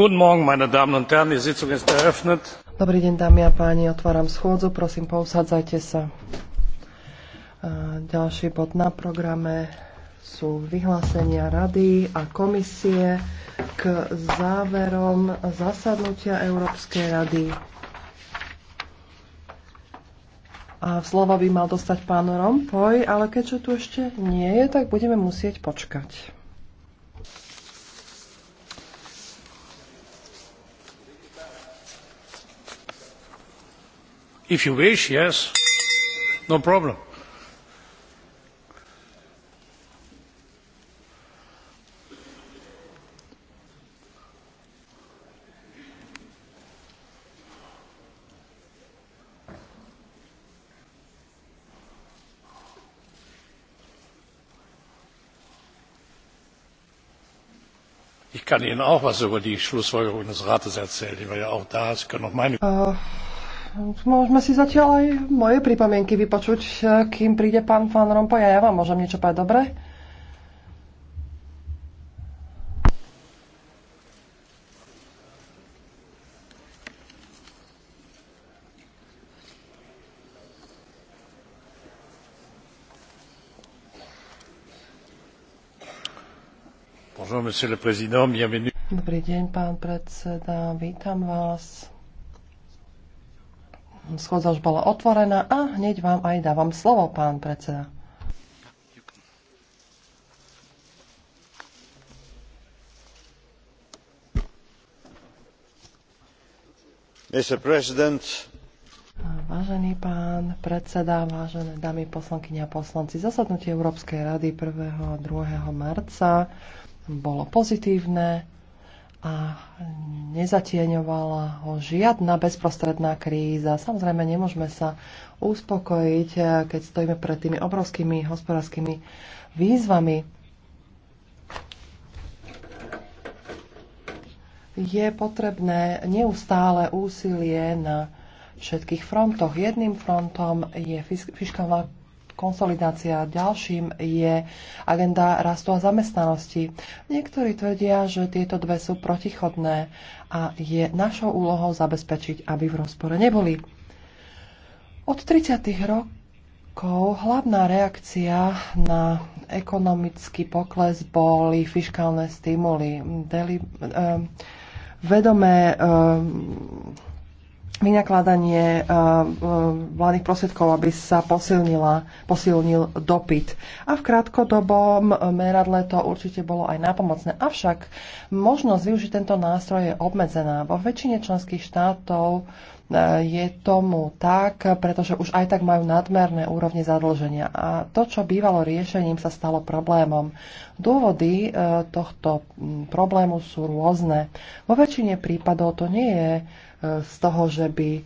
Dobrý deň, dámy a páni, otváram schôdzu, prosím, pousadzajte sa. Ďalší bod na programe sú vyhlásenia rady a komisie k záverom zasadnutia Európskej rady. A slovo by mal dostať pán Rompoj, ale keďže tu ešte nie je, tak budeme musieť počkať. If you wish, yes. No problem. Ich kann Ihnen auch etwas über die schlussfolgerungen des Rates erzählen. Ich war ja auch da. Sie können auch meine. Äh, môžeme si zatiaľ aj moje pripomienky vypočuť, kým príde pán Fan Rompuy a ja vám môžem niečo povedať, dobre? Dobrý deň, pán predseda, vítam vás schôdza už bola otvorená a hneď vám aj dávam slovo, pán predseda. Vážený pán predseda, vážené dámy poslankyne a poslanci, zasadnutie Európskej rady 1. a 2. marca bolo pozitívne a nezatieňovala ho žiadna bezprostredná kríza. Samozrejme, nemôžeme sa uspokojiť, eh, keď stojíme pred tými obrovskými hospodárskymi výzvami. Je potrebné neustále úsilie na všetkých frontoch. Jedným frontom je fiskálna konsolidácia. Ďalším je agenda rastu a zamestnanosti. Niektorí tvrdia, že tieto dve sú protichodné a je našou úlohou zabezpečiť, aby v rozpore neboli. Od 30. rokov hlavná reakcia na ekonomický pokles boli fiskálne stimuly. Deli, eh, vedomé eh, vynakladanie eh, eh, vládnych prostriedkov, aby sa posilnila, posilnil dopyt. A v krátkodobom meradle to určite bolo aj nápomocné. Avšak možnosť využiť tento nástroj je obmedzená. Vo väčšine členských štátov eh, je tomu tak, pretože už aj tak majú nadmerné úrovne zadlženia. A to, čo bývalo riešením, sa stalo problémom. Dôvody tohto mm, problému sú rôzne. Vo väčšine prípadov to nie je z toho, že by e,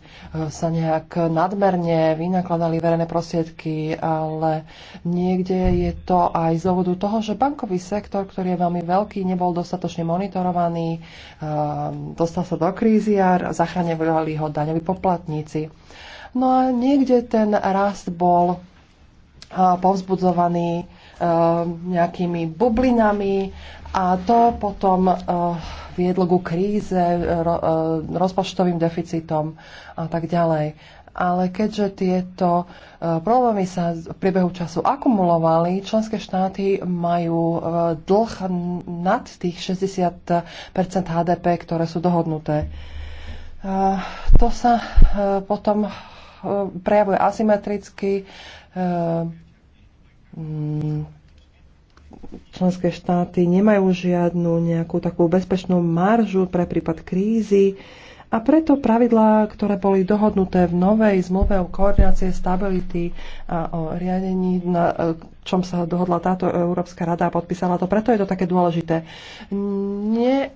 sa nejak nadmerne vynakladali verejné prostriedky, ale niekde je to aj z dôvodu toho, že bankový sektor, ktorý je veľmi veľký, nebol dostatočne monitorovaný, e, dostal sa do krízy a zachraňovali ho daňoví poplatníci. No a niekde ten rast bol e, povzbudzovaný nejakými bublinami a to potom eh, viedlo ku kríze, eh, rozpočtovým deficitom a tak ďalej. Ale keďže tieto eh, problémy sa v priebehu času akumulovali, členské štáty majú dlh nad tých 60 HDP, ktoré sú dohodnuté. To sa potom prejavuje asymetricky mm, členské štáty nemajú žiadnu nejakú takú bezpečnú maržu pre prípad krízy a preto pravidlá, ktoré boli dohodnuté v novej zmluve o koordinácie stability a o riadení, na e, čom sa dohodla táto Európska rada a podpísala to, preto je to také dôležité. Nie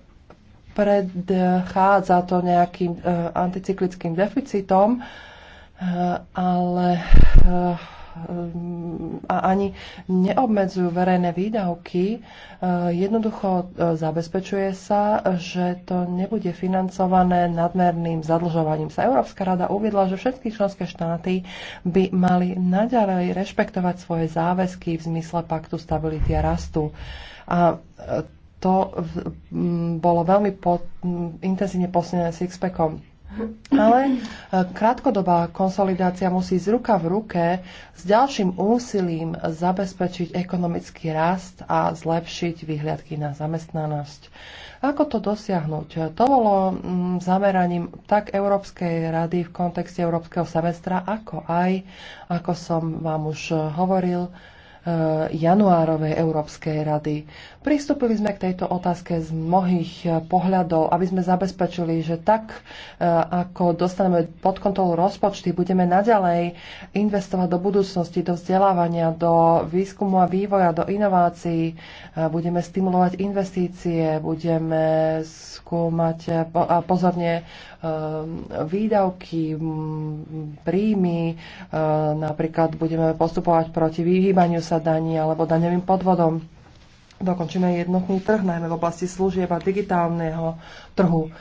predchádza to nejakým uh, anticyklickým deficitom, uh, ale uh, a ani neobmedzujú verejné výdavky. E, jednoducho e, zabezpečuje sa, že to nebude financované nadmerným zadlžovaním sa. Európska rada uviedla, že všetky členské štáty by mali naďalej rešpektovať svoje záväzky v zmysle paktu stability a rastu. A e, to bolo veľmi po, intenzívne s sixpackom. Ale eh, krátkodobá konsolidácia musí z ruka v ruke s ďalším úsilím zabezpečiť ekonomický rast a zlepšiť vyhliadky na zamestnanosť. Ako to dosiahnuť? To bolo mm, zameraním tak Európskej rady v kontexte Európskeho semestra, ako aj, ako som vám už eh, hovoril, eh, januárovej Európskej rady. Pristúpili sme k tejto otázke z mnohých eh, pohľadov, aby sme zabezpečili, že tak, eh, ako dostaneme pod kontrolu rozpočty, budeme naďalej investovať do budúcnosti, do vzdelávania, do výskumu a vývoja, do inovácií, eh, budeme stimulovať investície, budeme skúmať pozorne výdavky, príjmy, napríklad budeme postupovať proti vyhýbaniu sa daní alebo daňovým podvodom dokončíme jednotný trh, najmä v oblasti služieb a digitálneho trhu. E,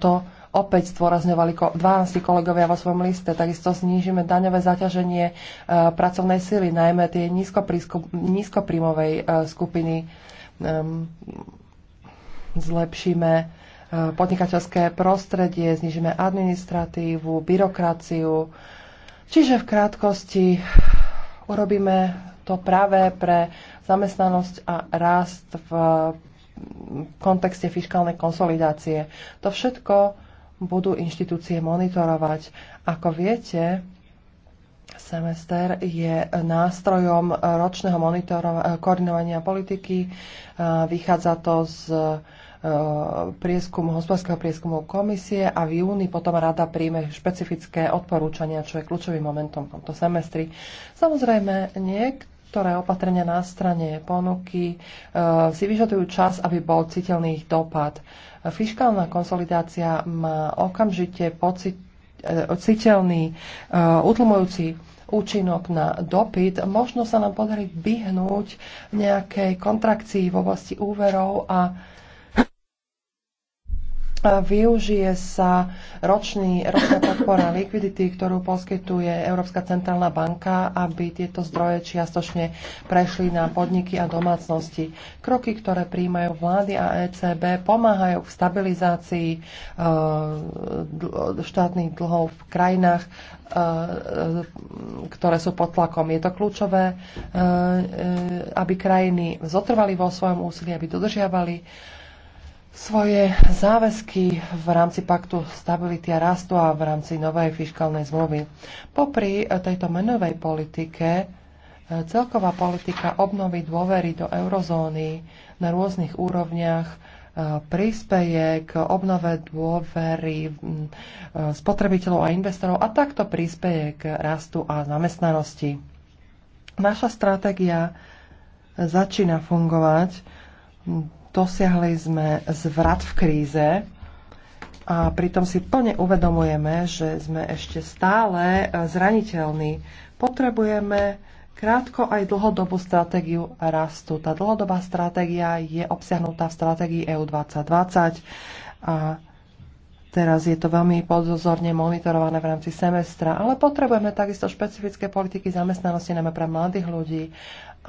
to opäť stvorazňovali 12 kolegovia vo svojom liste. Takisto znížime daňové zaťaženie e, pracovnej sily, najmä tie nízkoprímovej e, skupiny. Zlepšíme podnikateľské prostredie, znižíme administratívu, byrokraciu. Čiže v krátkosti urobíme to práve pre zamestnanosť a rast v mm, kontexte fiskálnej konsolidácie. To všetko budú inštitúcie monitorovať. Ako viete, semester je nástrojom ročného koordinovania politiky. E, vychádza to z e, prieskumu, hospodárskeho prieskumu komisie a v júni potom rada príjme špecifické odporúčania, čo je kľúčovým momentom v tomto semestri. Samozrejme, niek- ktoré opatrenia na strane ponuky e, si vyžadujú čas, aby bol citeľný ich dopad. Fiskálna konsolidácia má okamžite pocit, e, citeľný, e, utlmujúci účinok na dopyt. Možno sa nám podarí vyhnúť nejakej kontrakcii v oblasti úverov a Využije sa ročný, ročná podpora likvidity, ktorú poskytuje Európska centrálna banka, aby tieto zdroje čiastočne prešli na podniky a domácnosti. Kroky, ktoré príjmajú vlády a ECB, pomáhajú v stabilizácii e, štátnych dlhov v krajinách, e, ktoré sú pod tlakom. Je to kľúčové, e, aby krajiny zotrvali vo svojom úsilí, aby dodržiavali svoje záväzky v rámci paktu stability a rastu a v rámci novej fiskálnej zmluvy. Popri tejto menovej politike e, celková politika obnovy dôvery do eurozóny na rôznych úrovniach e, prispeje k obnove dôvery e, spotrebiteľov a investorov a takto prispeje k rastu a zamestnanosti. Naša stratégia začína fungovať Dosiahli sme zvrat v kríze a pritom si plne uvedomujeme, že sme ešte stále e, zraniteľní. Potrebujeme krátko aj dlhodobú stratégiu rastu. Tá dlhodobá stratégia je obsiahnutá v stratégii EU 2020 a Teraz je to veľmi pozorne monitorované v rámci semestra, ale potrebujeme takisto špecifické politiky zamestnanosti, najmä pre mladých ľudí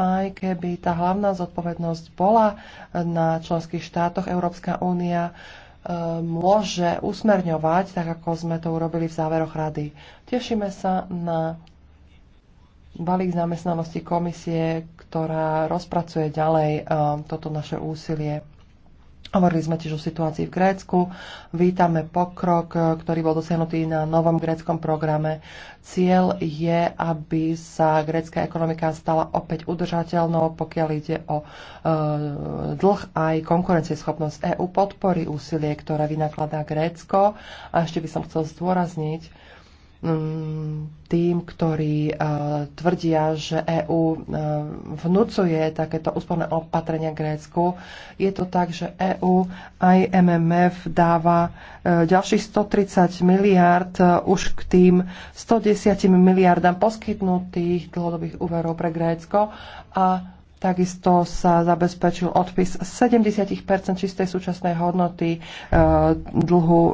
aj keby tá hlavná zodpovednosť bola na členských štátoch, Európska únia e, môže usmerňovať, tak ako sme to urobili v záveroch rady. Tešíme sa na balík zamestnanosti komisie, ktorá rozpracuje ďalej e, toto naše úsilie. Hovorili sme tiež o situácii v Grécku. Vítame pokrok, e, ktorý bol dosiahnutý na novom gréckom programe. Cieľ je, aby sa grécka ekonomika stala opäť udržateľnou, pokiaľ ide o e, dlh aj konkurencieschopnosť EÚ podpory úsilie, ktoré vynakladá Grécko. A ešte by som chcel zdôrazniť, Mm, tým, ktorí e, tvrdia, že EÚ e, vnúcuje takéto úsporné opatrenia Grécku. Je to tak, že EÚ aj MMF dáva e, ďalších 130 miliard už k tým 110 miliardám poskytnutých dlhodobých úverov pre Grécko a Takisto sa zabezpečil odpis 70 čistej súčasnej hodnoty e, dlhu e,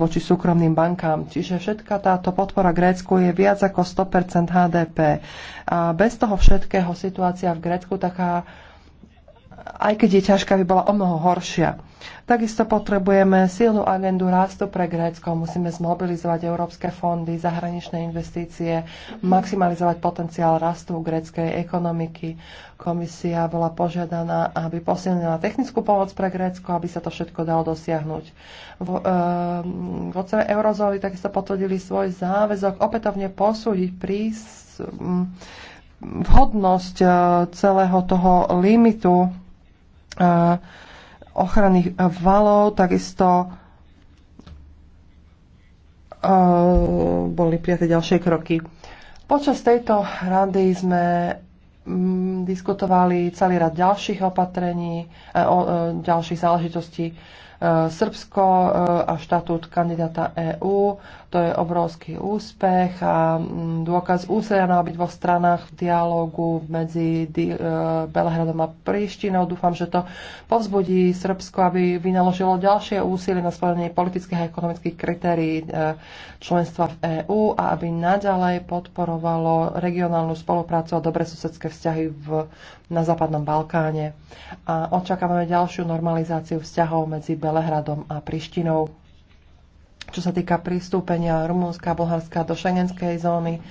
voči súkromným bankám. Čiže všetka táto podpora Grécku je viac ako 100 HDP. A bez toho všetkého situácia v Grécku taká aj keď je ťažká, by bola o mnoho horšia. Takisto potrebujeme silnú agendu rastu pre Grécko, musíme zmobilizovať európske fondy, zahraničné investície, maximalizovať potenciál rastu gréckej ekonomiky. Komisia bola požiadaná, aby posilnila technickú pomoc pre Grécko, aby sa to všetko dalo dosiahnuť. Vodcové e, eurozóny takisto potvrdili svoj záväzok opätovne posúdiť prís, vhodnosť e, celého toho limitu Eh, ochranných valov, takisto eh, boli prijaté ďalšie kroky. Počas tejto rady sme mm, diskutovali celý rad ďalších opatrení, eh, o, ďalších záležitostí. Srbsko a štatút kandidáta EÚ, to je obrovský úspech a mm, dôkaz úsilia na obidvoch stranách v dialógu medzi e, Belehradom a Príštinou. Dúfam, že to povzbudí Srbsko, aby vynaložilo ďalšie úsilie na splnenie politických a ekonomických kritérií e, členstva v EÚ a aby naďalej podporovalo regionálnu spoluprácu a dobre susedské vzťahy v, na Západnom Balkáne. A očakávame ďalšiu normalizáciu vzťahov medzi Belehradom a Prištinou čo sa týka pristúpenia Rumúnska a Bulharska do šengenskej zóny.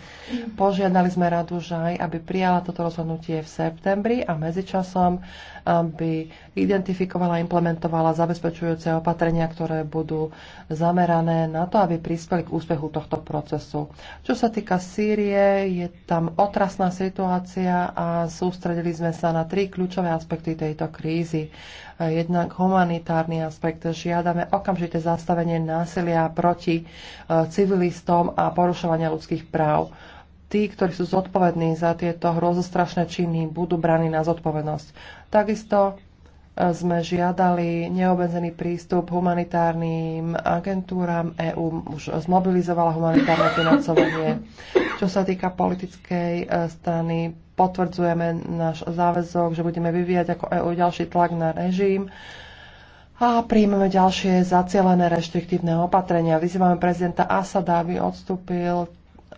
Požiadali sme radu Žaj, aby prijala toto rozhodnutie v septembri a medzičasom aby identifikovala a implementovala zabezpečujúce opatrenia, ktoré budú zamerané na to, aby prispeli k úspechu tohto procesu. Čo sa týka Sýrie, je tam otrasná situácia a sústredili sme sa na tri kľúčové aspekty tejto krízy. Jednak humanitárny aspekt. Žiadame okamžité zastavenie násilia proti e, civilistom a porušovania ľudských práv. Tí, ktorí sú zodpovední za tieto hrozostrašné činy, budú braní na zodpovednosť. Takisto sme žiadali neobmedzený prístup humanitárnym agentúram. EÚ už zmobilizovala humanitárne financovanie. Čo sa týka politickej e, strany, potvrdzujeme náš záväzok, že budeme vyvíjať ako EÚ ďalší tlak na režim a príjmeme ďalšie zacielené reštriktívne opatrenia. Vyzývame prezidenta Asada, aby odstúpil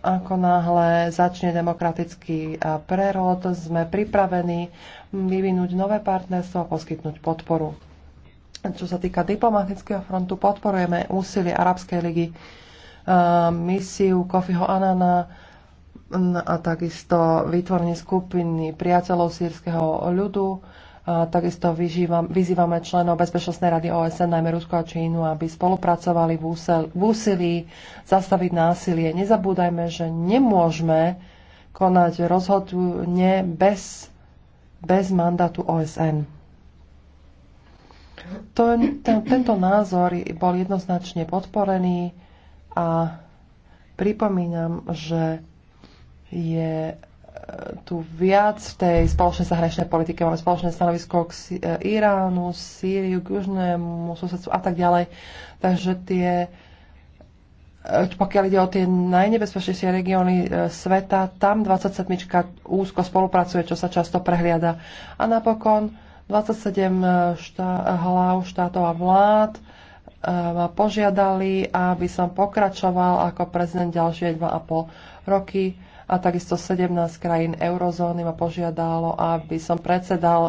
ako náhle začne demokratický prerod, sme pripravení vyvinúť nové partnerstvo a poskytnúť podporu. Čo sa týka diplomatického frontu, podporujeme úsilie Arabskej ligy, misiu Kofiho Anana, a takisto vytvorenie skupiny priateľov sírskeho ľudu Takisto vyzývame členov Bezpečnostnej rady OSN, najmä Rusko a Čínu, aby spolupracovali v, v úsilí zastaviť násilie. Nezabúdajme, že nemôžeme konať rozhodne bez, bez mandátu OSN. To, ten, tento názor bol jednoznačne podporený a pripomínam, že je tu viac v tej spoločnej zahraničnej politike. Máme spoločné stanovisko k e, Iránu, Sýriu, k južnému susedstvu a tak ďalej. Takže tie e, pokiaľ ide o tie najnebezpečnejšie regióny e, sveta, tam 27 úzko spolupracuje, čo sa často prehliada. A napokon 27 štá, hlav štátov a vlád ma požiadali, aby som pokračoval ako prezident ďalšie 2,5 roky a takisto 17 krajín eurozóny ma požiadalo, aby som predsedal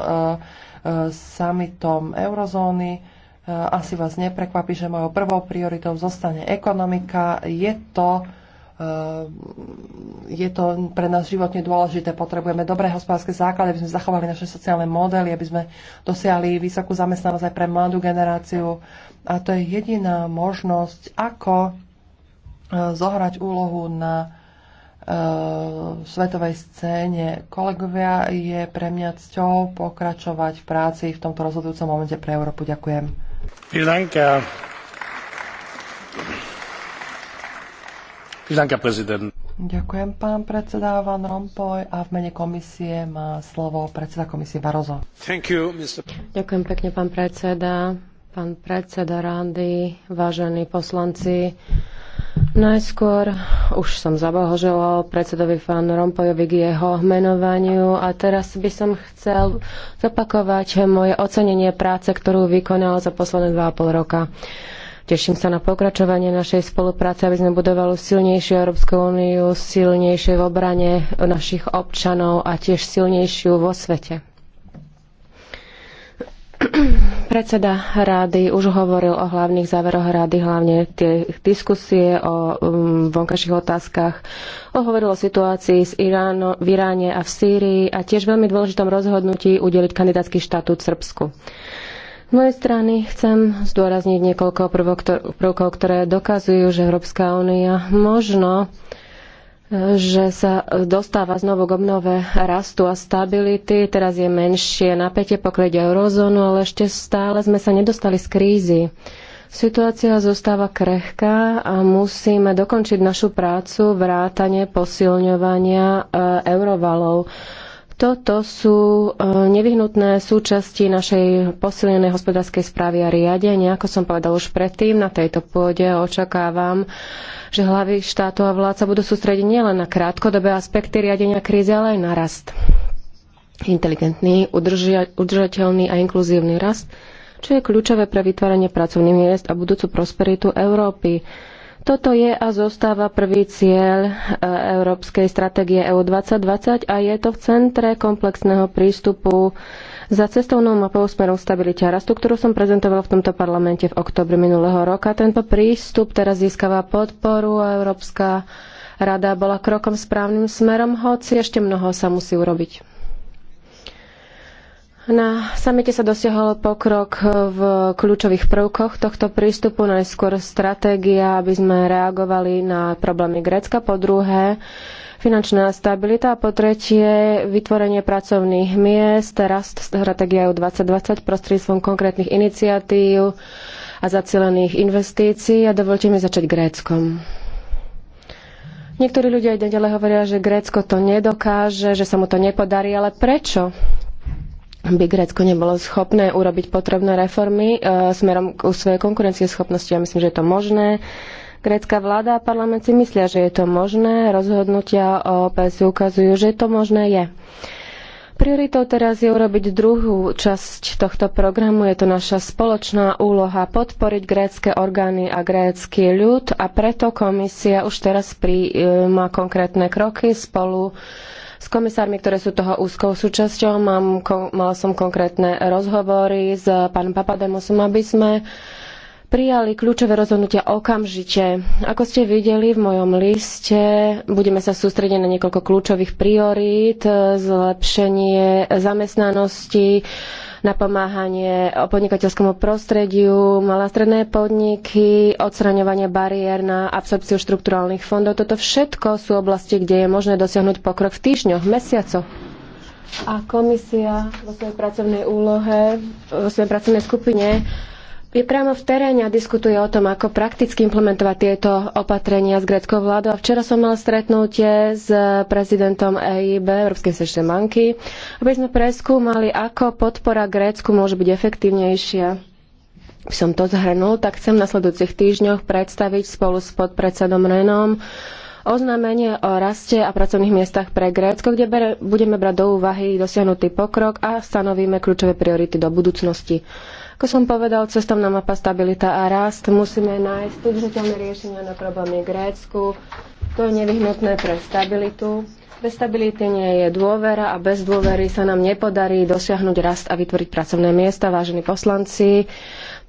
samitom e, e, summitom eurozóny. E, asi vás neprekvapí, že mojou prvou prioritou zostane ekonomika. Je to je to pre nás životne dôležité. Potrebujeme dobré hospodárske základy, aby sme zachovali naše sociálne modely, aby sme dosiahli vysokú zamestnanosť aj pre mladú generáciu. A to je jediná možnosť, ako zohrať úlohu na svetovej scéne. Kolegovia, je pre mňa cťou pokračovať v práci v tomto rozhodujúcom momente pre Európu. Ďakujem. Ďakujem, pán predseda Van Rompuy. A v mene komisie má slovo predseda komisie Barozo. You, Mr. Ďakujem pekne, pán predseda, pán predseda Randy, vážení poslanci. Najskôr už som zablahoželal predsedovi Fan Rompojovi k jeho menovaniu a teraz by som chcel zopakovať moje ocenenie práce, ktorú vykonal za posledné 2,5 roka. Teším sa na pokračovanie našej spolupráce, aby sme budovali silnejšiu Európsku úniu, silnejšie v obrane našich občanov a tiež silnejšiu vo svete. Predseda rády už hovoril o hlavných záveroch rády, hlavne tie diskusie o um, vonkajších otázkach. Hovoril o situácii s Iránom, v Iráne a v Sýrii a tiež veľmi dôležitom rozhodnutí udeliť kandidátsky štatút Srbsku. Z mojej strany chcem zdôrazniť niekoľko prvkov, ktoré dokazujú, že Európska únia možno že sa dostáva znovu k obnove rastu a stability. Teraz je menšie napätie, pokiaľ ide eurozónu, ale ešte stále sme sa nedostali z krízy. Situácia zostáva krehká a musíme dokončiť našu prácu vrátane posilňovania e, eurovalov. Toto sú e, nevyhnutné súčasti našej posilnenej hospodárskej správy a riadenia. Ako som povedal už predtým, na tejto pôde očakávam, že hlavy štátov a vlád sa budú sústrediť nielen na krátkodobé aspekty riadenia krízy, ale aj na rast. Inteligentný, udržia, udržateľný a inkluzívny rast, čo je kľúčové pre vytváranie pracovných miest a budúcu prosperitu Európy. Toto je a zostáva prvý cieľ e, Európskej stratégie EU 2020 a je to v centre komplexného prístupu za cestovnou mapou smerom stabilite a rastu, ktorú som prezentovala v tomto parlamente v oktobri minulého roka. Tento prístup teraz získava podporu a Európska rada bola krokom správnym smerom, hoci ešte mnoho sa musí urobiť. Na samite sa dosiahol pokrok v kľúčových prvkoch tohto prístupu, najskôr stratégia, aby sme reagovali na problémy Grécka, po druhé finančná stabilita a po tretie vytvorenie pracovných miest, rast stratégia 2020 prostredstvom konkrétnych iniciatív a zacielených investícií. A dovolte mi začať Gréckom. Niektorí ľudia aj ďalej hovoria, že Grécko to nedokáže, že sa mu to nepodarí, ale prečo? by Grécko nebolo schopné urobiť potrebné reformy e, smerom k svojej konkurencieschopnosti. Ja myslím, že je to možné. Grécka vláda a parlament si myslia, že je to možné. Rozhodnutia o PSU ukazujú, že to možné je. Prioritou teraz je urobiť druhú časť tohto programu. Je to naša spoločná úloha podporiť grécké orgány a grécky ľud a preto komisia už teraz e, má konkrétne kroky spolu s komisármi, ktoré sú toho úzkou súčasťou. Mám, mala som konkrétne rozhovory s pánom Papademosom, aby sme prijali kľúčové rozhodnutia okamžite. Ako ste videli v mojom liste, budeme sa sústrediť na niekoľko kľúčových priorít, zlepšenie zamestnanosti, na pomáhanie podnikateľskému prostrediu, malé stredné podniky, odstraňovanie bariér na absorpciu štrukturálnych fondov. Toto všetko sú oblasti, kde je možné dosiahnuť pokrok v týždňoch, mesiacoch. A komisia vo svojej pracovnej úlohe, vo svojej pracovnej skupine je priamo v teréne a diskutuje o tom, ako prakticky implementovať tieto opatrenia s greckou vládou. A včera som mal stretnutie s prezidentom EIB, Európskej sešte banky, aby sme preskúmali, ako podpora Grécku môže byť efektívnejšia. By som to zhrnul, tak chcem v nasledujúcich týždňoch predstaviť spolu s podpredsedom Renom oznámenie o raste a pracovných miestach pre Grécko, kde bere, budeme brať do úvahy dosiahnutý pokrok a stanovíme kľúčové priority do budúcnosti. Ako som povedal, cestovná mapa stabilita a rast. Musíme nájsť udržiteľné riešenia na problémy Grécku. To je nevyhnutné pre stabilitu. Bez stability nie je dôvera a bez dôvery sa nám nepodarí dosiahnuť rast a vytvoriť pracovné miesta, vážení poslanci.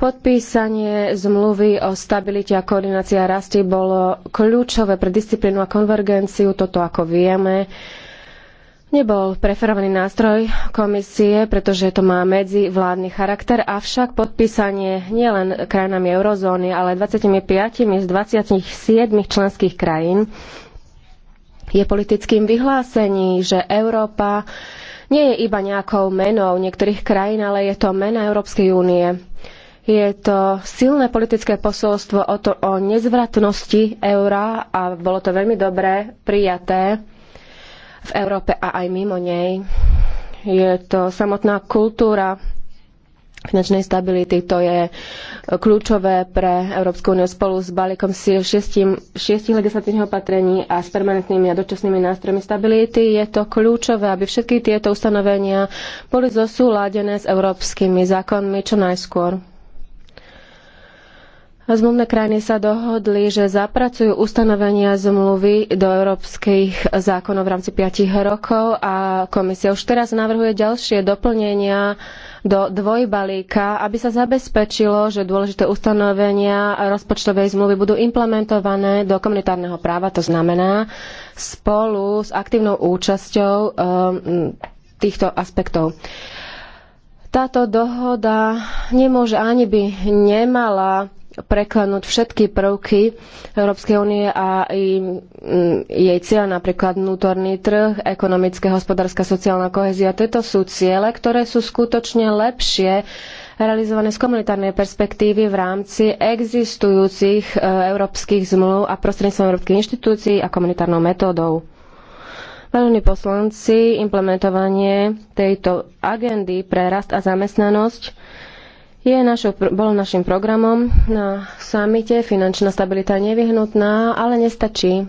Podpísanie zmluvy o stabilite a koordinácii a rasti bolo kľúčové pre disciplínu a konvergenciu, toto ako vieme Nebol preferovaný nástroj komisie, pretože to má medzivládny charakter, avšak podpísanie nielen krajinami eurozóny, ale 25 z 27 členských krajín je politickým vyhlásením, že Európa nie je iba nejakou menou niektorých krajín, ale je to mena Európskej únie. Je to silné politické posolstvo o, to, o nezvratnosti eura a bolo to veľmi dobre prijaté v Európe a aj mimo nej. Je to samotná kultúra finančnej stability. To je kľúčové pre Európsku úniu spolu s balíkom šiestim, šiestich legislatívnych opatrení a s permanentnými a dočasnými nástrojmi stability. Je to kľúčové, aby všetky tieto ustanovenia boli zosúladené s európskymi zákonmi čo najskôr. Zmluvné krajiny sa dohodli, že zapracujú ustanovenia zmluvy do európskych zákonov v rámci 5 rokov a komisia už teraz navrhuje ďalšie doplnenia do dvojbalíka, aby sa zabezpečilo, že dôležité ustanovenia rozpočtovej zmluvy budú implementované do komunitárneho práva, to znamená spolu s aktívnou účasťou ehm, týchto aspektov. Táto dohoda nemôže ani by nemala preklenúť všetky prvky Európskej únie a mm, jej cieľ, napríklad vnútorný trh, ekonomické, hospodárska, sociálna kohezia. Tieto sú ciele, ktoré sú skutočne lepšie realizované z komunitárnej perspektívy v rámci existujúcich e, európskych zmluv a prostredníctvom európskych inštitúcií a komunitárnou metódou. Vážení poslanci, implementovanie tejto agendy pre rast a zamestnanosť je našo, bol našim programom na samite. Finančná stabilita je nevyhnutná, ale nestačí.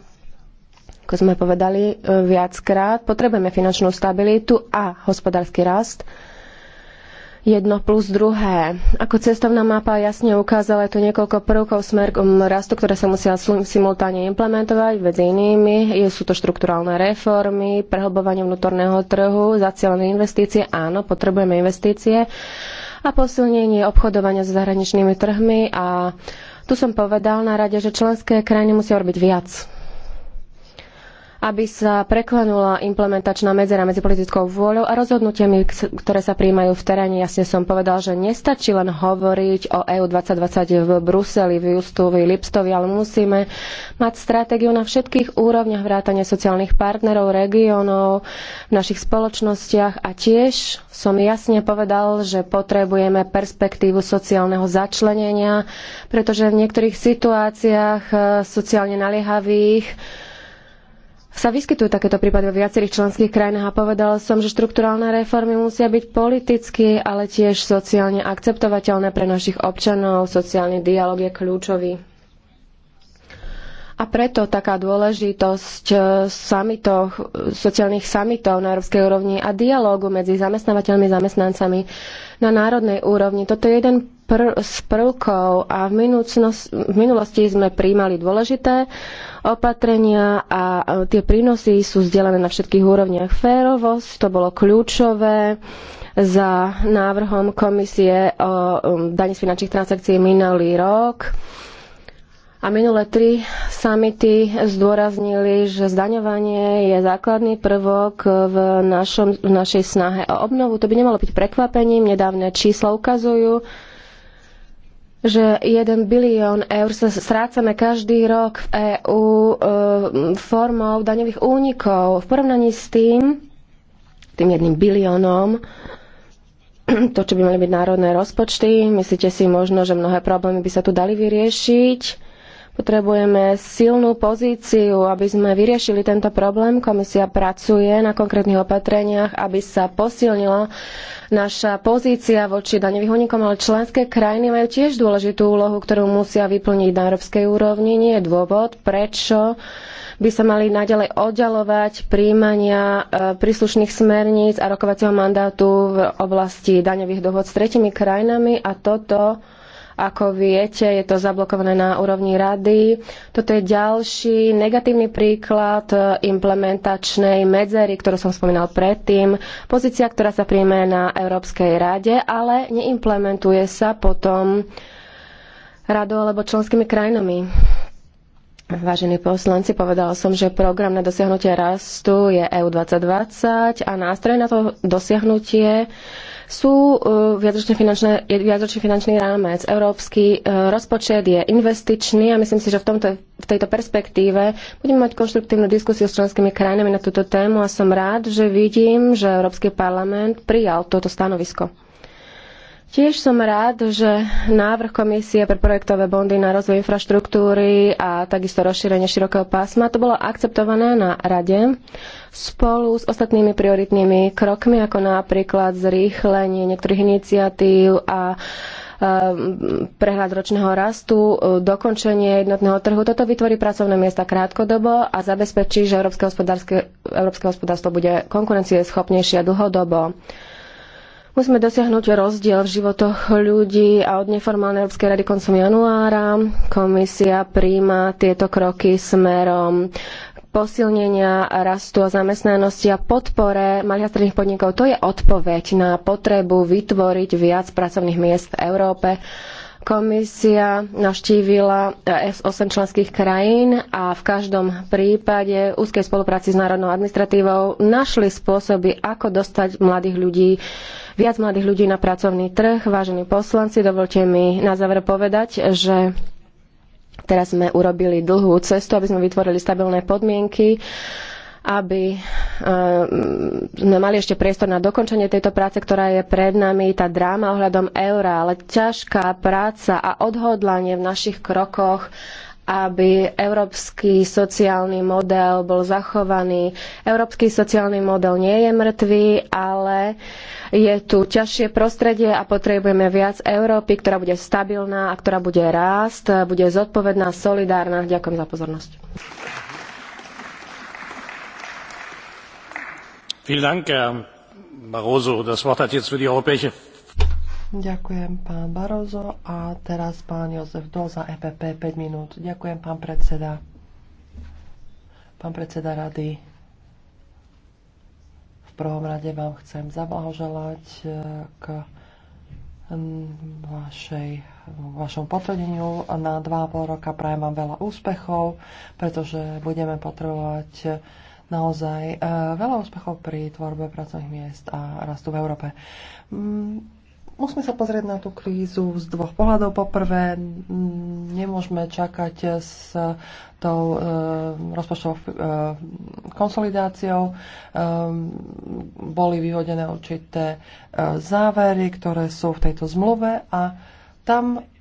Ako sme povedali e, viackrát, potrebujeme finančnú stabilitu a hospodársky rast. Jedno plus druhé. Ako cestovná mapa jasne ukázala, je tu niekoľko prvkov smer rastu, ktoré sa musia simultáne implementovať. Medzi inými sú to štrukturálne reformy, prehlbovanie vnútorného trhu, zacielené investície. Áno, potrebujeme investície a posilnenie obchodovania s zahraničnými trhmi a tu som povedal na rade, že členské krajiny musia robiť viac aby sa preklenula implementačná medzera medzi politickou vôľou a rozhodnutiami, ktoré sa príjmajú v teréne. Jasne som povedal, že nestačí len hovoriť o EU 2020 v Bruseli, v Justovi, Lipstovi, ale musíme mať stratégiu na všetkých úrovniach vrátane sociálnych partnerov, regiónov, v našich spoločnostiach a tiež som jasne povedal, že potrebujeme perspektívu sociálneho začlenenia, pretože v niektorých situáciách eh, sociálne naliehavých sa vyskytujú takéto prípady vo viacerých členských krajinách a povedala som, že štrukturálne reformy musia byť politicky, ale tiež sociálne akceptovateľné pre našich občanov. Sociálny dialog je kľúčový. A preto taká dôležitosť eh, samitoch, sociálnych samitov na európskej úrovni a dialógu medzi zamestnávateľmi a zamestnancami na národnej úrovni. Toto je jeden pr- z prvkov a v, v minulosti sme príjmali dôležité opatrenia a tie prínosy sú zdelené na všetkých úrovniach. Férovosť, to bolo kľúčové za návrhom komisie o um, daní z finančných transakcií minulý rok. A minulé tri samity zdôraznili, že zdaňovanie je základný prvok v, našom, v našej snahe o obnovu. To by nemalo byť prekvapením. Nedávne čísla ukazujú, že 1 bilión eur sa strácame každý rok v EÚ e, formou daňových únikov. V porovnaní s tým, tým jedným biliónom, to, čo by mali byť národné rozpočty, myslíte si možno, že mnohé problémy by sa tu dali vyriešiť? Potrebujeme silnú pozíciu, aby sme vyriešili tento problém. Komisia pracuje na konkrétnych opatreniach, aby sa posilnila naša pozícia voči daňových únikom, ale členské krajiny majú tiež dôležitú úlohu, ktorú musia vyplniť na európskej úrovni. Nie je dôvod, prečo by sa mali naďalej oddalovať príjmania e, príslušných smerníc a rokovacieho mandátu v oblasti daňových dohod s tretimi krajinami a toto ako viete, je to zablokované na úrovni rady. Toto je ďalší negatívny príklad e, implementačnej medzery, ktorú som spomínal predtým. Pozícia, ktorá sa príjme na Európskej rade, ale neimplementuje sa potom radou alebo členskými krajinami. Vážení poslanci, povedala som, že program na dosiahnutie rastu je EU 2020 a nástroje na to dosiahnutie sú e, viacročný finančný, viacročný finančný rámec. Európsky e, rozpočet je investičný a myslím si, že v, tomto, v tejto perspektíve budeme mať konštruktívnu diskusiu s členskými krajinami na túto tému a som rád, že vidím, že Európsky parlament prijal toto stanovisko. Tiež som rád, že návrh komisie pre projektové bondy na rozvoj infraštruktúry a takisto rozšírenie širokého pásma to bolo akceptované na rade spolu s ostatnými prioritnými krokmi, ako napríklad zrýchlenie niektorých iniciatív a prehľad ročného rastu, dokončenie jednotného trhu. Toto vytvorí pracovné miesta krátkodobo a zabezpečí, že európske, európske hospodárstvo bude konkurencieschopnejšie dlhodobo. Musíme dosiahnuť rozdiel v životoch ľudí a od neformálnej Európskej rady koncom januára komisia príjma tieto kroky smerom posilnenia rastu a zamestnanosti a podpore malých a stredných podnikov. To je odpoveď na potrebu vytvoriť viac pracovných miest v Európe Komisia navštívila 8 e, členských krajín a v každom prípade úzkej spolupráci s národnou administratívou našli spôsoby, ako dostať mladých ľudí, viac mladých ľudí na pracovný trh. Vážení poslanci, dovolte mi na záver povedať, že teraz sme urobili dlhú cestu, aby sme vytvorili stabilné podmienky aby e, sme mali ešte priestor na dokončenie tejto práce, ktorá je pred nami, tá dráma ohľadom eura, ale ťažká práca a odhodlanie v našich krokoch aby európsky sociálny model bol zachovaný. Európsky sociálny model nie je mŕtvý, ale je tu ťažšie prostredie a potrebujeme viac Európy, ktorá bude stabilná a ktorá bude rásť, bude zodpovedná, solidárna. Ďakujem za pozornosť. Ďakujem pán Barroso a teraz pán Jozef Doza, EPP, 5 minút. Ďakujem pán predseda. Pán predseda rady, v prvom rade vám chcem zablahoželať eh, k vašej, vašom potvrdeniu na 2,5 roka. Prajem vám veľa úspechov, pretože budeme potrebovať naozaj e, veľa úspechov pri tvorbe pracovných miest a rastu v Európe. Mm, musíme sa pozrieť na tú krízu z dvoch pohľadov. Poprvé, nemôžeme čakať s tou e, rozpočtovou e, konsolidáciou. E, boli vyhodené určité e, závery, ktoré sú v tejto zmluve a tam e,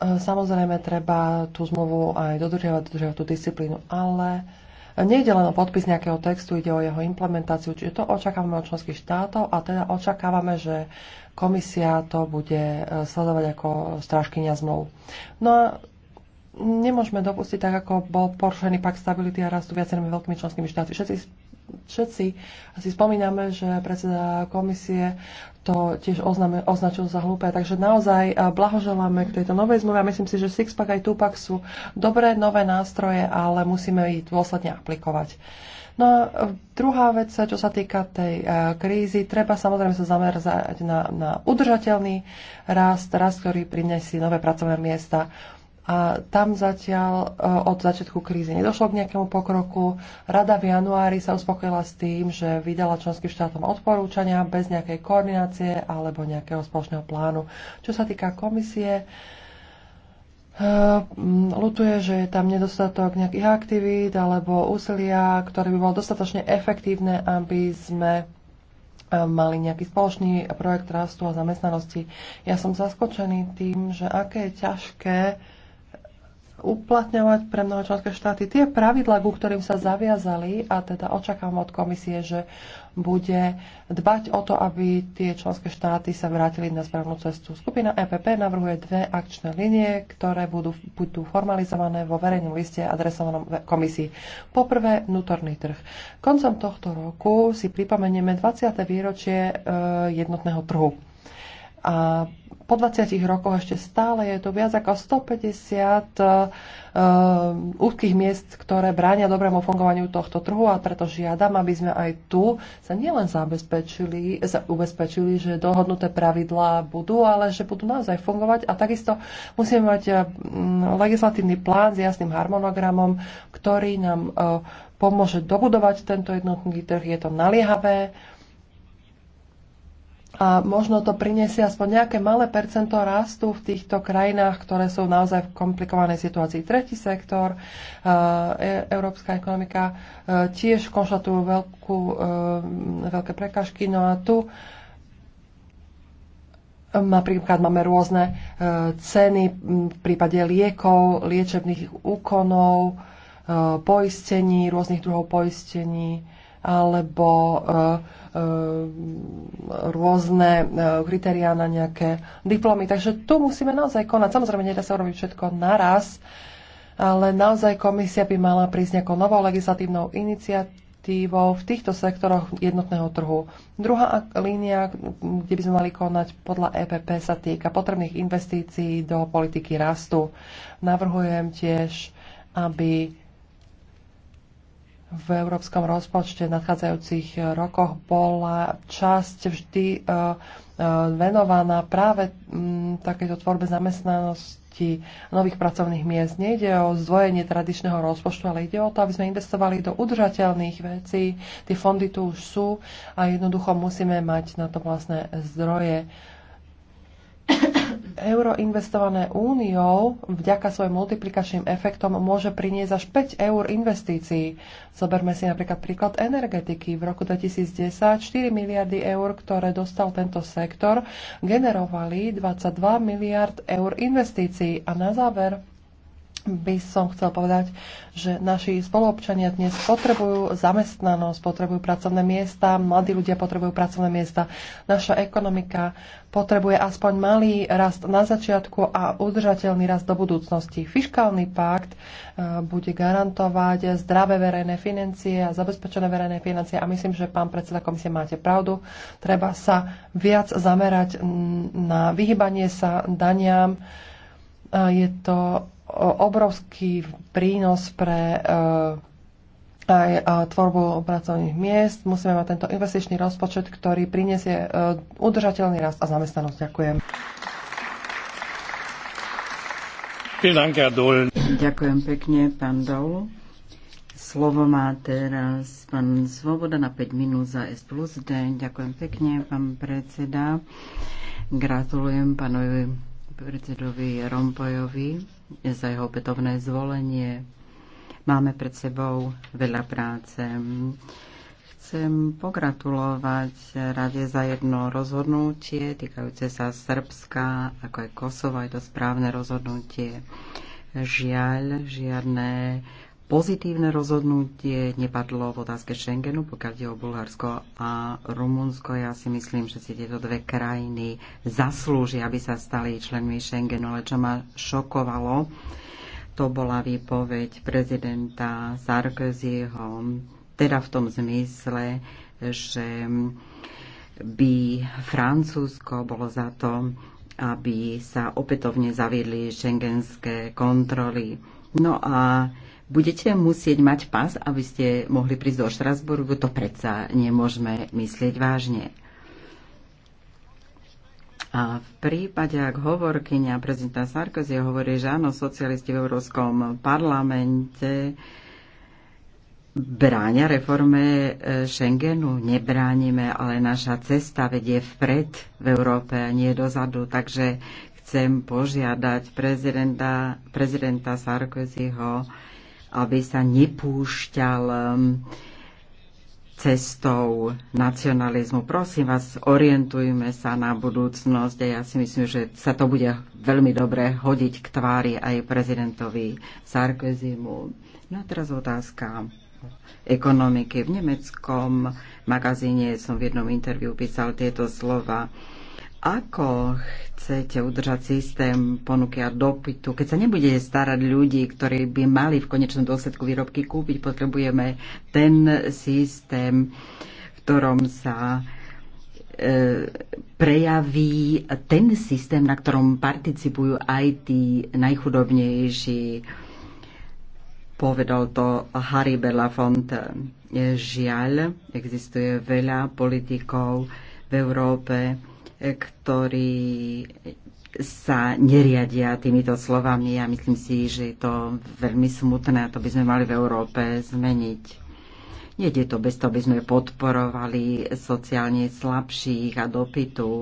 Samozrejme, treba tú zmluvu aj dodržiavať, dodržiavať tú disciplínu, ale Nejde len o podpis nejakého textu, ide o jeho implementáciu, čiže to očakávame od členských štátov a teda očakávame, že komisia to bude e, sledovať ako strážkynia zmluv. No a nemôžeme dopustiť, tak ako bol porušený pak stability a rastu viacerými veľkými členskými štátmi. Všetci všetci si spomíname, že predseda komisie to tiež ozname, označil za hlúpe. Takže naozaj eh, blahoželáme k tejto novej zmluve a myslím si, že Sixpack aj Tupac sú dobré nové nástroje, ale musíme ich dôsledne aplikovať. No a eh, druhá vec, čo sa týka tej eh, krízy, treba samozrejme sa zamerzať na, na udržateľný rast, rast, ktorý prinesie nové pracovné miesta a tam zatiaľ eh, od začiatku krízy nedošlo k nejakému pokroku. Rada v januári sa uspokojila s tým, že vydala členským štátom odporúčania bez nejakej koordinácie alebo nejakého spoločného plánu. Čo sa týka komisie, eh, mm, lutuje, že je tam nedostatok nejakých aktivít alebo úsilia, ktoré by bolo dostatočne efektívne, aby sme eh, mali nejaký spoločný projekt rastu a zamestnanosti. Ja som zaskočený tým, že aké je ťažké uplatňovať pre mnohé členské štáty tie pravidlá, ku ktorým sa zaviazali a teda očakávam od komisie, že bude dbať o to, aby tie členské štáty sa vrátili na správnu cestu. Skupina EPP navrhuje dve akčné linie, ktoré budú, budú formalizované vo verejnom liste adresovanom komisii. Poprvé, vnútorný trh. Koncom tohto roku si pripomenieme 20. výročie e, jednotného trhu. A po 20 rokoch ešte stále je to viac ako 150 uh, eh, eh, úzkých miest, ktoré bránia dobrému fungovaniu tohto trhu a preto žiadam, aby sme aj tu sa nielen zabezpečili, sa ubezpečili, že dohodnuté pravidlá budú, ale že budú naozaj fungovať a takisto musíme mať eh, mm, legislatívny plán s jasným harmonogramom, ktorý nám uh, pomôže dobudovať tento jednotný trh. Je to naliehavé, a možno to priniesie aspoň nejaké malé percento rastu v týchto krajinách, ktoré sú naozaj v komplikovanej situácii. Tretí sektor, e, európska ekonomika e, tiež konštatujú veľkú, e, veľké prekažky. No a tu Napríklad máme rôzne ceny v prípade liekov, liečebných úkonov, poistení, rôznych druhov poistení alebo eh, eh, rôzne eh, kritériá na nejaké diplomy. Takže tu musíme naozaj konať. Samozrejme, nedá sa urobiť všetko naraz, ale naozaj komisia by mala prísť nejakou novou legislatívnou iniciatívou v týchto sektoroch jednotného trhu. Druhá línia, kde by sme mali konať podľa EPP, sa týka potrebných investícií do politiky rastu. Navrhujem tiež, aby v európskom rozpočte v nadchádzajúcich rokoch bola časť vždy e, e, venovaná práve mm, takéto tvorbe zamestnanosti nových pracovných miest. Nejde o zdvojenie tradičného rozpočtu, ale ide o to, aby sme investovali do udržateľných vecí. Tie fondy tu už sú a jednoducho musíme mať na to vlastné zdroje euro investované úniou vďaka svojim multiplikačným efektom môže priniesť až 5 eur investícií. Zoberme si napríklad príklad energetiky. V roku 2010 4 miliardy eur, ktoré dostal tento sektor, generovali 22 miliard eur investícií. A na záver by som chcel povedať, že naši spoluobčania dnes potrebujú zamestnanosť, potrebujú pracovné miesta, mladí ľudia potrebujú pracovné miesta, naša ekonomika potrebuje aspoň malý rast na začiatku a udržateľný rast do budúcnosti. Fiškálny pakt e, bude garantovať zdravé verejné financie a zabezpečené verejné financie a myslím, že pán predseda komisie máte pravdu. Treba sa viac zamerať na vyhybanie sa daniam. E, je to obrovský prínos pre eh, aj eh, tvorbu pracovných miest. Musíme mať tento investičný rozpočet, ktorý prinesie eh, udržateľný rast a zamestnanosť. Ďakujem. Ďakujem pekne, pán Dol. Slovo má teraz pán Svoboda na 5 minút za S plus D. Ďakujem pekne, pán predseda. Gratulujem pánovi predsedovi Rompojovi za jeho opätovné zvolenie. Máme pred sebou veľa práce. Chcem pogratulovať Rade za jedno rozhodnutie týkajúce sa Srbska, ako aj Kosova, je to správne rozhodnutie. Žiaľ, žiadne pozitívne rozhodnutie nepadlo v otázke Schengenu, pokiaľ je o Bulharsko a Rumunsko. Ja si myslím, že si tieto dve krajiny zaslúžia, aby sa stali členmi Schengenu. Ale čo ma šokovalo, to bola výpoveď prezidenta Sarkozyho, teda v tom zmysle, že by Francúzsko bolo za to, aby sa opätovne zaviedli šengenské kontroly. No a budete musieť mať pas, aby ste mohli prísť do Štrasburgu. To predsa nemôžeme myslieť vážne. A v prípade, ak hovorkyňa prezidenta Sarkozy hovorí, že áno, socialisti v Európskom parlamente bráňa reforme e, Schengenu. Nebránime, ale naša cesta vedie vpred v Európe a nie dozadu. Takže chcem požiadať prezidenta, prezidenta Sarkozyho, aby sa nepúšťal um, cestou nacionalizmu. Prosím vás, orientujme sa na budúcnosť a ja si myslím, že sa to bude veľmi dobre hodiť k tvári aj prezidentovi Sarkozymu. No a teraz otázka ekonomiky. V nemeckom magazíne som v jednom interviu písal tieto slova ako chcete udržať systém ponuky a dopytu, keď sa nebude starať ľudí, ktorí by mali v konečnom dôsledku výrobky kúpiť, potrebujeme ten systém, v ktorom sa e, prejaví ten systém, na ktorom participujú aj tí najchudobnejší. Povedal to Harry Belafonte. Žiaľ, existuje veľa politikov v Európe, ktorí sa neriadia týmito slovami a ja myslím si, že je to veľmi smutné a to by sme mali v Európe zmeniť. je to bez toho, aby sme podporovali sociálne slabších a dopytu.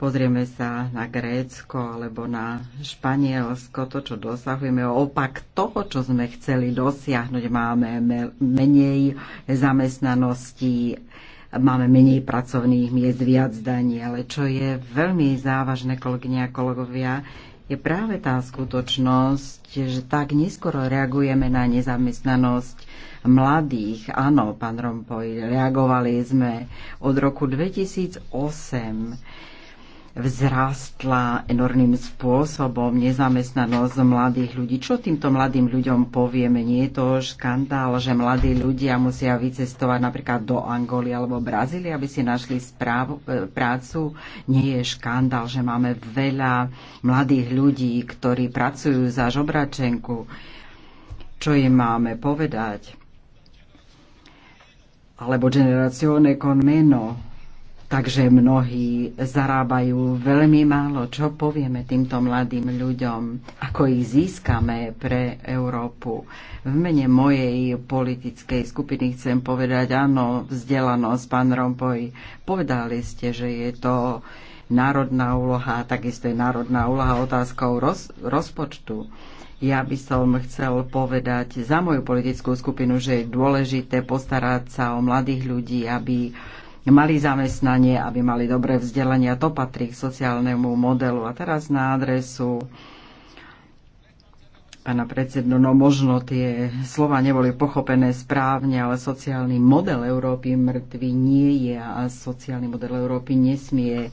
Pozrieme sa na Grécko alebo na Španielsko, to, čo dosahujeme, opak toho, čo sme chceli dosiahnuť. Máme menej zamestnanosti, máme menej pracovných miest, viac daní. Ale čo je veľmi závažné, kolegyne a kolegovia, je práve tá skutočnosť, že tak neskoro reagujeme na nezamestnanosť mladých. Áno, pán Rompoj, reagovali sme od roku 2008 vzrástla enormným spôsobom nezamestnanosť mladých ľudí. Čo týmto mladým ľuďom povieme? Nie je to škandál, že mladí ľudia musia vycestovať napríklad do Angoly alebo Brazílie, aby si našli správu, e, prácu? Nie je škandál, že máme veľa mladých ľudí, ktorí pracujú za žobračenku. Čo im máme povedať? Alebo generazione con meno Takže mnohí zarábajú veľmi málo. Čo povieme týmto mladým ľuďom? Ako ich získame pre Európu? V mene mojej politickej skupiny chcem povedať, áno, vzdelanosť, pán Rompoj, povedali ste, že je to národná úloha, takisto je národná úloha otázkou roz, rozpočtu. Ja by som chcel povedať za moju politickú skupinu, že je dôležité postarať sa o mladých ľudí, aby mali zamestnanie, aby mali dobré vzdelanie a to patrí k sociálnemu modelu. A teraz na adresu pána predsednú, no možno tie slova neboli pochopené správne, ale sociálny model Európy mŕtvy nie je a sociálny model Európy nesmie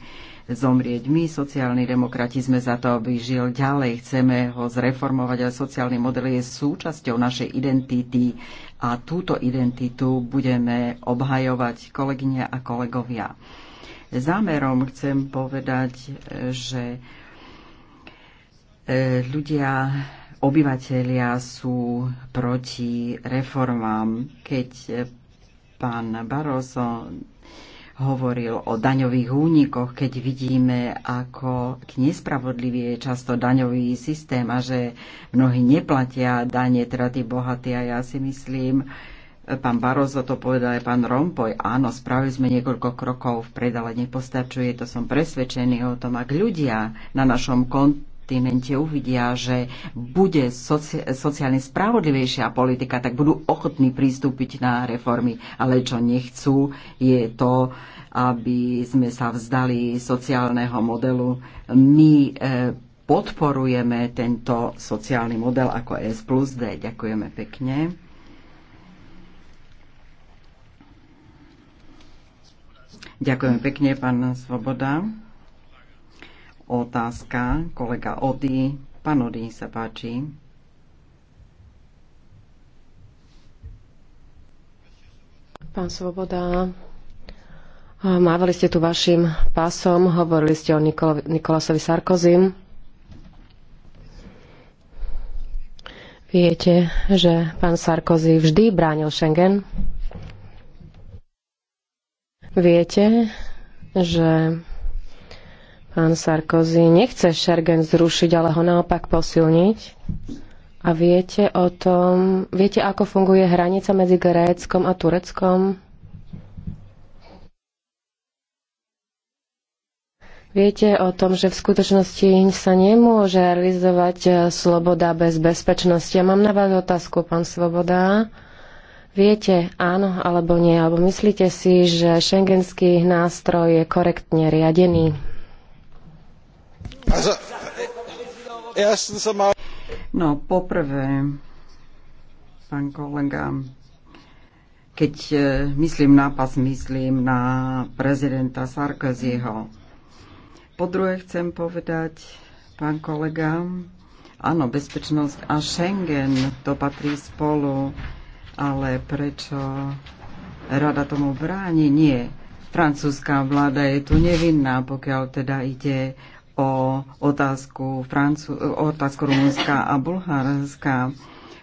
zomrieť. My, sociálni demokrati, sme za to, aby žil ďalej. Chceme ho zreformovať, ale sociálny model je súčasťou našej identity a túto identitu budeme obhajovať kolegyne a kolegovia. Zámerom chcem povedať, že e, ľudia obyvateľia sú proti reformám. Keď e, pán Barroso hovoril o daňových únikoch, keď vidíme, ako nespravodlivý je často daňový systém a že mnohí neplatia dane, teda tí bohatí. A ja si myslím, pán Barozo to povedal aj pán Rompoj, áno, spravili sme niekoľko krokov vpred, ale nepostačuje, to som presvedčený o tom, ak ľudia na našom kontinente kontinente uvidia, že bude soci- sociálne spravodlivejšia politika, tak budú ochotní pristúpiť na reformy. Ale čo nechcú, je to, aby sme sa vzdali sociálneho modelu. My e, podporujeme tento sociálny model ako S plus D. Ďakujeme pekne. Ďakujem pekne, pán Svoboda otázka. Kolega Ody. Pán Odi, sa páči. Pán Svoboda, mávali ste tu vašim pásom, hovorili ste o Nikol- Nikolasovi Sarkozym. Viete, že pán Sarkozy vždy bránil Schengen. Viete, že Pán Sarkozy nechce Schengen zrušiť, ale ho naopak posilniť. A viete o tom, viete, ako funguje hranica medzi Gréckom a Tureckom? Viete o tom, že v skutočnosti sa nemôže realizovať eh, sloboda bez bezpečnosti. Ja mám na vás otázku, pán Svoboda. Viete, áno alebo nie, alebo myslíte si, že šengenský nástroj je korektne riadený? No, poprvé, pán kolega, keď e, myslím na pas, myslím na prezidenta Sarkozyho. Po druhé chcem povedať, pán kolega, áno, bezpečnosť a Schengen to patrí spolu, ale prečo rada tomu bráni? Nie. Francúzska vláda je tu nevinná, pokiaľ teda ide o otázku, Francu- o otázku Rumunska a Bulharska.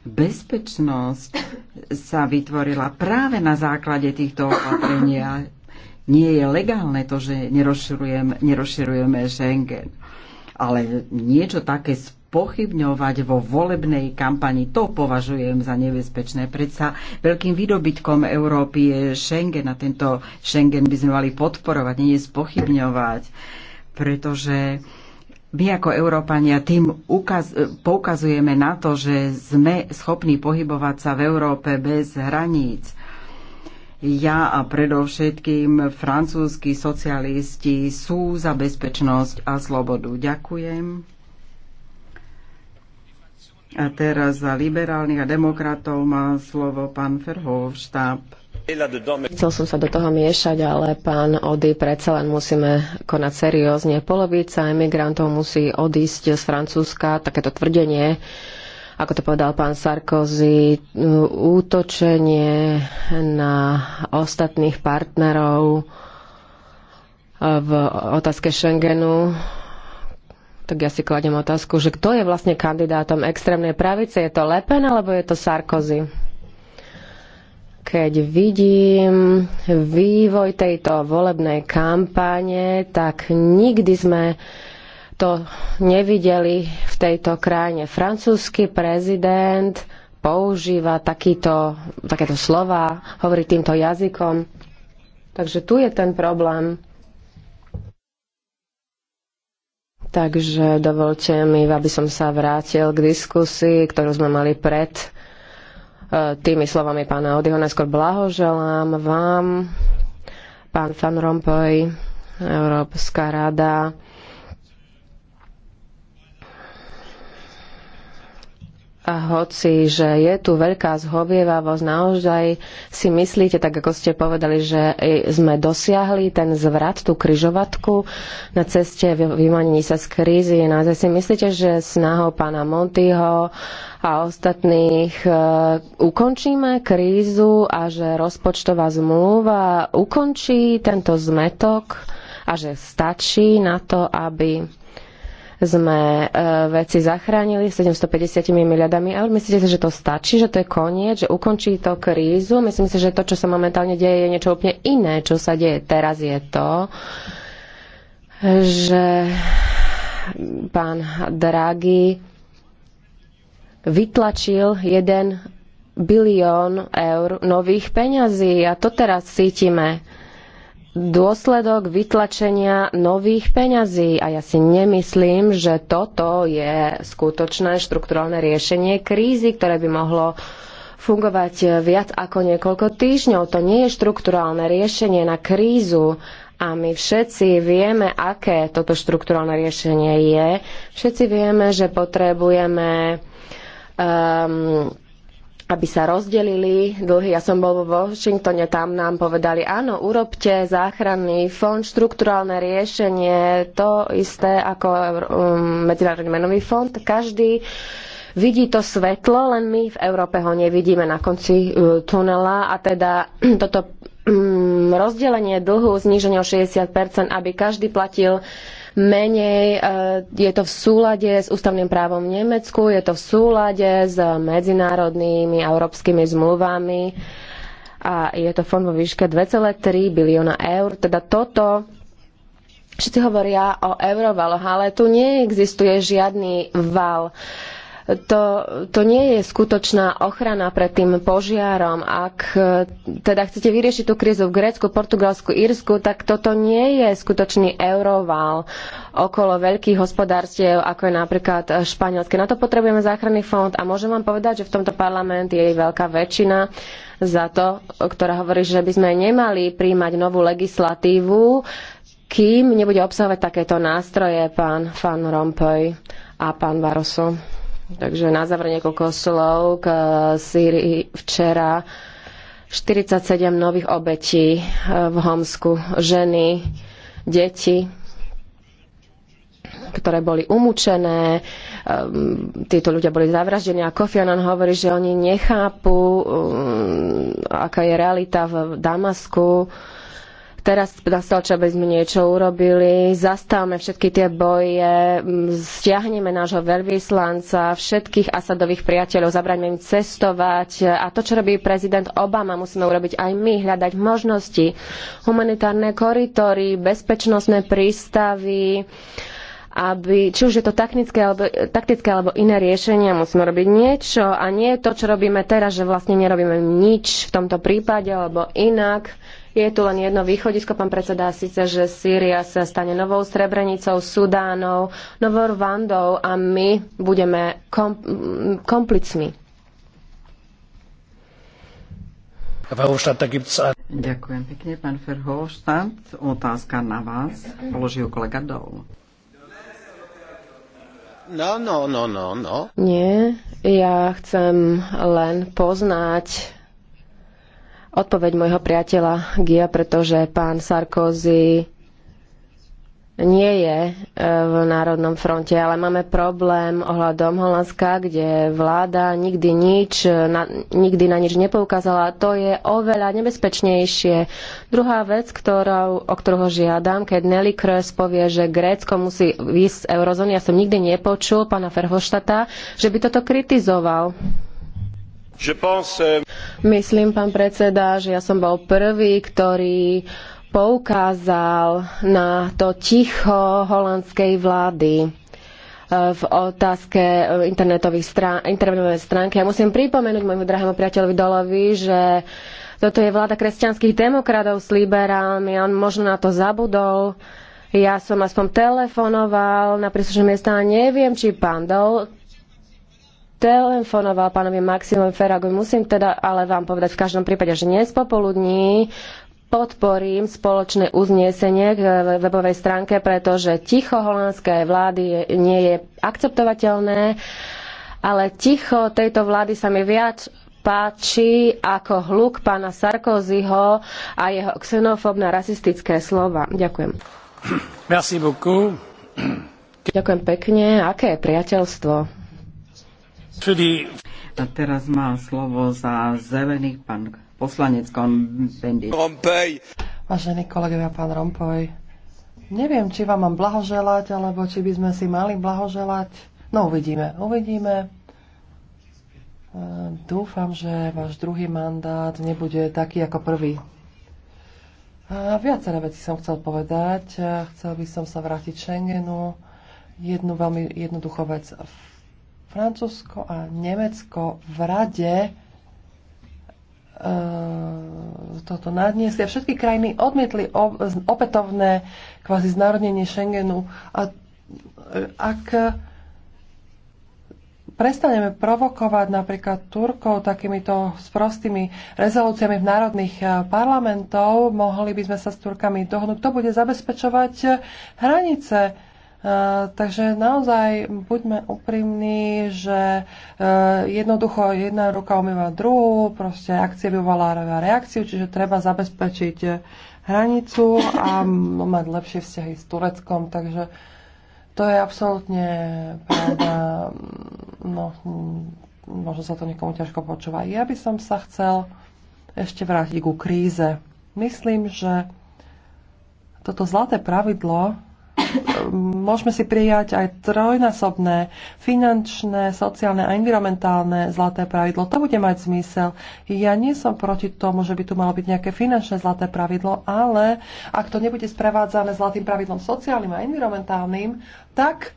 Bezpečnosť sa vytvorila práve na základe týchto opatrení a nie je legálne to, že nerozširujeme, nerozširujeme Schengen. Ale niečo také spochybňovať vo volebnej kampani, to považujem za nebezpečné. Predsa veľkým výdobytkom Európy je Schengen a tento Schengen by sme mali podporovať, nie spochybňovať pretože my ako Európania tým ukaz, poukazujeme na to, že sme schopní pohybovať sa v Európe bez hraníc. Ja a predovšetkým francúzski socialisti sú za bezpečnosť a slobodu. Ďakujem. A teraz za liberálnych a demokratov má slovo pán Verhofstadt. Chcel som sa do toho miešať, ale pán Ody, predsa len musíme konať seriózne. Polovica emigrantov musí odísť z Francúzska, takéto tvrdenie ako to povedal pán Sarkozy, útočenie na ostatných partnerov e, v otázke Schengenu, tak ja si kladem otázku, že kto je vlastne kandidátom extrémnej pravice? Je to Lepen alebo je to Sarkozy? keď vidím vývoj tejto volebnej kampane, tak nikdy sme to nevideli v tejto krajine. Francúzsky prezident používa takýto, takéto slova, hovorí týmto jazykom. Takže tu je ten problém. Takže dovolte mi, aby som sa vrátil k diskusii, ktorú sme mali pred E, tými slovami pána Odyho. Najskôr blahoželám vám, pán Van Rompuy, Európska rada. A hoci, že je tu veľká zhovievavosť, naozaj si myslíte, tak ako ste povedali, že sme dosiahli ten zvrat, tú kryžovatku na ceste vymanení sa z krízy. Naozaj si myslíte, že snahou pána Montyho a ostatných e, ukončíme krízu a že rozpočtová zmluva ukončí tento zmetok a že stačí na to, aby sme e, veci zachránili 750 miliardami eur. Myslíte si, že to stačí, že to je koniec, že ukončí to krízu? Myslím si, že to, čo sa momentálne deje, je niečo úplne iné. Čo sa deje teraz je to, že pán Draghi vytlačil jeden bilión eur nových peňazí a to teraz cítime. Dôsledok vytlačenia nových peňazí a ja si nemyslím, že toto je skutočné štrukturálne riešenie krízy, ktoré by mohlo fungovať viac ako niekoľko týždňov. To nie je štrukturálne riešenie na krízu, a my všetci vieme, aké toto štrukturálne riešenie je. Všetci vieme, že potrebujeme um, aby sa rozdelili dlhy. Ja som bol vo Washingtone, tam nám povedali, áno, urobte záchranný fond, štrukturálne riešenie, to isté ako um, Medzinárodný menový fond. Každý vidí to svetlo, len my v Európe ho nevidíme na konci uh, tunela a teda toto um, rozdelenie dlhu, zníženie o 60%, aby každý platil uh, menej. E, je to v súlade s ústavným právom v Nemecku, je to v súlade s medzinárodnými a európskymi zmluvami a je to fond vo výške 2,3 bilióna eur. Teda toto všetci hovoria o eurovaloch, ale tu neexistuje žiadny val. Uh, to, to nie je skutočná ochrana pred tým požiarom. Ak e, teda chcete vyriešiť tú krízu v Grécku, Portugalsku, Írsku, tak toto nie je skutočný euroval okolo veľkých hospodárstiev, ako je napríklad španielské. Na to potrebujeme záchranný fond a môžem vám povedať, že v tomto parlament je veľká väčšina za to, ktorá hovorí, že by sme nemali príjmať novú legislatívu, kým nebude obsahovať takéto nástroje pán Van Rompuy a pán Barroso. Takže na záver niekoľko slov k Syrii včera. 47 nových obetí e, v Homsku. Ženy, deti, ktoré boli umúčené, e, títo ľudia boli zavraždení a Kofi Annan hovorí, že oni nechápu, e, aká je realita v Damasku Teraz nastal čas, aby sme niečo urobili. Zastavme všetky tie boje, stiahneme nášho veľvyslanca, všetkých Asadových priateľov, zabraňme im cestovať. A to, čo robí prezident Obama, musíme urobiť aj my, hľadať možnosti, humanitárne koridory, bezpečnostné prístavy, aby, či už je to taktické alebo, taktické alebo iné riešenia, musíme robiť niečo a nie to, čo robíme teraz, že vlastne nerobíme nič v tomto prípade alebo inak. Je tu len jedno východisko, pán predseda, síce, že Sýria sa stane novou Srebrenicou, Sudánou, novou Rwandou a my budeme kom- komplicmi. Ďakujem pekne, pán ferhoštát. Otázka na vás položil kolega Dol. No, no, no, no, no. Nie, ja chcem len poznať odpoveď môjho priateľa Gia, pretože pán Sarkozy nie je e, v Národnom fronte, ale máme problém ohľadom Holandska, kde vláda nikdy nič, e, na, nikdy na nič nepoukázala. To je oveľa nebezpečnejšie. Druhá vec, ktorou, o ktorú žiadam, keď Nelly Kroes povie, že Grécko musí výsť z eurozóny, ja som nikdy nepočul pána Ferhoštata, že by toto kritizoval. Euh, Myslím, pán predseda, že ja som bol prvý, ktorý poukázal na to ticho holandskej vlády eh, v otázke eh, internetových strán, internetovej stránky. Ja musím pripomenúť môjmu drahému priateľovi Dolovi, že toto je vláda kresťanských demokratov s liberálmi, on možno na to zabudol. Ja som aspoň telefonoval na príslušné miesta a neviem, či pán Dol telefonoval pánovi Maximovi Feragovi. Musím teda ale vám povedať v každom prípade, že dnes popoludní podporím spoločné uznesenie k webovej stránke, pretože ticho holandskej vlády nie je akceptovateľné, ale ticho tejto vlády sa mi viac páči ako hluk pána Sarkozyho a jeho xenofóbne rasistické slova. Ďakujem. Merci beaucoup. Ďakujem pekne. Aké je priateľstvo? A teraz má slovo za zelených pán poslanec Rompej. Vážení kolegovia, pán Rompoj, neviem, či vám mám blahoželať, alebo či by sme si mali blahoželať. No uvidíme, uvidíme. E, dúfam, že váš druhý mandát nebude taký ako prvý. A viaceré veci som chcel povedať. Chcel by som sa vrátiť Schengenu. Jednu veľmi jednoduchú vec. Francúzsko a Nemecko v rade e, toto nadniesli a všetky krajiny odmietli opätovné kvázi znárodnenie Schengenu. A e, ak prestaneme provokovať napríklad Turkov takýmito sprostými rezolúciami v národných e, parlamentov, mohli by sme sa s Turkami dohodnúť, kto bude zabezpečovať hranice E, takže naozaj buďme úprimní, že e, jednoducho jedna ruka umýva druhú, proste akcie vyvolá reakciu, čiže treba zabezpečiť hranicu a mať lepšie vzťahy s Tureckom, takže to je absolútne pravda. No, možno sa to niekomu ťažko počúva. Ja by som sa chcel ešte vrátiť ku kríze. Myslím, že toto zlaté pravidlo môžeme si prijať aj trojnásobné finančné, sociálne a environmentálne zlaté pravidlo. To bude mať zmysel. Ja nie som proti tomu, že by tu malo byť nejaké finančné zlaté pravidlo, ale ak to nebude sprevádzané zlatým pravidlom sociálnym a environmentálnym, tak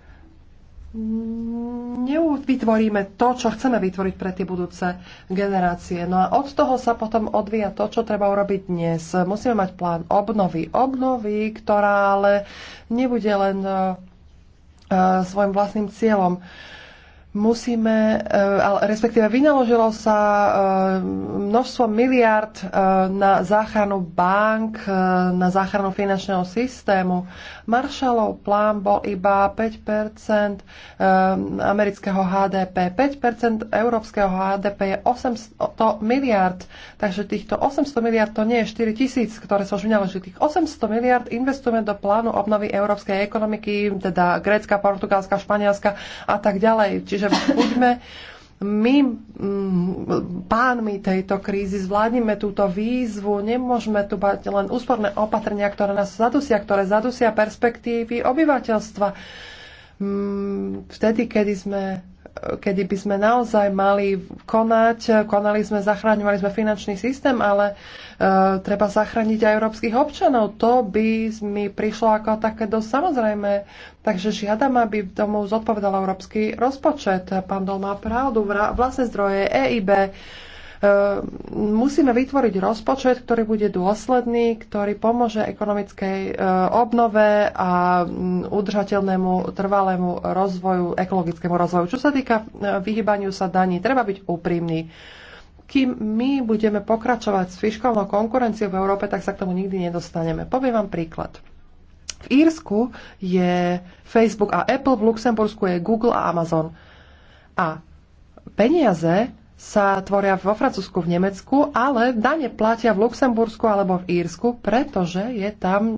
nevytvoríme to, čo chceme vytvoriť pre tie budúce generácie. No a od toho sa potom odvíja to, čo treba urobiť dnes. Musíme mať plán obnovy. Obnovy, ktorá ale nebude len uh, svojim vlastným cieľom. Musíme, uh, respektíve vynaložilo sa uh, množstvo miliard uh, na záchranu bank, uh, na záchranu finančného systému Marshallov plán bol iba 5 ehm, amerického HDP. 5 európskeho HDP je 800 miliard, takže týchto 800 miliard to nie je 4 tisíc, ktoré som už vynaložili. Tých 800 miliard investujeme do plánu obnovy európskej ekonomiky, teda Grécka, Portugalska, Španielska a tak ďalej. Čiže buďme my, mm, pánmi tejto krízy, zvládnime túto výzvu, nemôžeme tu mať len úsporné opatrenia, ktoré nás zadusia, ktoré zadusia perspektívy obyvateľstva. Mm, vtedy, kedy sme kedy by sme naozaj mali konať. Konali sme, zachraňovali sme finančný systém, ale e, treba zachrániť aj európskych občanov. To by mi prišlo ako také dosť samozrejme. Takže žiadam, aby tomu zodpovedal európsky rozpočet. Pán Dol má pravdu, vlastné zdroje, EIB, Ehm, musíme vytvoriť rozpočet, ktorý bude dôsledný, ktorý pomôže ekonomickej e, obnove a mm, udržateľnému trvalému rozvoju, ekologickému rozvoju. Čo sa týka e, vyhybaniu sa daní, treba byť úprimný kým my budeme pokračovať s fiškálnou konkurenciou v Európe, tak sa k tomu nikdy nedostaneme. Poviem vám príklad. V Írsku je Facebook a Apple, v Luxembursku je Google a Amazon. A peniaze sa tvoria vo Francúzsku, v Nemecku, ale dane platia v Luxembursku alebo v Írsku, pretože je tam e,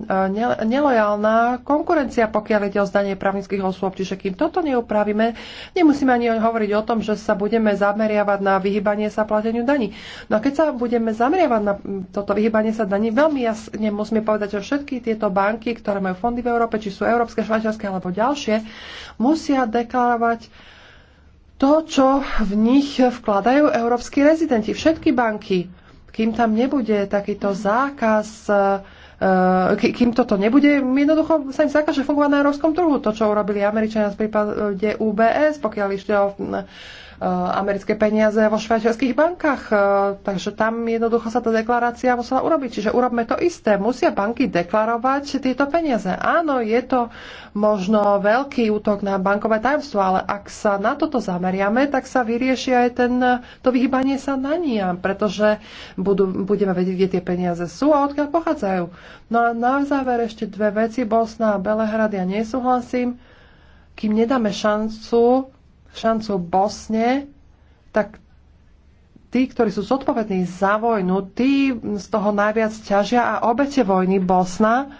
nelojálna konkurencia, pokiaľ ide o zdanie právnických osôb. Čiže kým toto neupravíme, nemusíme ani hovoriť o tom, že sa budeme zameriavať na vyhybanie sa plateniu daní. No a keď sa budeme zameriavať na toto vyhybanie sa daní, veľmi jasne musíme povedať, že všetky tieto banky, ktoré majú fondy v Európe, či sú európske, švajčiarske alebo ďalšie, musia deklarovať to, čo v nich vkladajú európsky rezidenti, všetky banky. Kým tam nebude takýto zákaz, eh, kým toto nebude, jednoducho sa im zakáže fungovať na európskom trhu. To, čo urobili Američania v prípade eh, UBS, pokiaľ išli o Eh, americké peniaze vo švajčiarských bankách. Eh, takže tam jednoducho sa tá deklarácia musela urobiť. Čiže urobme to isté. Musia banky deklarovať tieto peniaze. Áno, je to možno veľký útok na bankové tajomstvo, ale ak sa na toto zameriame, tak sa vyrieši aj ten, to vyhýbanie sa na nia, pretože budú, budeme vedieť, kde tie peniaze sú a odkiaľ pochádzajú. No a na záver ešte dve veci. Bosna a Belehrad, ja nesúhlasím kým nedáme šancu šancu Bosne, tak tí, ktorí sú zodpovední za vojnu, tí z toho najviac ťažia a obete vojny Bosna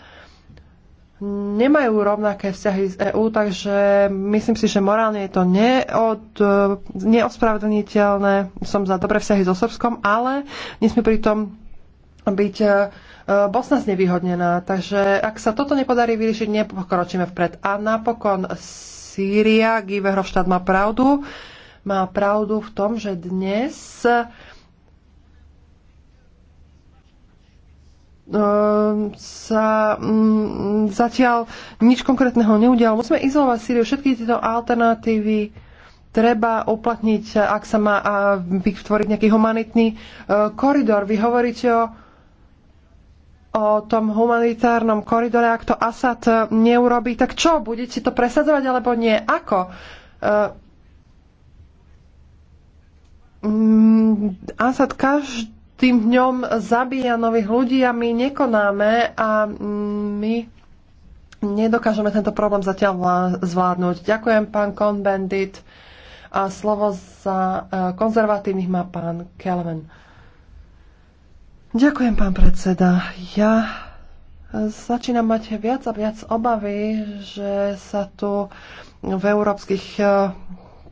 nemajú rovnaké vzťahy z EÚ, takže myslím si, že morálne je to neod, neospravedlniteľné. Som za dobré vzťahy so Srbskom, ale nesmie pritom byť e, Bosna znevýhodnená. Takže ak sa toto nepodarí vyriešiť, nepokročíme vpred. A napokon Sýria. Guy Verhofstadt má pravdu. Má pravdu v tom, že dnes eh, sa mm, zatiaľ nič konkrétneho neudialo. Musíme izolovať Sýriu. Všetky tieto alternatívy treba uplatniť, ak sa má vytvoriť nejaký humanitný eh, koridor. Vy hovoríte o o tom humanitárnom koridore, ak to Asad e, neurobí, tak čo, budete to presadzovať alebo nie? Ako? Uh, Asad každým dňom zabíja nových ľudí a my nekonáme a mm, my nedokážeme tento problém zatiaľ zvládnuť. Ďakujem, pán kohn A slovo za e, konzervatívnych má pán Kelvin. Ďakujem, pán predseda. Ja e, začínam mať viac a viac obavy, že sa tu v európskych e,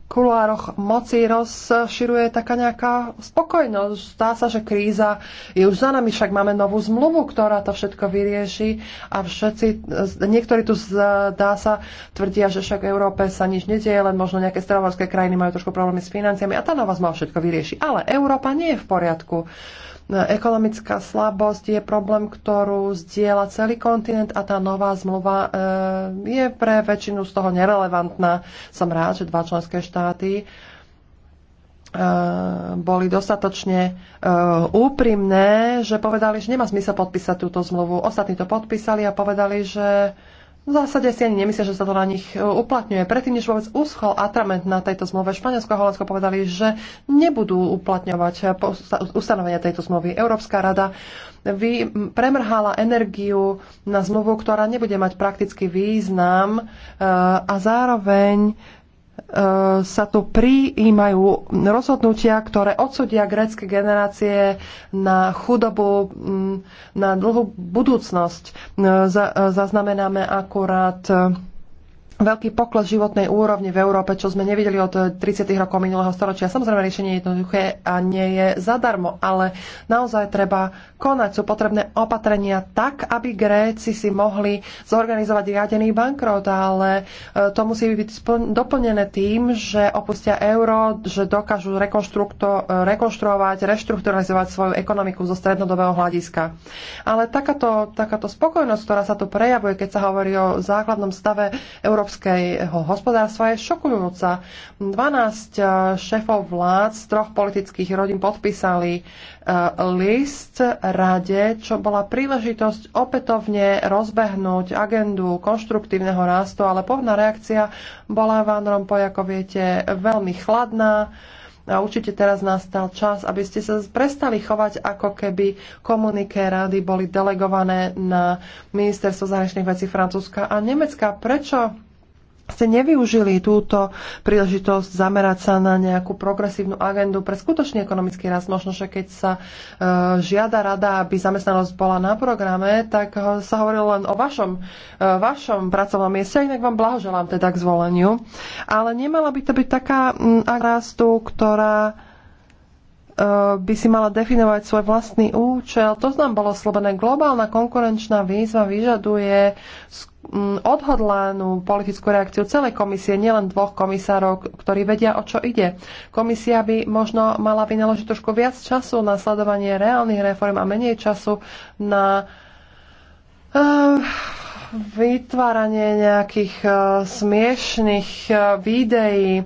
kuloároch moci rozširuje taká nejaká spokojnosť. Zdá sa, že kríza je už za nami, však máme novú zmluvu, ktorá to všetko vyrieši a všetci, e, niektorí tu zdá sa, tvrdia, že však v Európe sa nič nedieje, len možno nejaké stravovarské krajiny majú trošku problémy s financiami a tá nová zmluva všetko vyrieši. Ale Európa nie je v poriadku. Ekonomická slabosť je problém, ktorú zdieľa celý kontinent a tá nová zmluva eh, je pre väčšinu z toho nerelevantná. Som rád, že dva členské štáty eh, boli dostatočne eh, úprimné, že povedali, že nemá zmysel podpísať túto zmluvu. Ostatní to podpísali a povedali, že v zásade si ani nemyslia, že sa to na nich e, uplatňuje. Predtým, než vôbec uschol atrament na tejto zmluve, Španielsko a Holandsko povedali, že nebudú uplatňovať e, ustanovenia tejto zmluvy. Európska rada vy, premrhala energiu na zmluvu, ktorá nebude mať praktický význam e, a zároveň E, sa tu prijímajú rozhodnutia, ktoré odsudia grécké generácie na chudobu, na dlhú budúcnosť. E, e, zaznamenáme akurát veľký pokles životnej úrovne v Európe, čo sme nevideli od 30. rokov minulého storočia. Samozrejme, riešenie je jednoduché a nie je zadarmo, ale naozaj treba konať. Sú potrebné opatrenia tak, aby Gréci si mohli zorganizovať riadený bankrot, ale e, to musí byť doplnené tým, že opustia euro, že dokážu rekonštruovať, reštrukturalizovať svoju ekonomiku zo strednodobého hľadiska. Ale takáto, takáto spokojnosť, ktorá sa tu prejavuje, keď sa hovorí o základnom stave Európy, európskeho hospodárstva je šokujúca. 12 eh, šéfov vlád z troch politických rodín podpísali eh, list rade, čo bola príležitosť opätovne rozbehnúť agendu konštruktívneho rastu, ale povná reakcia bola Van Rompuy, ako viete, veľmi chladná. A určite teraz nastal čas, aby ste sa prestali chovať, ako keby komuniké rady boli delegované na ministerstvo zahraničných vecí Francúzska a Nemecka. Prečo ste nevyužili túto príležitosť zamerať sa na nejakú progresívnu agendu pre skutočný ekonomický rast. Možno, že keď sa e, žiada rada, aby zamestnanosť bola na programe, tak ho, e, sa hovorilo len o vašom, e, vašom pracovnom mieste. Inak vám blahoželám teda k zvoleniu. Ale nemala by to byť taká m, rastu, ktorá E, by si mala definovať svoj vlastný účel. To znam bolo slobené. Globálna konkurenčná výzva vyžaduje odhodlanú politickú reakciu celej komisie, nielen dvoch komisárov, ktorí vedia, o čo ide. Komisia by možno mala vynaložiť trošku viac času na sledovanie reálnych reform a menej času na e, vytváranie nejakých e, smiešných videí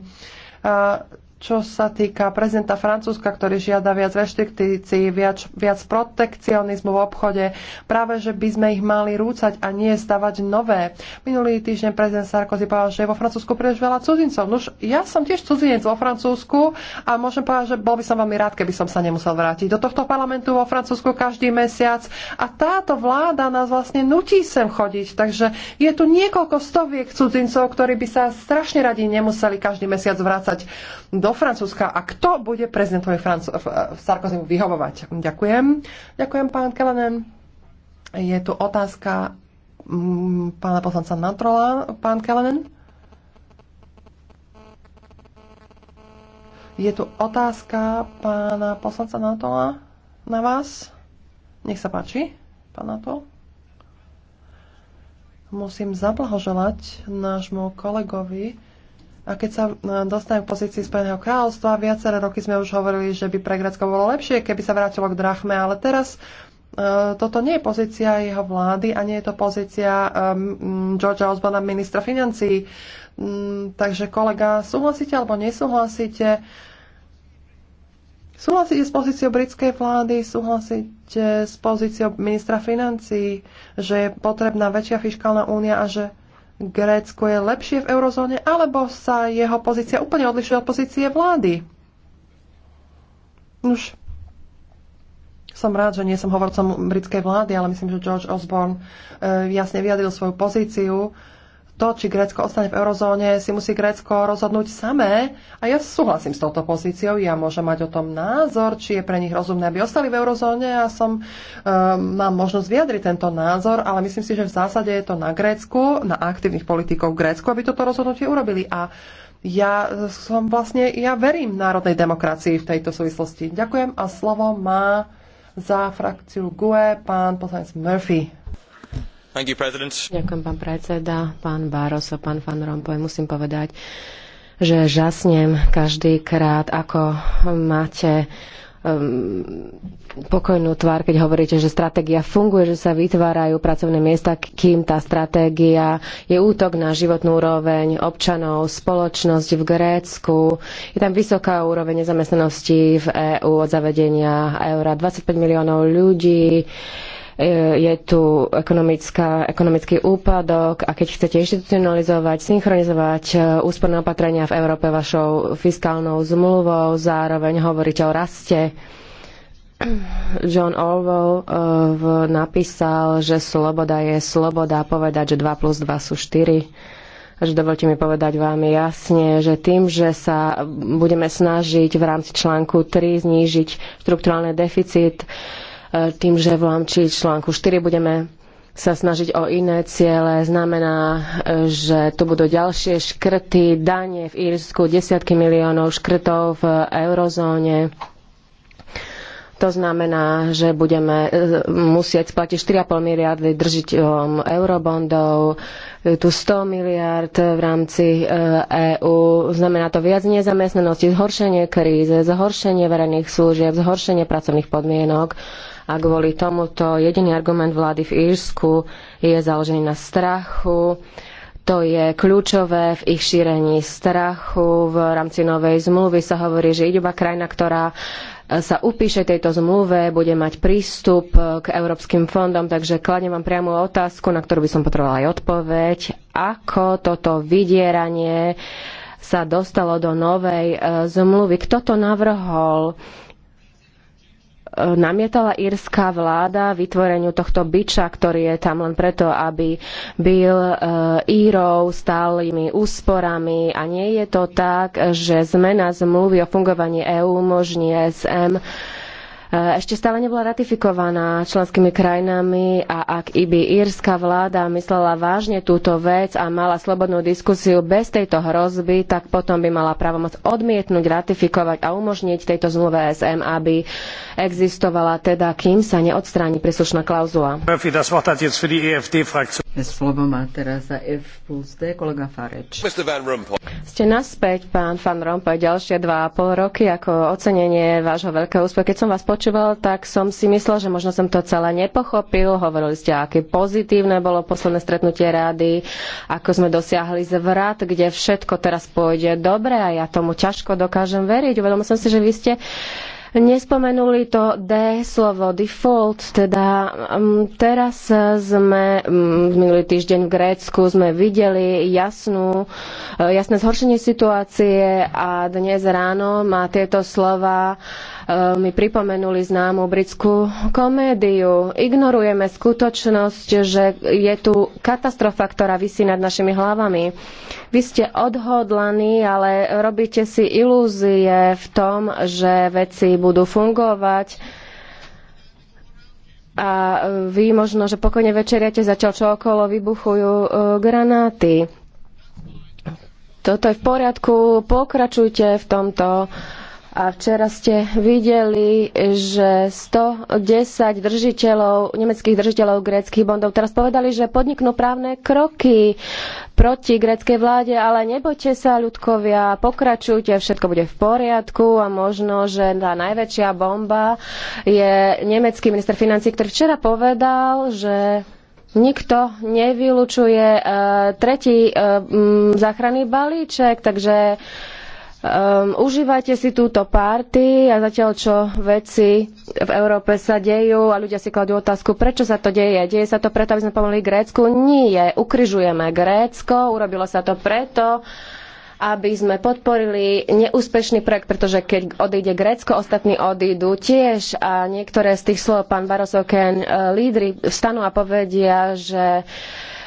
čo sa týka prezidenta Francúzska, ktorý žiada viac reštriktícií, viac, viac protekcionizmu v obchode, práve že by sme ich mali rúcať a nie stavať nové. Minulý týždeň prezident Sarkozy povedal, že je vo Francúzsku príliš veľa cudzincov. Nož ja som tiež cudzinec vo Francúzsku a môžem povedať, že bol by som veľmi rád, keby som sa nemusel vrátiť do tohto parlamentu vo Francúzsku každý mesiac. A táto vláda nás vlastne nutí sem chodiť. Takže je tu niekoľko stoviek cudzincov, ktorí by sa strašne radi nemuseli každý mesiac vrácať do Francúzska a kto bude prezidentovi Franc- eh, Sarkozy vyhovovať. Ďakujem. Ďakujem, pán Kelenen. Mm, Je tu otázka pána poslanca Natrola, pán Kelenen. Je tu otázka pána poslanca Natola na vás. Nech sa páči, pán Natol. Musím zablahoželať nášmu kolegovi a keď sa e, dostanem k pozícii Spojeného kráľovstva, viaceré roky sme už hovorili, že by pre Grécko bolo lepšie, keby sa vrátilo k drachme, ale teraz uh, toto nie je pozícia jeho vlády a nie je to pozícia um, Georgia Osborna, ministra financí. Um, takže kolega, súhlasíte alebo nesúhlasíte? Súhlasíte s pozíciou britskej vlády, súhlasíte s pozíciou ministra financií, že je potrebná väčšia fiskálna únia a že Grécko je lepšie v eurozóne, alebo sa jeho pozícia úplne odlišuje od pozície vlády. Už som rád, že nie som hovorcom britskej vlády, ale myslím, že George Osborne eh, jasne vyjadril svoju pozíciu to, či Grécko ostane v eurozóne, si musí Grécko rozhodnúť samé. A ja súhlasím s touto pozíciou, ja môžem mať o tom názor, či je pre nich rozumné, aby ostali v eurozóne ja som, um, mám možnosť vyjadriť tento názor, ale myslím si, že v zásade je to na Grécku, na aktívnych politikov v Grécku, aby toto rozhodnutie urobili. A ja som vlastne, ja verím národnej demokracii v tejto súvislosti. Ďakujem a slovo má za frakciu GUE pán poslanec Murphy. You, Ďakujem, pán predseda, pán Barroso, pán Van Rompuy. Musím povedať, že žasnem každý krát, ako máte um, pokojnú tvár, keď hovoríte, že stratégia funguje, že sa vytvárajú pracovné miesta, kým tá stratégia je útok na životnú úroveň občanov, spoločnosť v Grécku. Je tam vysoká úroveň nezamestnanosti v EÚ od zavedenia eura. 25 miliónov ľudí E, je tu ekonomická, ekonomický úpadok a keď chcete inštitucionalizovať, synchronizovať e, úsporné opatrenia v Európe vašou fiskálnou zmluvou, zároveň hovoríte o raste. John Orwell e, napísal, že sloboda je sloboda povedať, že 2 plus 2 sú 4 že dovolte mi povedať vám jasne, že tým, že sa budeme snažiť v rámci článku 3 znížiť štrukturálny deficit, tým, že v rámci článku 4 budeme sa snažiť o iné ciele, znamená, že tu budú ďalšie škrty, danie v Írsku, desiatky miliónov škrtov v eurozóne. To znamená, že budeme e, musieť splatiť 4,5 miliardy držiteľom eurobondov, tu 100 miliard v rámci EÚ. E znamená to viac nezamestnanosti, zhoršenie kríze, zhoršenie verejných služieb, zhoršenie pracovných podmienok a kvôli tomuto jediný argument vlády v Írsku je založený na strachu. To je kľúčové v ich šírení strachu. V rámci novej zmluvy sa hovorí, že iba krajina, ktorá e, sa upíše tejto zmluve, bude mať prístup k európskym fondom, takže kladem vám priamu otázku, na ktorú by som potrebovala aj odpoveď. Ako toto vydieranie sa dostalo do novej e, zmluvy? Kto to navrhol? E, namietala írska vláda vytvoreniu tohto byča, ktorý je tam len preto, aby byl e, Írov stálymi úsporami a nie je to tak, že zmena zmluvy o fungovaní EÚ umožní SM Eh, ešte stále nebola ratifikovaná členskými krajinami a ak by írska vláda myslela vážne túto vec a mala slobodnú diskusiu bez tejto hrozby, tak potom by mala právomoc odmietnúť, ratifikovať a umožniť tejto zmluve SM, aby existovala teda, kým sa neodstráni príslušná klauzula. E Slovo má teraz za F plus D kolega Fareč. Ste naspäť, pán Van Rompuy, ďalšie dva a pol roky ako ocenenie vášho veľkého úspechu. Keď som vás počúval, tak som si myslel, že možno som to celé nepochopil. Hovorili ste, aké pozitívne bolo posledné stretnutie rády, ako sme dosiahli zvrat, kde všetko teraz pôjde dobre a ja tomu ťažko dokážem veriť. Uvedomil som si, že vy ste Nespomenuli to D slovo default, teda mm, teraz sme mm, minulý týždeň v Grécku sme videli jasnú, e, jasné zhoršenie situácie a dnes ráno má tieto slova E, mi pripomenuli známu britskú komédiu. Ignorujeme skutočnosť, že je tu katastrofa, ktorá vysí nad našimi hlavami. Vy ste odhodlaní, ale robíte si ilúzie v tom, že veci budú fungovať a vy možno, že pokojne večeriate zatiaľ, čo okolo vybuchujú e, granáty. Toto je v poriadku, pokračujte v tomto a včera ste videli, že 110 držiteľov, nemeckých držiteľov gréckych bondov teraz povedali, že podniknú právne kroky proti gréckej vláde, ale nebojte sa, ľudkovia, pokračujte, všetko bude v poriadku a možno, že tá najväčšia bomba je nemecký minister financí, ktorý včera povedal, že Nikto nevylučuje eh, tretí eh, záchranný balíček, takže Um, užívajte si túto párty a zatiaľ čo veci v Európe sa dejú a ľudia si kladú otázku, prečo sa to deje. Deje sa to preto, aby sme pomohli Grécku? Nie, ukryžujeme Grécko, urobilo sa to preto, aby sme podporili neúspešný projekt, pretože keď odíde Grécko, ostatní odídu tiež a niektoré z tých slov pán Barosoken, e, lídry vstanú a povedia, že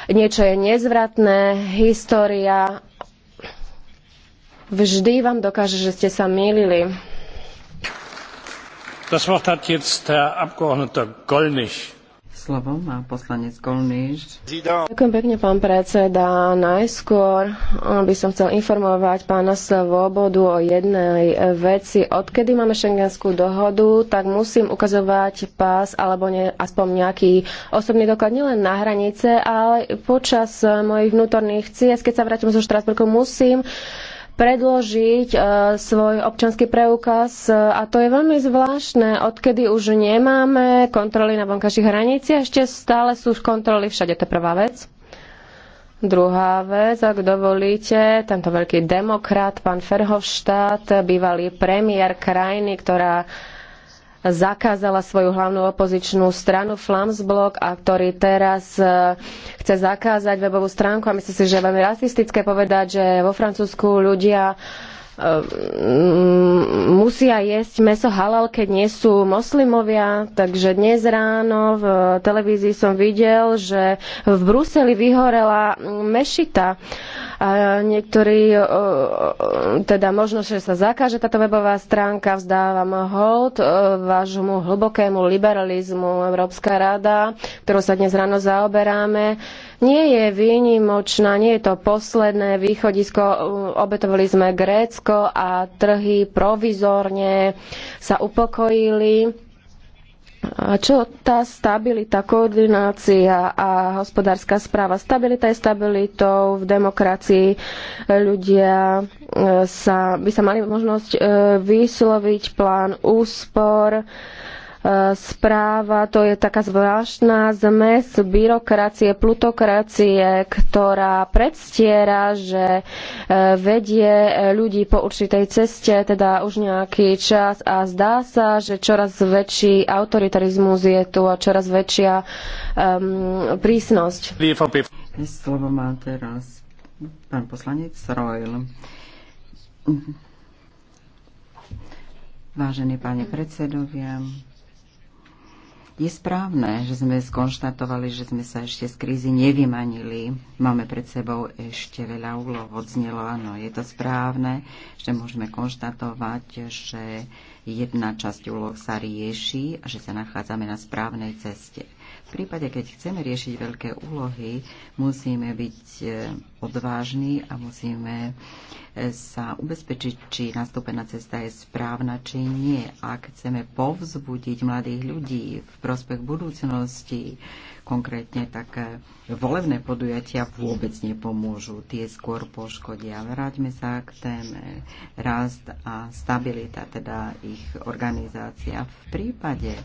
niečo je nezvratné, história vždy vám dokáže, že ste sa mýlili. Slovo má poslanec Golniš. Ďakujem pekne, pán predseda. Najskôr eh, by som chcel informovať pána Svobodu o jednej eh, veci. Odkedy máme šengenskú dohodu, tak musím ukazovať pás alebo ne, aspoň nejaký osobný doklad nielen na hranice, ale počas eh, mojich vnútorných ciest, keď sa vrátim zo Štrasburku, musím uh, predložiť e, svoj občanský preukaz e, a to je veľmi zvláštne, odkedy už nemáme kontroly na vonkajších hraniciach, ešte stále sú kontroly všade, to je prvá vec. Druhá vec, ak dovolíte, tento veľký demokrat, pán Ferhovštát, bývalý premiér krajiny, ktorá zakázala svoju hlavnú opozičnú stranu Flamsblok a ktorý teraz e, chce zakázať webovú stránku a myslím si, že je veľmi rasistické povedať, že vo Francúzsku ľudia Ehm, musia jesť meso halal, keď nie sú moslimovia. Takže dnes ráno v televízii som videl, že v Bruseli vyhorela mešita. A niektorí, e, e, teda možno, že sa zakáže táto webová stránka, vzdávam hold e, vášmu hlbokému liberalizmu. Európska rada, ktorou sa dnes ráno zaoberáme, nie je výnimočná, nie je to posledné východisko. Obetovali sme Grécko a trhy provizorne sa upokojili. A čo tá stabilita, koordinácia a hospodárska správa? Stabilita je stabilitou v demokracii. Ľudia e, sa, by sa mali možnosť e, vysloviť plán úspor E, správa, to je taká zvláštna zmes byrokracie, plutokracie, ktorá predstiera, že e, vedie ľudí po určitej ceste, teda už nejaký čas a zdá sa, že čoraz väčší autoritarizmus je tu a čoraz väčšia um, prísnosť. Slovo má teraz pán poslanec Vážení páni predsedovia, je správne, že sme skonštatovali, že sme sa ešte z krízy nevymanili. Máme pred sebou ešte veľa úloh, odznelo, áno, je to správne, že môžeme konštatovať, že jedna časť úloh sa rieši a že sa nachádzame na správnej ceste. V prípade, keď chceme riešiť veľké úlohy, musíme byť e, odvážni a musíme e, sa ubezpečiť, či nastúpená cesta je správna, či nie. Ak chceme povzbudiť mladých ľudí v prospech budúcnosti, konkrétne také volebné podujatia vôbec nepomôžu, tie skôr poškodia. Vráťme sa k téme rast a stabilita, teda ich organizácia. V prípade,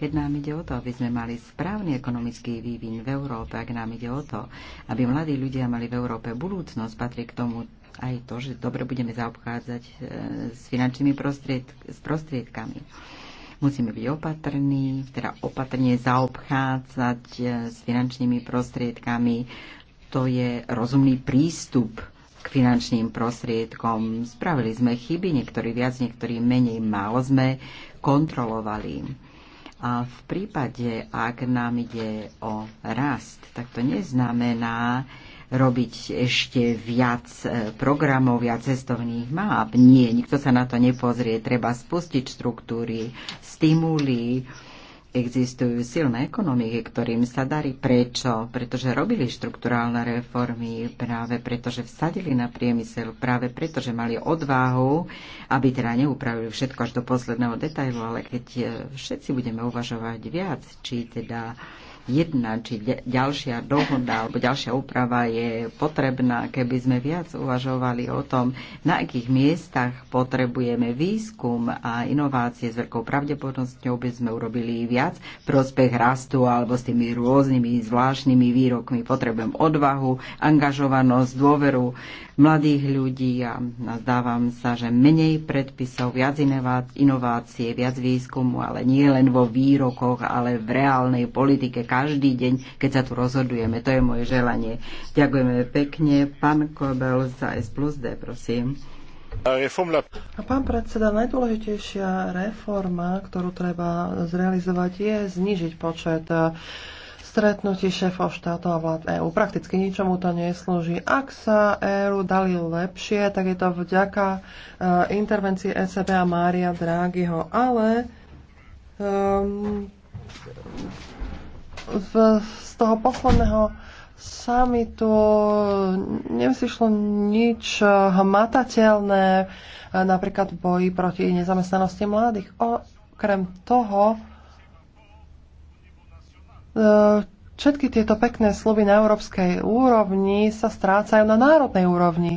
keď nám ide o to, aby sme mali správny ekonomický vývin v Európe, ak nám ide o to, aby mladí ľudia mali v Európe budúcnosť, patrí k tomu aj to, že dobre budeme zaobchádzať e, s finančnými prostried, s prostriedkami Musíme byť opatrní, teda opatrne zaobchádzať eh, s finančnými prostriedkami. To je rozumný prístup k finančným prostriedkom. Spravili sme chyby, niektorí viac, niektorí menej. Málo sme kontrolovali. A v prípade, ak nám ide o rast, tak to neznamená, robiť ešte viac e, programov, viac cestovných map. Nie, nikto sa na to nepozrie. Treba spustiť štruktúry, stimuly. Existujú silné ekonomiky, ktorým sa darí. Prečo? Pretože robili štruktúrálne reformy, práve pretože vsadili na priemysel, práve pretože mali odvahu, aby teda neupravili všetko až do posledného detailu, ale keď e, všetci budeme uvažovať viac, či teda uh, jedna či ďalšia dohoda alebo ďalšia úprava je potrebná, keby sme viac uvažovali o tom, na akých miestach potrebujeme výskum a inovácie s veľkou pravdepodobnosťou by sme urobili viac prospech rastu alebo s tými rôznymi zvláštnymi výrokmi. Potrebujem odvahu, angažovanosť, dôveru mladých ľudí a nazdávam sa, že menej predpisov, viac inovácie, viac výskumu, ale nie len vo výrokoch, ale v reálnej politike každý deň, keď sa tu rozhodujeme. To je moje želanie. Ďakujeme pekne. Pán Kobel za S plus D, prosím. A pán predseda, najdôležitejšia reforma, ktorú treba zrealizovať, je znižiť počet eh, stretnutí šéfov štátov a vlád EÚ. Prakticky ničomu to neslúži. Ak sa EÚ dali lepšie, tak je to vďaka eh, intervencii ECB a Mária Drágyho. Ale um, v, z toho posledného samitu nevzýšlo nič hmatateľné, napríklad v boji proti nezamestnanosti mladých. Okrem toho, e, všetky tieto pekné sloby na európskej úrovni sa strácajú na národnej úrovni.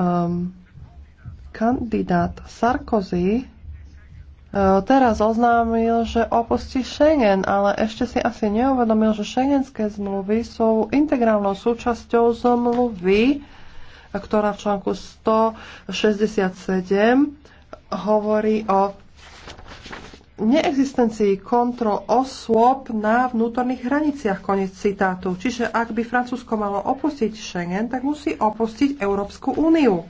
Um, kandidát Sarkozy E, teraz oznámil, že opustí Schengen, ale ešte si asi neuvedomil, že šengenské zmluvy sú integrálnou súčasťou zmluvy, ktorá v článku 167 hovorí o neexistencii kontrol osôb na vnútorných hraniciach, konec citátu. Čiže ak by Francúzsko malo opustiť Schengen, tak musí opustiť Európsku úniu.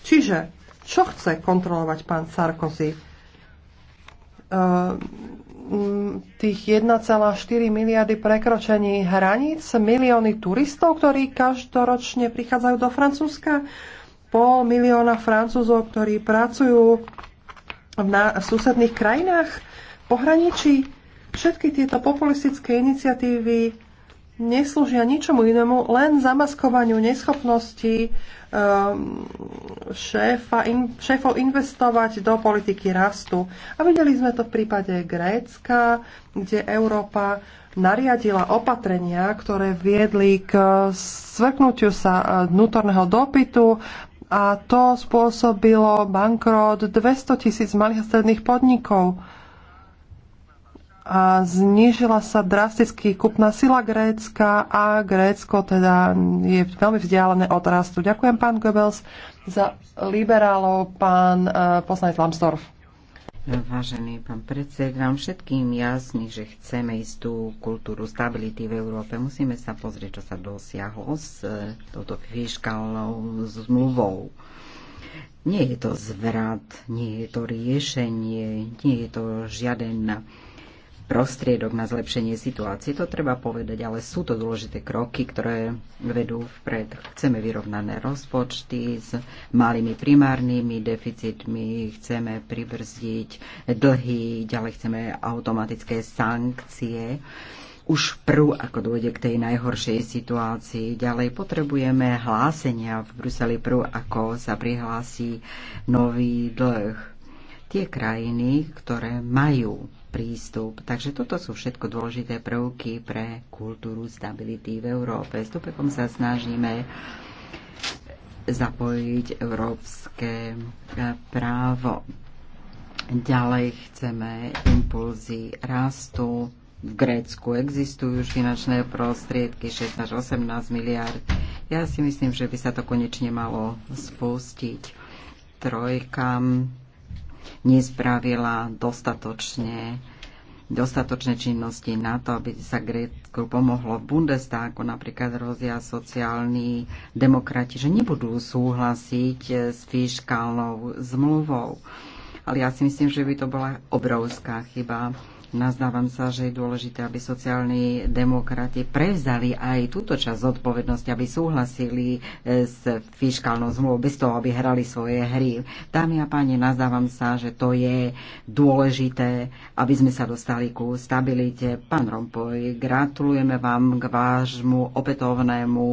Čiže čo chce kontrolovať pán Sarkozy? Eh, tých 1,4 miliardy prekročení hraníc, milióny turistov, ktorí každoročne prichádzajú do Francúzska, pol milióna Francúzov, ktorí pracujú v, na, v susedných krajinách, pohraničí. Všetky tieto populistické iniciatívy neslúžia ničomu inému, len zamaskovaniu neschopnosti um, šéfa, in, šéfov investovať do politiky rastu. A videli sme to v prípade Grécka, kde Európa nariadila opatrenia, ktoré viedli k svrknutiu sa e, vnútorného dopytu a to spôsobilo bankrot 200 tisíc malých a stredných podnikov a znížila sa drasticky kupná sila Grécka a Grécko teda je veľmi vzdialené od rastu. Ďakujem pán Goebbels za liberálov, pán e, poslanec Lambsdorff. Vážený pán predseda, vám všetkým jasný, že chceme istú kultúru stability v Európe. Musíme sa pozrieť, čo sa dosiahlo s e, touto fiskálnou zmluvou. Nie je to zvrat, nie je to riešenie, nie je to žiaden prostriedok na zlepšenie situácie. To treba povedať, ale sú to dôležité kroky, ktoré vedú vpred. Chceme vyrovnané rozpočty s malými primárnymi deficitmi, chceme pribrzdiť dlhy, ďalej chceme automatické sankcie už prv, ako dôjde k tej najhoršej situácii. Ďalej potrebujeme hlásenia v Bruseli prv, ako sa prihlási nový dlh. Tie krajiny, ktoré majú prístup. Takže toto sú všetko dôležité prvky pre kultúru stability v Európe. S Tupekom sa snažíme zapojiť európske e, právo. Ďalej chceme impulzy rastu. V Grécku existujú už finančné prostriedky 6 až 18 miliard. Ja si myslím, že by sa to konečne malo spustiť. Trojkam nespravila dostatočne dostatočné činnosti na to, aby sa Grécku pomohlo v Bundestagu, napríklad rozdia sociálni demokrati, že nebudú súhlasiť s fiskálnou zmluvou. Ale ja si myslím, že by to bola obrovská chyba. Nazdávam sa, že je dôležité, aby sociálni demokrati prevzali aj túto časť zodpovednosti, aby súhlasili e, s fiskálnou zmluvou bez toho, aby hrali svoje hry. Dámy a páni, nazdávam sa, že to je dôležité, aby sme sa dostali ku stabilite. Pán Rompoj, gratulujeme vám k vášmu opätovnému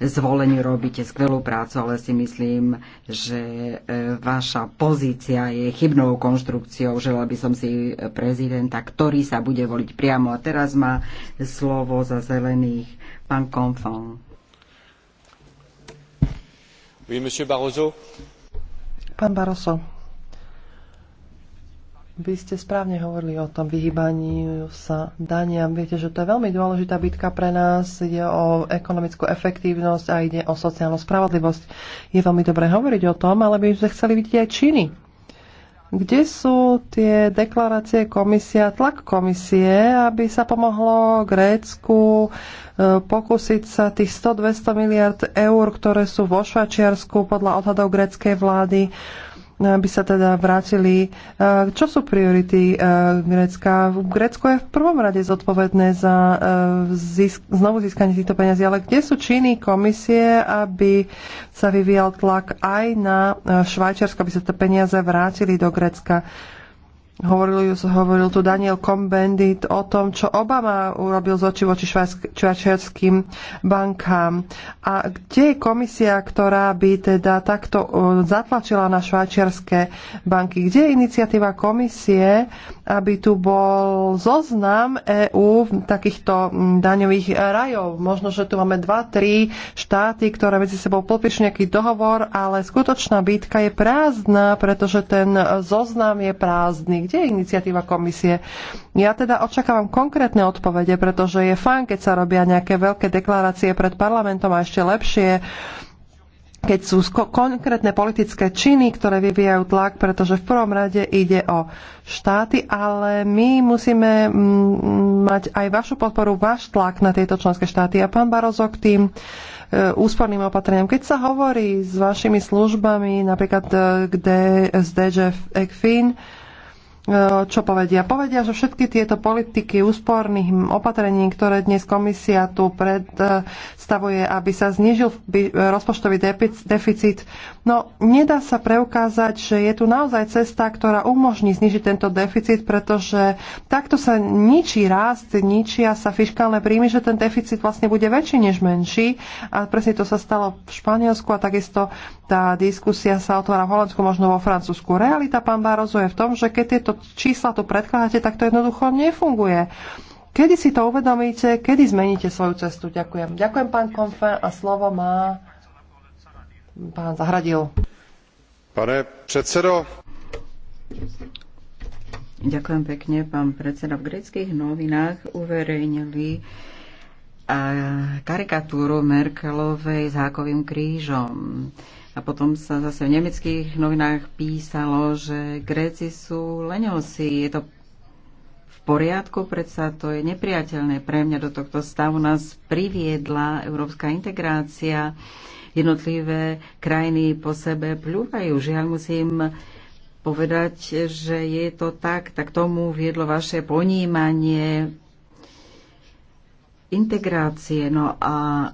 zvolení robíte skvelú prácu, ale si myslím, že e, vaša pozícia je chybnou konštrukciou. Želal by som si prezidenta, ktorý sa bude voliť priamo. A teraz má slovo za zelených pán Confon. Oui, monsieur Barroso. Pán Barroso, vy ste správne hovorili o tom vyhýbaní sa daniam. Viete, že to je veľmi dôležitá bitka pre nás. Ide o ekonomickú efektívnosť a ide o sociálnu spravodlivosť. Je veľmi dobré hovoriť o tom, ale by sme chceli vidieť aj činy. Kde sú tie deklarácie komisia, tlak komisie, aby sa pomohlo Grécku e, pokúsiť sa tých 100-200 miliard eur, ktoré sú vo Švačiarsku podľa odhadov gréckej vlády, aby sa teda vrátili. E, čo sú priority e, Grécka? Grécko je v prvom rade zodpovedné za e, zisk, znovu získanie týchto peniazí, ale kde sú činy komisie, aby sa vyvíjal tlak aj na Švajčiarsko, aby sa tie peniaze vrátili do Grécka? Hovoril, hovoril tu Daniel Combendit o tom, čo Obama urobil z oči voči švajčiarským bankám. A kde je komisia, ktorá by teda takto e, zatlačila na švajčiarske banky? Kde je iniciatíva komisie, aby tu bol zoznam EÚ takýchto daňových rajov? Možno, že tu máme dva, tri štáty, ktoré medzi sebou podpíšu nejaký dohovor, ale skutočná bytka je prázdna, pretože ten zoznam je prázdny kde je iniciatíva komisie? Ja teda očakávam konkrétne odpovede, pretože je fajn, keď sa robia nejaké veľké deklarácie pred parlamentom a ešte lepšie, keď sú konkrétne politické činy, ktoré vyvíjajú tlak, pretože v prvom rade ide o štáty, ale my musíme mm, mať aj vašu podporu, váš tlak na tieto členské štáty. A pán Barozo k tým e, úsporným opatreniam. Keď sa hovorí s vašimi službami, napríklad e, k DSDŽ ECFIN, E, čo povedia? Povedia, že všetky tieto politiky úsporných opatrení, ktoré dnes komisia tu predstavuje, aby sa znižil e, rozpočtový deficit, no nedá sa preukázať, že je tu naozaj cesta, ktorá umožní znižiť tento deficit, pretože takto sa ničí rast, ničia sa fiskálne príjmy, že ten deficit vlastne bude väčší než menší. A presne to sa stalo v Španielsku a takisto tá diskusia sa otvára v Holandsku, možno vo Francúzsku. Realita, pán Barozo, je v tom, že keď tieto čísla to predkladáte, tak to jednoducho nefunguje. Kedy si to uvedomíte, kedy zmeníte svoju cestu? Ďakujem. Ďakujem, pán Konfer, a slovo má pán Zahradil. Pane predsedo. Ďakujem pekne, pán predseda. V greckých novinách uverejnili eh, karikatúru Merkelovej s hákovým krížom. A potom sa zase v nemeckých novinách písalo, že Gréci sú leniosi. Je to v poriadku, predsa to je nepriateľné. Pre mňa do tohto stavu nás priviedla európska integrácia. Jednotlivé krajiny po sebe pľúvajú. Žiaľ musím povedať, že je to tak, tak tomu viedlo vaše ponímanie integrácie. No a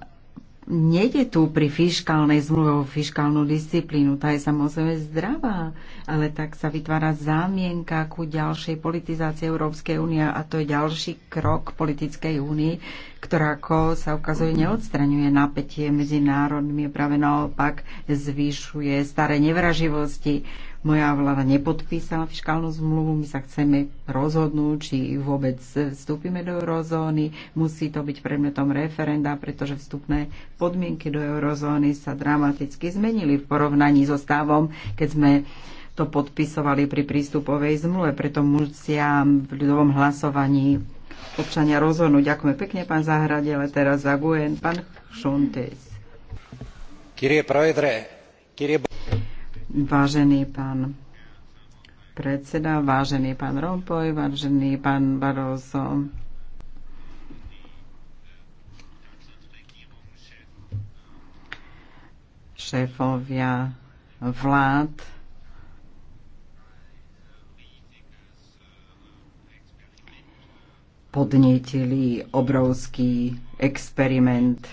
Nejde tu pri fiskálnej zmluve o fiskálnu disciplínu, tá je samozrejme zdravá, ale tak sa vytvára zámienka ku ďalšej politizácii Európskej únie a to je ďalší krok politickej únie, ktorá, ako sa ukazuje, neodstraňuje napätie medzi národmi, práve naopak zvyšuje staré nevraživosti moja vláda nepodpísala fiskálnu zmluvu, my sa chceme rozhodnúť, či vôbec vstúpime do eurozóny. Musí to byť predmetom referenda, pretože vstupné podmienky do eurozóny sa dramaticky zmenili v porovnaní so stavom, keď sme to podpisovali pri prístupovej zmluve, preto musia v ľudovom hlasovaní občania rozhodnúť. Ďakujeme pekne, pán Zahrade, ale teraz za Guen, pán Šuntes. Kyrie projedre, kyrie Vážený pán predseda, vážený pán Rompoj, vážený pán Barroso, šéfovia vlád, podnetili obrovský experiment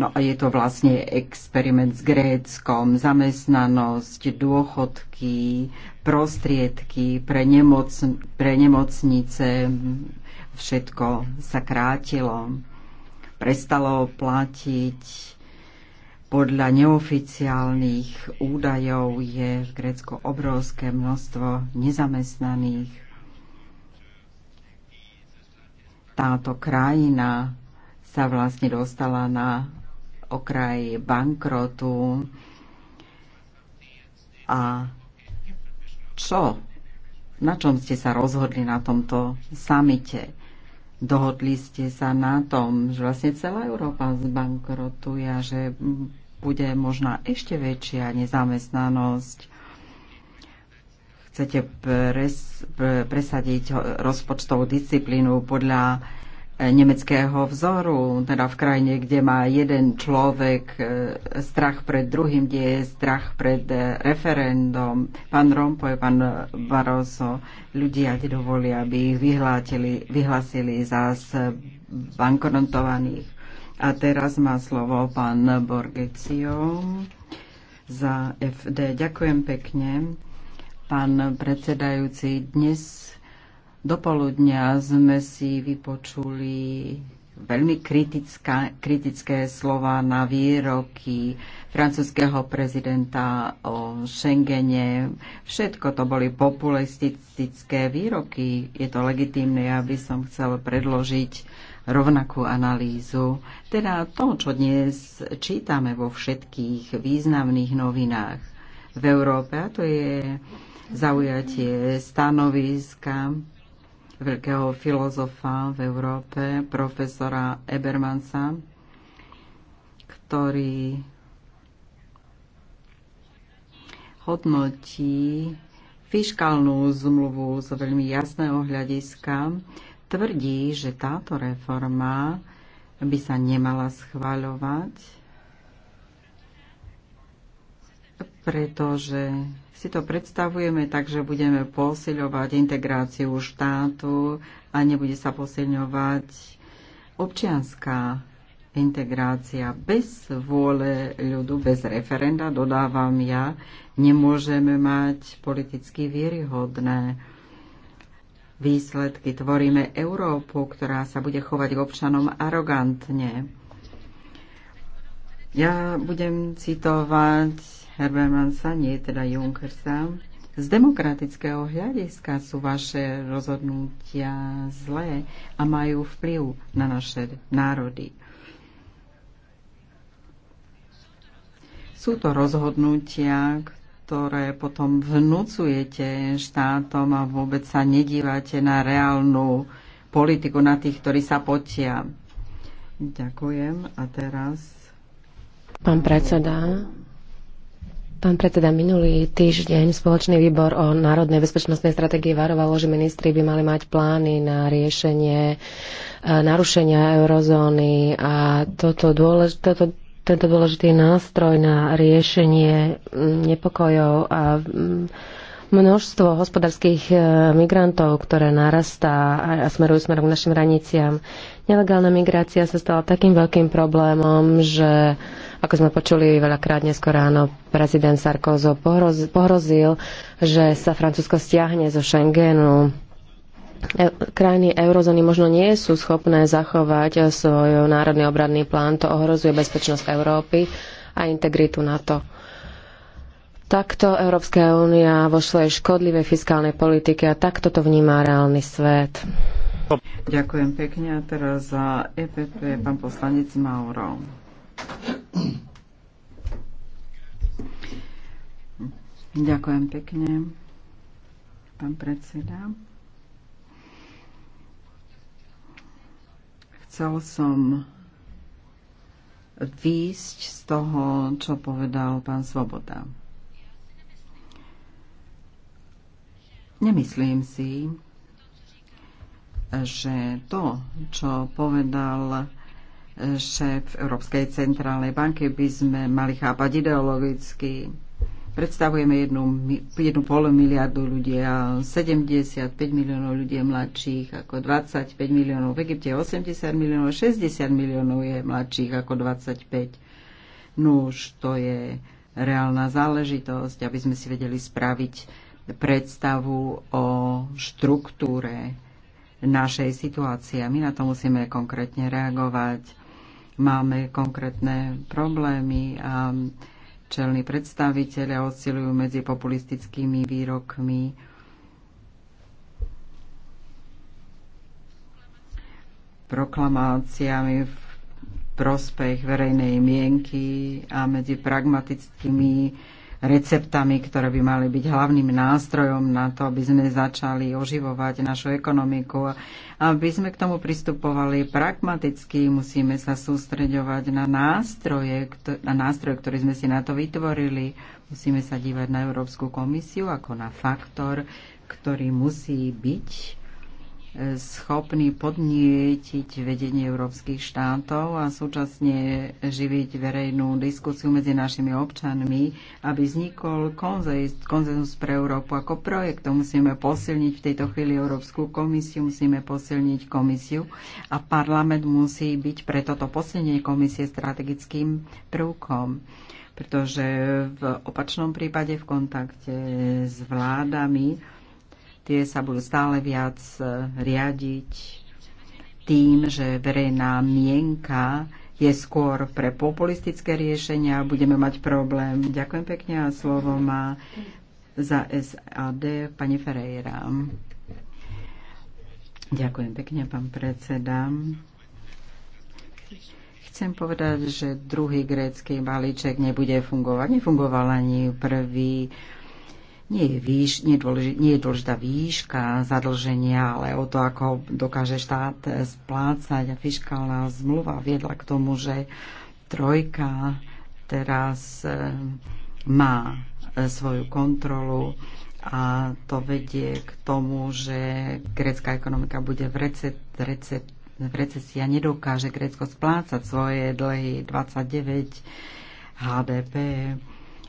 No a je to vlastne experiment s Gréckom, zamestnanosť, dôchodky, prostriedky pre, nemoc, pre nemocnice, všetko sa krátilo, prestalo platiť. Podľa neoficiálnych údajov je v Grécku obrovské množstvo nezamestnaných. Táto krajina sa vlastne dostala na okraj bankrotu a čo, na čom ste sa rozhodli na tomto samite? Dohodli ste sa na tom, že vlastne celá Európa zbankrotuje a že bude možná ešte väčšia nezamestnanosť. Chcete pres, presadiť rozpočtovú disciplínu podľa nemeckého vzoru, teda v krajine, kde má jeden človek e, strach pred druhým, kde je strach pred e, referendum. Pán Rompuy, pán Barroso, ľudia ti dovolia, aby ich vyhlásili za bankonotovaných. A teraz má slovo pán Borgecio za FD. Ďakujem pekne. Pán predsedajúci, dnes poludnia sme si vypočuli veľmi kritická, kritické slova na výroky francúzského prezidenta o Schengene. Všetko to boli populistické výroky. Je to legitímne, ja by som chcel predložiť rovnakú analýzu. Teda to, čo dnes čítame vo všetkých významných novinách v Európe, a to je zaujatie stanoviska veľkého filozofa v Európe, profesora Ebermansa, ktorý hodnotí fiškálnu zmluvu z veľmi jasného hľadiska, tvrdí, že táto reforma by sa nemala schváľovať, pretože si to predstavujeme tak, že budeme posilovať integráciu štátu a nebude sa posilňovať občianská integrácia bez vôle ľudu, bez referenda, dodávam ja, nemôžeme mať politicky vieryhodné výsledky. Tvoríme Európu, ktorá sa bude chovať k občanom arogantne. Ja budem citovať Herbermansa, nie teda Junckersa. Z demokratického hľadiska sú vaše rozhodnutia zlé a majú vplyv na naše národy. Sú to rozhodnutia, ktoré potom vnúcujete štátom a vôbec sa nedívate na reálnu politiku, na tých, ktorí sa potia. Ďakujem. A teraz... Pán predseda, Pán predseda, minulý týždeň spoločný výbor o národnej bezpečnostnej strategii varovalo, že ministri by mali mať plány na riešenie eh, narušenia eurozóny a toto dôlež, toto, tento dôležitý nástroj na riešenie mm, nepokojov a mm, Množstvo hospodárskych e, migrantov, ktoré narastá a smerujú smerom k našim hraniciam. Nelegálna migrácia sa stala takým veľkým problémom, že ako sme počuli veľakrát neskôr ráno, prezident Sarkozy pohrozil, že sa Francúzsko stiahne zo Schengenu e, krajiny eurozóny možno nie sú schopné zachovať svoj národný obradný plán. To ohrozuje bezpečnosť Európy a integritu NATO. Takto Európska únia vo svojej škodlivej fiskálnej politike a takto to vnímá reálny svet. Ďakujem pekne a teraz za EPP pán poslanec Mauro. Ďakujem pekne, pán predseda. Chcel som výjsť z toho, čo povedal pán Svoboda Nemyslím si, že to, čo povedal šéf Európskej centrálnej banky, by sme mali chápať ideologicky. Predstavujeme jednu, jednu pol miliardu ľudí a 75 miliónov ľudí je mladších ako 25 miliónov. V Egypte 80 miliónov, 60 miliónov je mladších ako 25. No už to je reálna záležitosť, aby sme si vedeli spraviť predstavu o štruktúre našej situácie. My na to musíme konkrétne reagovať. Máme konkrétne problémy a čelní predstaviteľe oscilujú medzi populistickými výrokmi proklamáciami v prospech verejnej mienky a medzi pragmatickými receptami, ktoré by mali byť hlavným nástrojom na to, aby sme začali oživovať našu ekonomiku. Aby sme k tomu pristupovali pragmaticky, musíme sa sústreďovať na nástroje, na nástroje, ktoré sme si na to vytvorili. Musíme sa dívať na Európsku komisiu ako na faktor, ktorý musí byť schopní podnietiť vedenie európskych štátov a súčasne živiť verejnú diskusiu medzi našimi občanmi, aby vznikol konzenzus pre Európu ako projekt. To musíme posilniť v tejto chvíli Európsku komisiu, musíme posilniť komisiu a parlament musí byť pre toto posilnenie komisie strategickým prvkom pretože v opačnom prípade v kontakte s vládami Tie sa budú stále viac e, riadiť tým, že verejná mienka je skôr pre populistické riešenia. Budeme mať problém. Ďakujem pekne a slovo má za SAD pani Ferreira. Ďakujem pekne, pán predseda. Chcem povedať, že druhý grécky balíček nebude fungovať. Nefungoval ani prvý nie je, výš, nie, je dôležitá, nie je dôležitá výška zadlženia, ale o to, ako dokáže štát eh, splácať a fiskálna zmluva viedla k tomu, že trojka teraz eh, má eh, svoju kontrolu a to vedie k tomu, že grécka ekonomika bude v, recet, recet, v recesii a nedokáže Grécko splácať svoje dlhy 29 HDP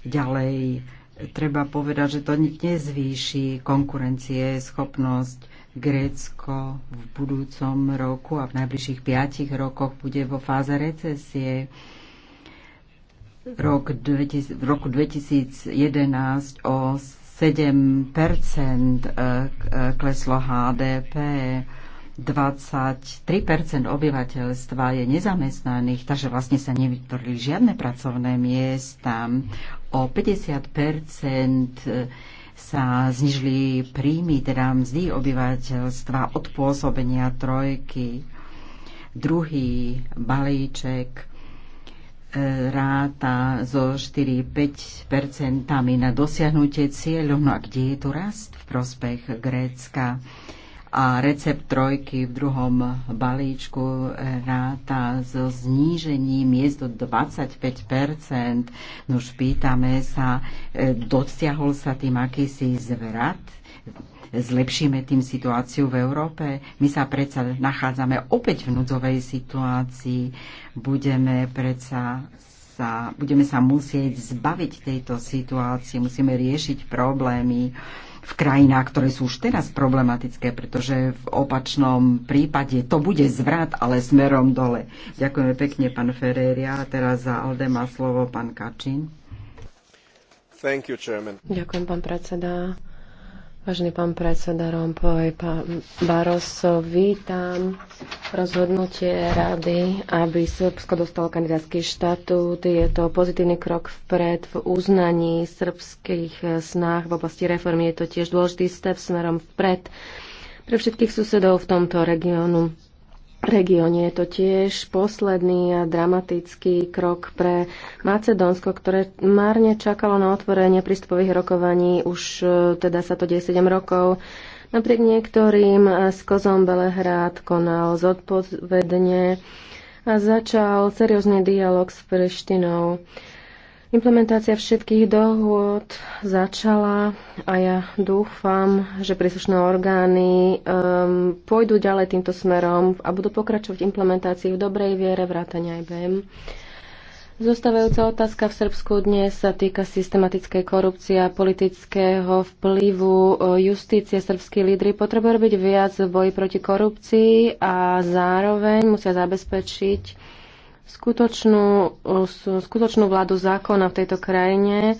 ďalej treba povedať, že to nezvýši konkurencie, schopnosť. Grécko v budúcom roku a v najbližších piatich rokoch bude vo fáze recesie. Rok 2000, v roku 2011 o 7 eh, eh, kleslo HDP 23 obyvateľstva je nezamestnaných, takže vlastne sa nevytvorili žiadne pracovné miesta. O 50 sa znižili príjmy, teda mzdy obyvateľstva od pôsobenia trojky. Druhý balíček e, ráta so 4-5 na dosiahnutie cieľov. No a kde je tu rast v prospech Grécka? a recept trojky v druhom balíčku eh, ráta so znížením miest do 25%. už pýtame sa, eh, dosiahol sa tým akýsi zvrat? Zlepšíme tým situáciu v Európe? My sa predsa nachádzame opäť v núdzovej situácii. Budeme predsa sa, budeme sa musieť zbaviť tejto situácie, musíme riešiť problémy v krajinách, ktoré sú už teraz problematické, pretože v opačnom prípade to bude zvrat, ale smerom dole. Ďakujeme pekne, pán Ferreria. A teraz za Alde má slovo pán Kačín. Thank you, chairman. Ďakujem, pán predseda. Vážený pán predseda Rompoj, pán Baroso, vítam rozhodnutie rady, aby Srbsko dostalo kandidátsky štatút. Je to pozitívny krok vpred v uznaní srbských snách v oblasti reformy. Je to tiež dôležitý step smerom vpred pre všetkých susedov v tomto regiónu regióne. Je to tiež posledný a dramatický krok pre Macedónsko, ktoré márne čakalo na otvorenie prístupových rokovaní. Už e, teda sa to deje 7 rokov. Napriek niektorým e, s Kozom Belehrad konal zodpovedne a začal seriózny dialog s Prištinou. Implementácia všetkých dohôd začala a ja dúfam, že príslušné orgány um, pôjdu ďalej týmto smerom a budú pokračovať v implementácii v dobrej viere vrátania BM. E Zostávajúca otázka v Srbsku dnes sa týka systematickej korupcie a politického vplyvu justície. Srbskí lídry potrebujú robiť viac v boji proti korupcii a zároveň musia zabezpečiť skutočnú, skutočnú vládu zákona v tejto krajine.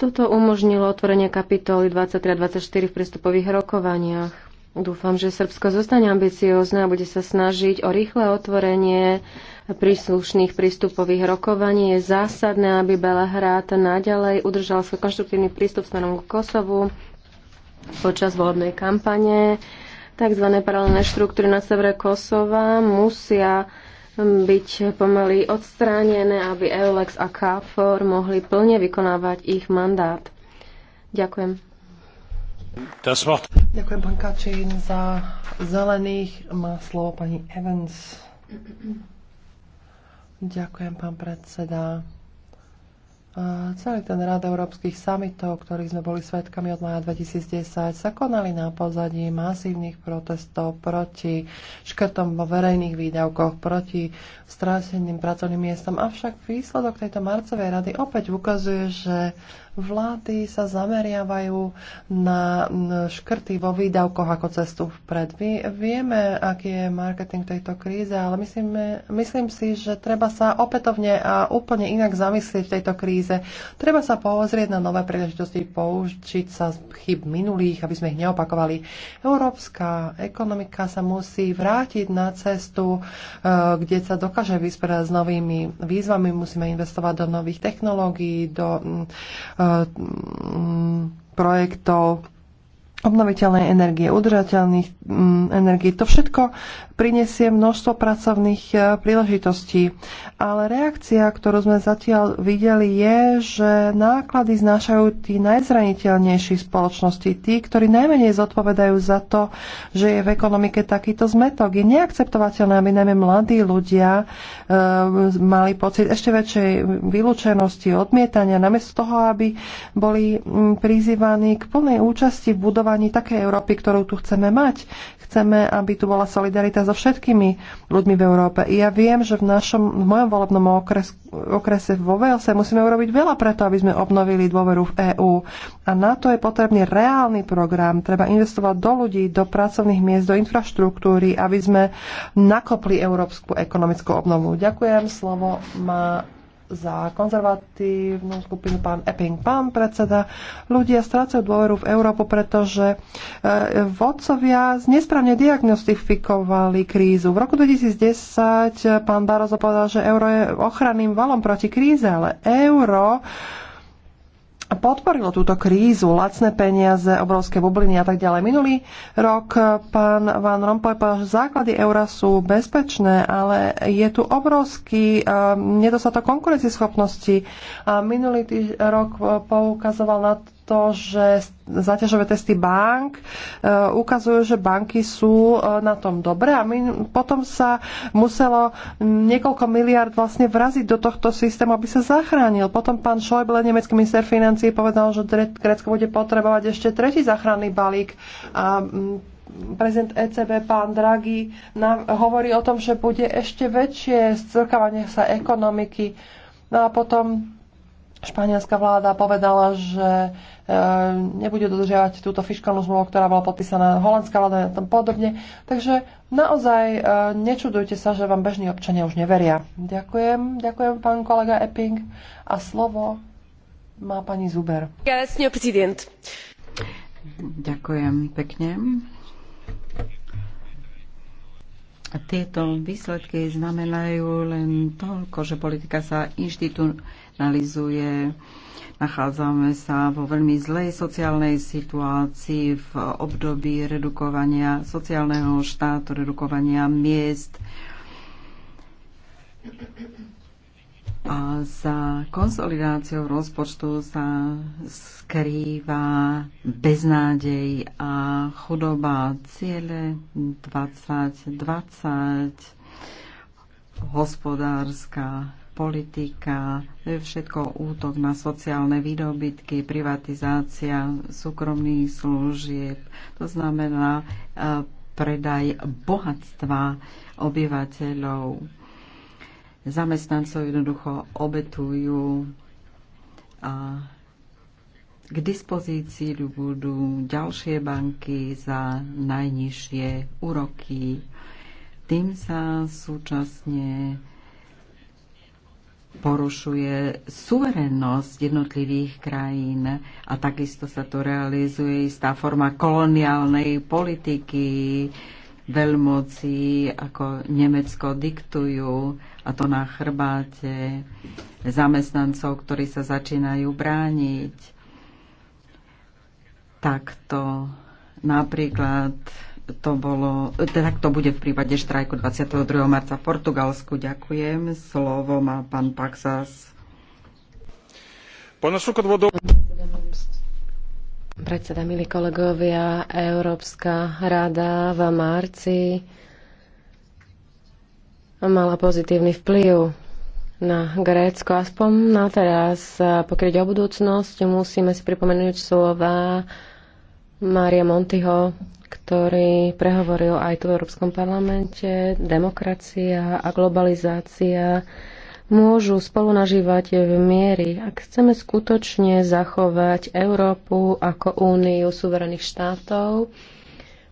Toto umožnilo otvorenie kapitoly 23 a 24 v prístupových rokovaniach. Dúfam, že Srbsko zostane ambiciózne a bude sa snažiť o rýchle otvorenie príslušných prístupových rokovaní. Je zásadné, aby Belehrad naďalej udržal svoj konštruktívny prístup smerom k Kosovu počas volebnej kampane tzv. paralelné štruktúry na severe Kosova musia mm, byť pomaly odstránené, aby EULEX a KFOR mohli plne vykonávať ich mandát. Ďakujem. Ďakujem, pán Kačín. Za zelených má slovo pani Evans. Ďakujem, pán predseda celý ten rád európskych samitov, ktorých sme boli svetkami od maja 2010, sa konali na pozadí masívnych protestov proti škrtom vo verejných výdavkoch, proti stráseným pracovným miestom, Avšak výsledok tejto marcovej rady opäť ukazuje, že vlády sa zameriavajú na škrty vo výdavkoch ako cestu vpred. My vieme, aký je marketing tejto kríze, ale myslím, myslím si, že treba sa opätovne a úplne inak zamyslieť v tejto kríze. Treba sa pozrieť na nové príležitosti, poučiť sa z chyb minulých, aby sme ich neopakovali. Európska ekonomika sa musí vrátiť na cestu, eh, kde sa dokáže vysporiadať s novými výzvami. Musíme investovať do nových technológií, do mm, Eh, projektov obnoviteľnej energie, udržateľných mm, energií. To všetko prinesie množstvo pracovných e, príležitostí. Ale reakcia, ktorú sme zatiaľ videli, je, že náklady znášajú tí najzraniteľnejší spoločnosti, tí, ktorí najmenej zodpovedajú za to, že je v ekonomike takýto zmetok. Je neakceptovateľné, aby najmä mladí ľudia e, mali pocit ešte väčšej vylúčenosti, odmietania, namiesto toho, aby boli prizývaní k plnej účasti v budovaní takej Európy, ktorú tu chceme mať. Chceme, aby tu bola solidarita s so všetkými ľuďmi v Európe. I ja viem, že v, našom, v mojom volebnom okres, okrese vo Velse musíme urobiť veľa preto, aby sme obnovili dôveru v EÚ. A na to je potrebný reálny program. Treba investovať do ľudí, do pracovných miest, do infraštruktúry, aby sme nakopli európsku ekonomickú obnovu. Ďakujem. Slovo má za konzervatívnu skupinu pán Epping, pán predseda. Ľudia strácajú dôveru v Európu, pretože e, vodcovia nesprávne diagnostifikovali krízu. V roku 2010 e, pán Barozo povedal, že euro je ochranným valom proti kríze, ale euro podporilo túto krízu, lacné peniaze, obrovské bubliny a tak ďalej. Minulý rok eh, pán Van Rompuy povedal, že základy eura sú bezpečné, ale je tu obrovský eh, nedostatok konkurencieschopnosti. A minulý rok eh, poukazoval na to, že zaťažové testy bank e, ukazujú, že banky sú e, na tom dobre a my, potom sa muselo niekoľko miliard vlastne vraziť do tohto systému, aby sa zachránil. Potom pán Schäuble, nemecký minister financí, povedal, že Grécko bude potrebovať ešte tretí záchranný balík a mm, prezident ECB pán Draghi nám hovorí o tom, že bude ešte väčšie zcrkávanie sa ekonomiky. No a potom španielská vláda povedala, že e, nebude dodržiavať túto fiskálnu zmluvu, ktorá bola podpísaná holandská vláda a tam podobne. Takže naozaj e, nečudujte sa, že vám bežní občania už neveria. Ďakujem, ďakujem pán kolega Epping. A slovo má pani Zuber. Ďakujem pekne. Tieto výsledky znamenajú len toľko, že politika sa inštitú realizuje. Nachádzame sa vo veľmi zlej sociálnej situácii v období redukovania sociálneho štátu, redukovania miest. A za konsolidáciou rozpočtu sa skrýva beznádej a chudoba. Ciele 2020, hospodárska politika, všetko útok na sociálne výdobytky, privatizácia súkromných služieb, to znamená e, predaj bohatstva obyvateľov. Zamestnancov jednoducho obetujú a k dispozícii budú ďalšie banky za najnižšie úroky. Tým sa súčasne porušuje suverennosť jednotlivých krajín a takisto sa tu realizuje istá forma koloniálnej politiky. Veľmoci ako Nemecko diktujú a to na chrbáte zamestnancov, ktorí sa začínajú brániť. Takto napríklad to bolo, teda to bude v prípade štrajku 22. marca v Portugalsku. Ďakujem. Slovo má pán Paxas. Predseda, milí kolegovia, Európska rada v marci mala pozitívny vplyv na Grécko. Aspoň na teraz, pokryť o budúcnosť, musíme si pripomenúť slova Mária Montyho, ktorý prehovoril aj tu v Európskom parlamente. Demokracia a globalizácia môžu spolunažívať v miery, ak chceme skutočne zachovať Európu ako úniu suverených štátov,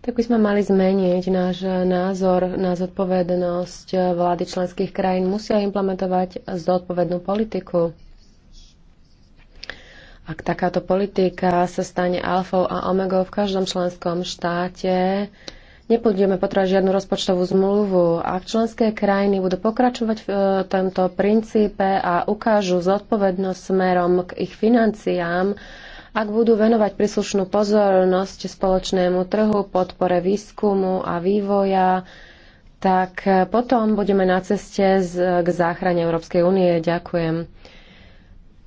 tak by sme mali zmeniť náš názor na zodpovednosť vlády členských krajín. Musia implementovať zodpovednú politiku. Ak takáto politika sa stane alfou a omegou v každom členskom štáte, nepôjdeme potrebovať žiadnu rozpočtovú zmluvu. Ak členské krajiny budú pokračovať v e, tomto princípe a ukážu zodpovednosť smerom k ich financiám, ak budú venovať príslušnú pozornosť spoločnému trhu, podpore výskumu a vývoja, tak potom budeme na ceste k záchrane Európskej únie. Ďakujem.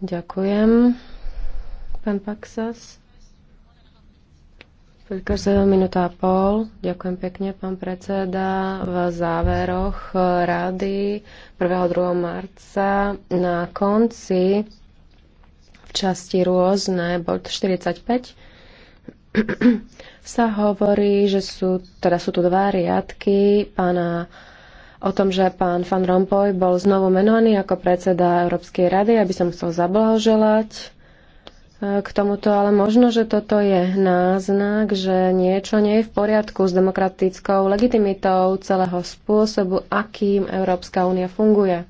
Ďakujem. Pán Paxas. Paksas. Každá minúta a pol. Ďakujem pekne, pán predseda. V záveroch rady 1. 2. marca na konci v časti rôzne, bod 45, sa hovorí, že sú, teda sú tu dva riadky pána o tom, že pán Van Rompuy bol znovu menovaný ako predseda Európskej rady. aby som chcel zablahoželať k tomuto, ale možno, že toto je náznak, že niečo nie je v poriadku s demokratickou legitimitou celého spôsobu, akým Európska únia funguje.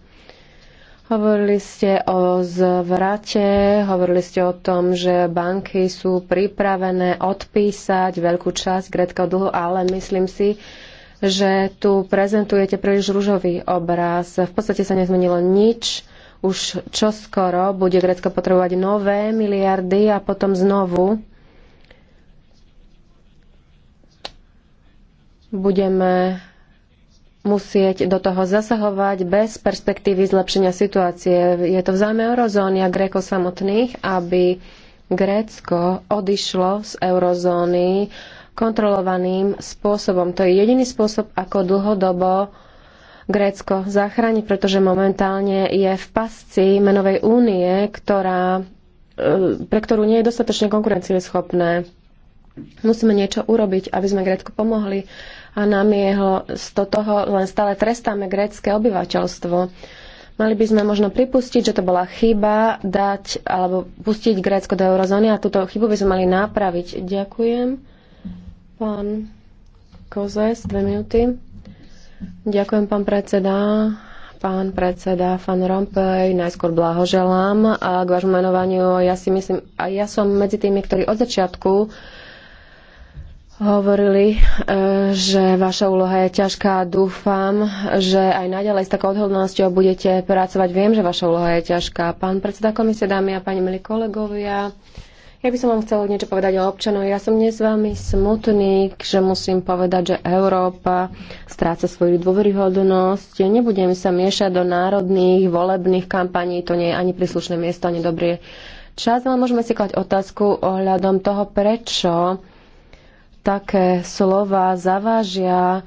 Hovorili ste o zvrate, hovorili ste o tom, že banky sú pripravené odpísať veľkú časť gretkého dlhu, ale myslím si, že tu prezentujete príliš rúžový obraz. V podstate sa nezmenilo nič už čoskoro bude Grécko potrebovať nové miliardy a potom znovu budeme musieť do toho zasahovať bez perspektívy zlepšenia situácie. Je to v zájme eurozóny a gréko samotných, aby Grécko odišlo z eurozóny kontrolovaným spôsobom. To je jediný spôsob, ako dlhodobo Grécko zachrániť, pretože momentálne je v pasci menovej únie, ktorá, e, pre ktorú nie je dostatočne konkurencieschopné. Musíme niečo urobiť, aby sme Grécku pomohli a nám je z toho len stále trestáme grécké obyvateľstvo. Mali by sme možno pripustiť, že to bola chyba dať alebo pustiť Grécko do eurozóny a túto chybu by sme mali napraviť. Ďakujem. Pán Kozes, dve minúty. Ďakujem, pán predseda. Pán predseda Fan Rompuy, najskôr blahoželám a k vášmu menovaniu. Ja si myslím, a ja som medzi tými, ktorí od začiatku hovorili, e, že vaša úloha je ťažká. Dúfam, že aj naďalej s takou odhodlnosťou budete pracovať. Viem, že vaša úloha je ťažká. Pán predseda komisie, dámy a páni, milí kolegovia, ja by som vám chcela niečo povedať o občanov, Ja som dnes veľmi smutný, že musím povedať, že Európa stráca svoju dôveryhodnosť. Nebudem sa miešať do národných volebných kampaní, to nie je ani príslušné miesto, ani dobrý čas, ale môžeme si klať otázku ohľadom toho, prečo také slova zavážia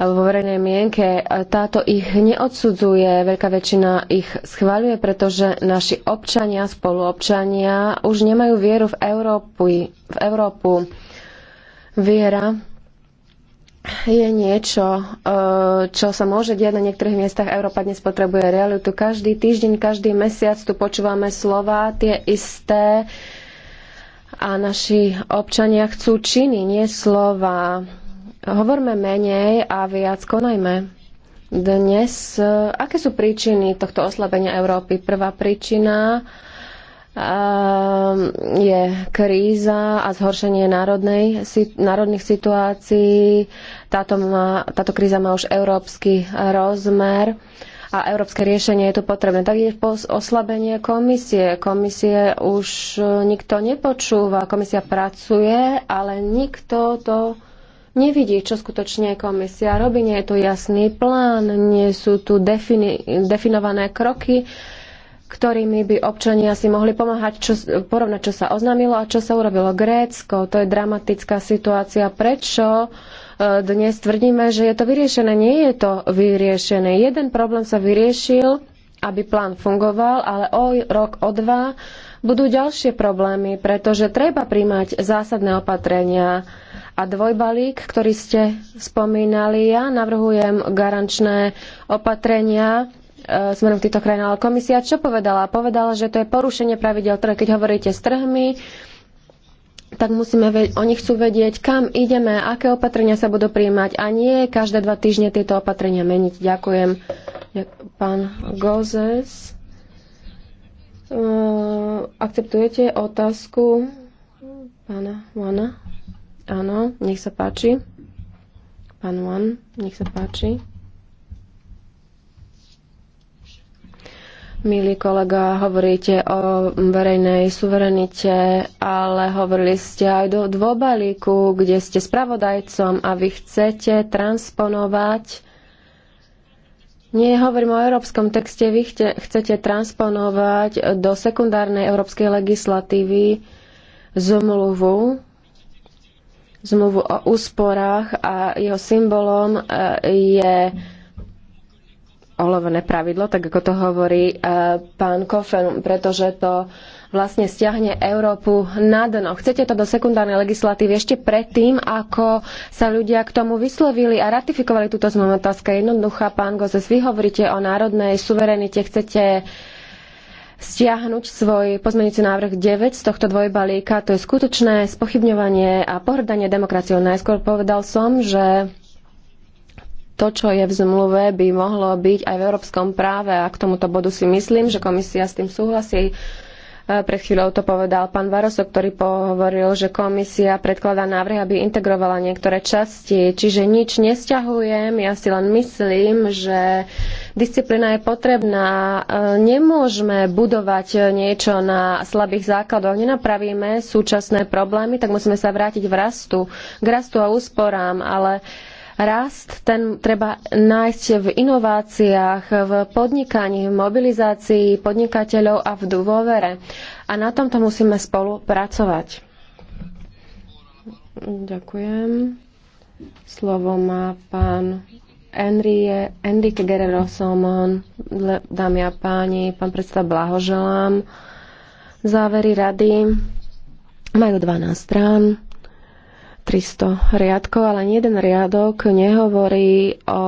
alebo vo verejnej mienke, táto ich neodsudzuje, veľká väčšina ich schváľuje, pretože naši občania, spoluobčania už nemajú vieru v Európu. V Európu. Viera je niečo, eh, čo sa môže diať na niektorých miestach. Európa dnes potrebuje realitu. Každý týždeň, každý mesiac tu počúvame slova tie isté a naši občania chcú činy, nie slova. Hovorme menej a viac konajme. Dnes, e, aké sú príčiny tohto oslabenia Európy? Prvá príčina e, je kríza a zhoršenie národnej, národných situácií. Táto, má, táto kríza má už európsky rozmer a európske riešenie je tu potrebné. Tak je oslabenie komisie. Komisie už nikto nepočúva. Komisia pracuje, ale nikto to nevidí, čo skutočne komisia robí. Nie je tu jasný plán, nie sú tu defini- definované kroky, ktorými by občania si mohli pomáhať, čo, porovnať, čo sa oznámilo a čo sa urobilo. Grécko, to je dramatická situácia. Prečo e, dnes tvrdíme, že je to vyriešené? Nie je to vyriešené. Jeden problém sa vyriešil, aby plán fungoval, ale o rok, o dva budú ďalšie problémy, pretože treba príjmať zásadné opatrenia. A dvojbalík, ktorý ste spomínali, ja navrhujem garančné opatrenia e, smerom k týchto krajín. Ale komisia čo povedala? Povedala, že to je porušenie pravidel trhu. Keď hovoríte s trhmi, tak musíme oni chcú vedieť, kam ideme, aké opatrenia sa budú príjmať a nie každé dva týždne tieto opatrenia meniť. Ďakujem. Pán Gozes akceptujete otázku pána Juana. Áno, nech sa páči. Pán Juan, nech sa páči. Milý kolega, hovoríte o verejnej suverenite, ale hovorili ste aj do dvobalíku, kde ste spravodajcom a vy chcete transponovať nie hovorím o európskom texte, vy chcete transponovať do sekundárnej európskej legislatívy zmluvu, zmluvu o úsporách a jeho symbolom e, je olovené pravidlo, tak ako to hovorí e, pán Kofen, pretože to vlastne stiahne Európu na dno. Chcete to do sekundárnej legislatívy ešte predtým, ako sa ľudia k tomu vyslovili a ratifikovali túto zmenu? Otázka jednoduchá, pán Gozes, vy hovoríte o národnej suverenite, chcete stiahnuť svoj pozmeňujúci návrh 9 z tohto dvojbalíka. To je skutočné spochybňovanie a pohrdanie demokraciou. Najskôr povedal som, že to, čo je v zmluve, by mohlo byť aj v európskom práve a k tomuto bodu si myslím, že komisia s tým súhlasí. Eh, pred chvíľou to povedal pán Varoso, ktorý pohovoril, že komisia predkladá návrhy, aby integrovala niektoré časti. Čiže nič nesťahujem, ja si len myslím, že disciplína je potrebná. Eh, nemôžeme budovať niečo na slabých základoch. Nenapravíme súčasné problémy, tak musíme sa vrátiť v rastu, k rastu a úsporám, ale rast, ten treba nájsť v inováciách, v podnikaní, v mobilizácii podnikateľov a v dôvere. A na tomto musíme spolu pracovať. Ďakujem. Slovo má pán Enrie, Enrique Guerrero Salmon, dámy a páni, pán predseda, blahoželám. Závery rady majú 12 strán 300 riadkov, ale nie jeden riadok nehovorí o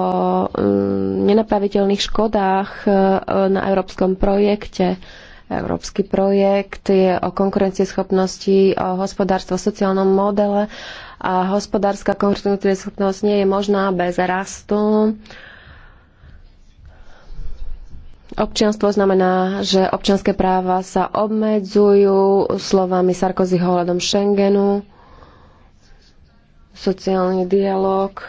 mm, nenapraviteľných škodách e, na európskom projekte. Európsky projekt je o konkurencieschopnosti, o hospodárstvo, sociálnom modele a hospodárska konkurencieschopnosť nie je možná bez rastu. Občianstvo znamená, že občianské práva sa obmedzujú slovami Sarkozyho hľadom Schengenu sociálny dialog, e,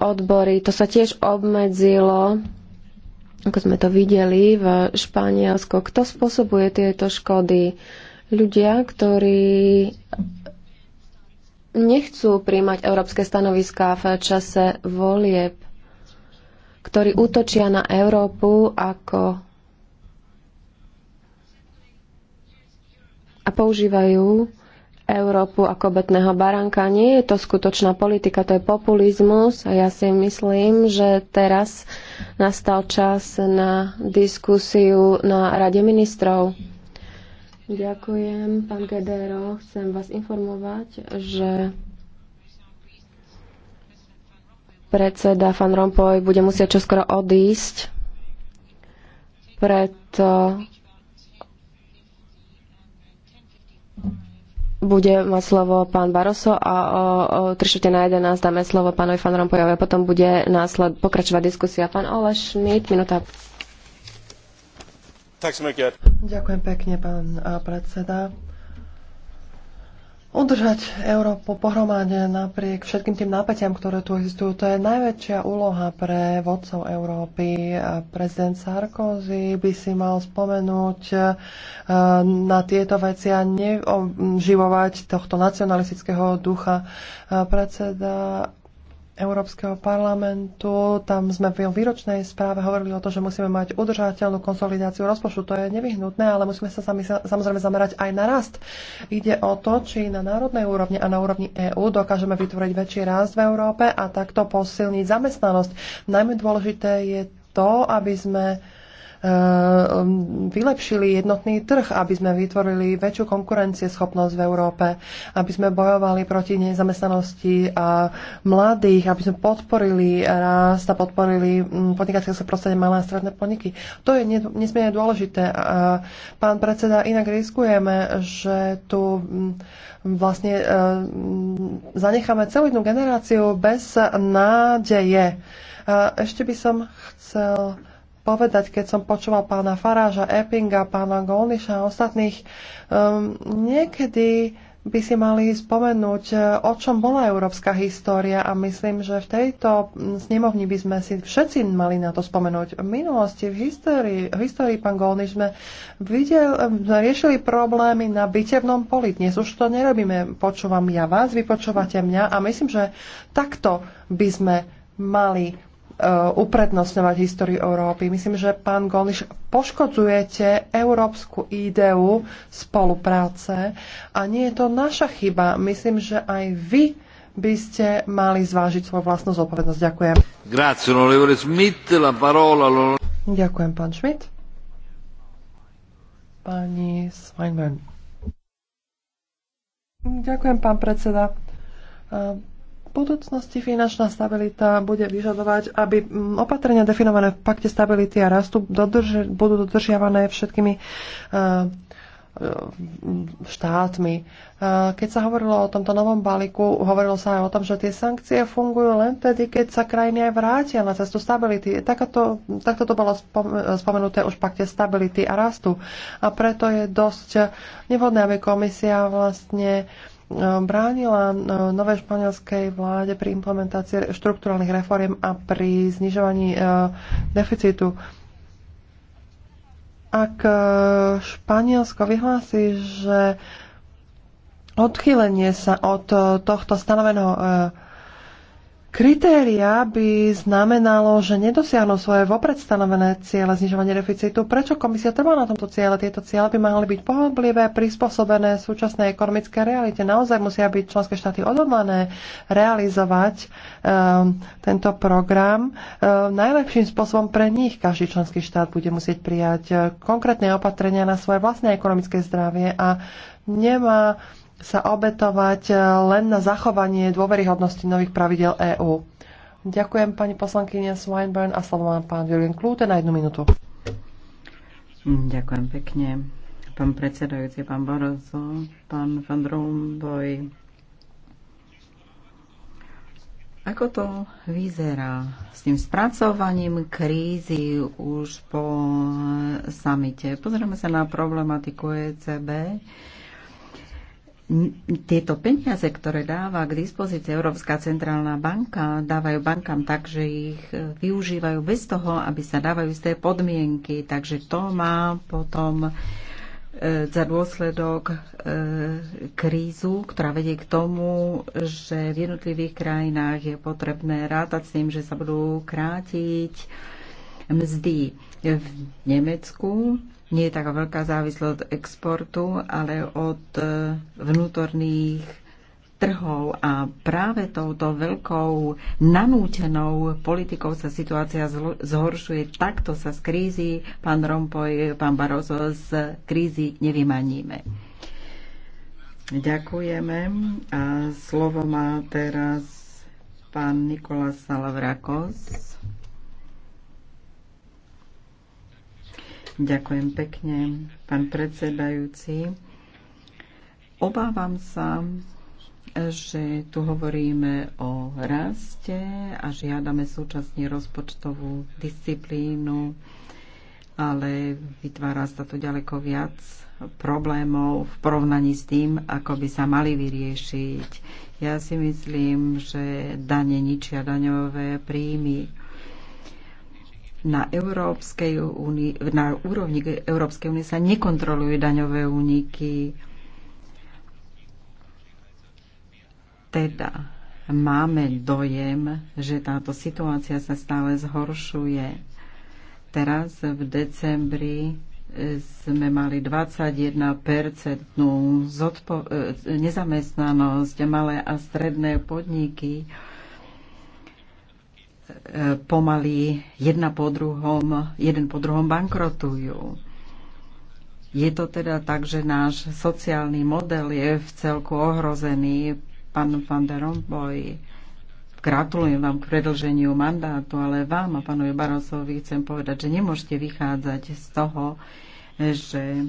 odbory. To sa tiež obmedzilo, ako sme to videli v Španielsku. Kto spôsobuje tieto škody? Ľudia, ktorí nechcú príjmať európske stanoviská v čase volieb, ktorí útočia na Európu ako a používajú Európu ako obetného baranka. Nie je to skutočná politika, to je populizmus a ja si myslím, že teraz nastal čas na diskusiu na Rade ministrov. Ďakujem, pán Gedero. Chcem vás informovať, že predseda Van Rompuy bude musieť čoskoro odísť, preto bude mať slovo pán Baroso a o, o 3 na 11 dáme slovo pánovi Fan Rompojovi a potom bude násled, pokračovať diskusia. Pán Ole Schmidt, minúta. Ďakujem pekne, pán predseda. Udržať Európu pohromade napriek všetkým tým napätiam, ktoré tu existujú, to je najväčšia úloha pre vodcov Európy. Prezident Sarkozy by si mal spomenúť e, na tieto veci a neživovať tohto nacionalistického ducha. Predseda Európskeho parlamentu. Tam sme v výročnej správe hovorili o to, že musíme mať udržateľnú konsolidáciu rozpočtu. To je nevyhnutné, ale musíme sa sami, samozrejme zamerať aj na rast. Ide o to, či na národnej úrovni a na úrovni EÚ dokážeme vytvoriť väčší rast v Európe a takto posilniť zamestnanosť. Najmä dôležité je to, aby sme Eh, vylepšili jednotný trh, aby sme vytvorili väčšiu konkurencieschopnosť v Európe, aby sme bojovali proti nezamestnanosti a mladých, aby sme podporili rast a podporili mm, podnikateľské prostredie malé a stredné podniky. To je nesmierne dôležité. Pán predseda, inak riskujeme, že tu mm, vlastne eh, mm, zanecháme celú jednu generáciu bez nádeje. Ešte by som chcel povedať, keď som počúval pána Faráža, Eppinga, pána Golniša a ostatných, um, niekedy by si mali spomenúť, eh, o čom bola európska história a myslím, že v tejto mm, snemovni by sme si všetci mali na to spomenúť. V minulosti, v histórii, v histórii pán Golniš, sme, videl, eh, riešili problémy na bitevnom poli. Dnes už to nerobíme. Počúvam ja vás, vy počúvate mňa a myslím, že takto by sme mali Eh, uprednostňovať históriu Európy. Myslím, že pán Golniš, poškodzujete európsku ideu spolupráce a nie je to naša chyba. Myslím, že aj vy by ste mali zvážiť svoju vlastnú zodpovednosť. Ďakujem. Ďakujem, pán Schmidt. Pani Svajnberg. Ďakujem, pán predseda. Eh, budúcnosti finančná stabilita bude vyžadovať, aby mm, opatrenia definované v pakte stability a rastu dodrži- budú dodržiavané všetkými uh, štátmi. E, keď sa hovorilo o tomto novom balíku, hovorilo sa aj o tom, že tie sankcie fungujú len vtedy, keď sa krajiny aj vrátia na cestu stability. Takto, takto to bolo spomenuté už v pakte stability a rastu. A preto je dosť nevhodné, aby komisia vlastne uh, bránila e, nové španielskej vláde pri implementácii štrukturálnych reforiem a pri znižovaní e, deficitu. Ak e, Španielsko vyhlási, že odchýlenie sa od tohto stanoveného kritéria by znamenalo, že nedosiahnu svoje vopred stanovené ciele znižovania deficitu. Prečo komisia trvá na tomto ciele? Tieto ciele by mali byť pohodlivé, prispôsobené súčasnej ekonomickej realite. Naozaj musia byť členské štáty odhodlané realizovať um, tento program. Um, najlepším spôsobom pre nich každý členský štát bude musieť prijať eh, konkrétne opatrenia na svoje vlastné ekonomické zdravie a nemá sa obetovať eh, len na zachovanie dôveryhodnosti nových pravidel EÚ. Ďakujem pani poslankyne Swinburne a slovo má pán Julian Klúte na jednu minútu. Ďakujem pekne. Pán predsedajúci, pán Barozo, pán Van Rompuy. Ako to vyzerá s tým spracovaním krízy už po samite? Pozrieme sa na problematiku ECB tieto peniaze, ktoré dáva k dispozícii Európska centrálna banka, dávajú bankám tak, že ich využívajú bez toho, aby sa dávajú z tej podmienky. Takže to má potom e, za dôsledok e, krízu, ktorá vedie k tomu, že v jednotlivých krajinách je potrebné rátať s tým, že sa budú krátiť mzdy. V Nemecku nie je taká veľká závislosť od exportu, ale od e, vnútorných trhov a práve touto veľkou nanútenou politikou sa situácia zhoršuje. Takto sa z krízy, pán Rompoj, pán Barozo, z krízy nevymaníme. Ďakujeme. A slovo má teraz pán Nikolas Salavrakos. Ďakujem pekne, pán predsedajúci. Obávam sa, že tu hovoríme o raste a žiadame súčasne rozpočtovú disciplínu, ale vytvára sa tu ďaleko viac problémov v porovnaní s tým, ako by sa mali vyriešiť. Ja si myslím, že dane ničia daňové príjmy na, Európskej únii, na úrovni Európskej únie sa nekontrolujú daňové úniky. Teda máme dojem, že táto situácia sa stále zhoršuje. Teraz v decembri e, sme mali 21 e, nezamestnanosť, malé a stredné podniky pomaly jedna po druhom, jeden po druhom bankrotujú. Je to teda tak, že náš sociálny model je v celku ohrozený. Pán Van der Rompuy, gratulujem vám k predlženiu mandátu, ale vám a pánovi Barosovi chcem povedať, že nemôžete vychádzať z toho, že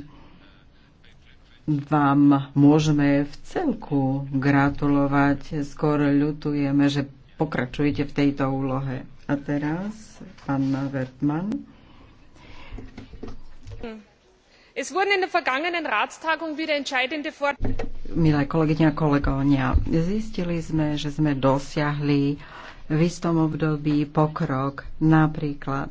vám môžeme v celku gratulovať. Skôr ľutujeme, že pokračujete v tejto úlohe. A teraz pán Wertmann. Es wurden in der vergangenen Ratstagung wieder entscheidende Milé kolegyne a kolegovia, zistili sme, že sme dosiahli v istom období pokrok napríklad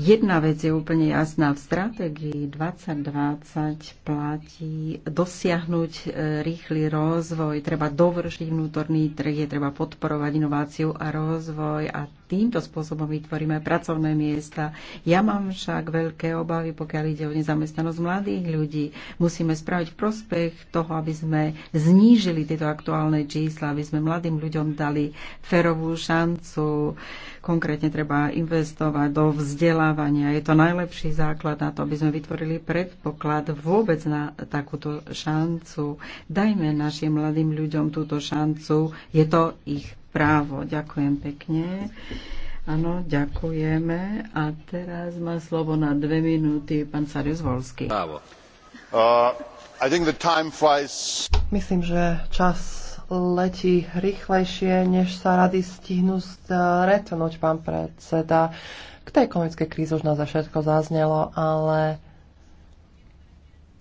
Jedna vec je úplne jasná. V stratégii 2020 platí dosiahnuť e, rýchly rozvoj, treba dovršiť vnútorný trh, je treba podporovať inováciu a rozvoj a týmto spôsobom vytvoríme pracovné miesta. Ja mám však veľké obavy, pokiaľ ide o nezamestnanosť mladých ľudí. Musíme spraviť v prospech toho, aby sme znížili tieto aktuálne čísla, aby sme mladým ľuďom dali ferovú šancu Konkrétne treba investovať do vzdelávania. Je to najlepší základ na to, aby sme vytvorili predpoklad vôbec na takúto šancu. Dajme našim mladým ľuďom túto šancu. Je to ich právo. Ďakujem pekne. Áno, ďakujeme. A teraz má slovo na dve minúty pán Sarius Volsky. Uh, flies... Myslím, že čas letí rýchlejšie, než sa rady stihnú stretnúť, pán predseda. K tej ekonomickej kríze už za všetko zaznelo, ale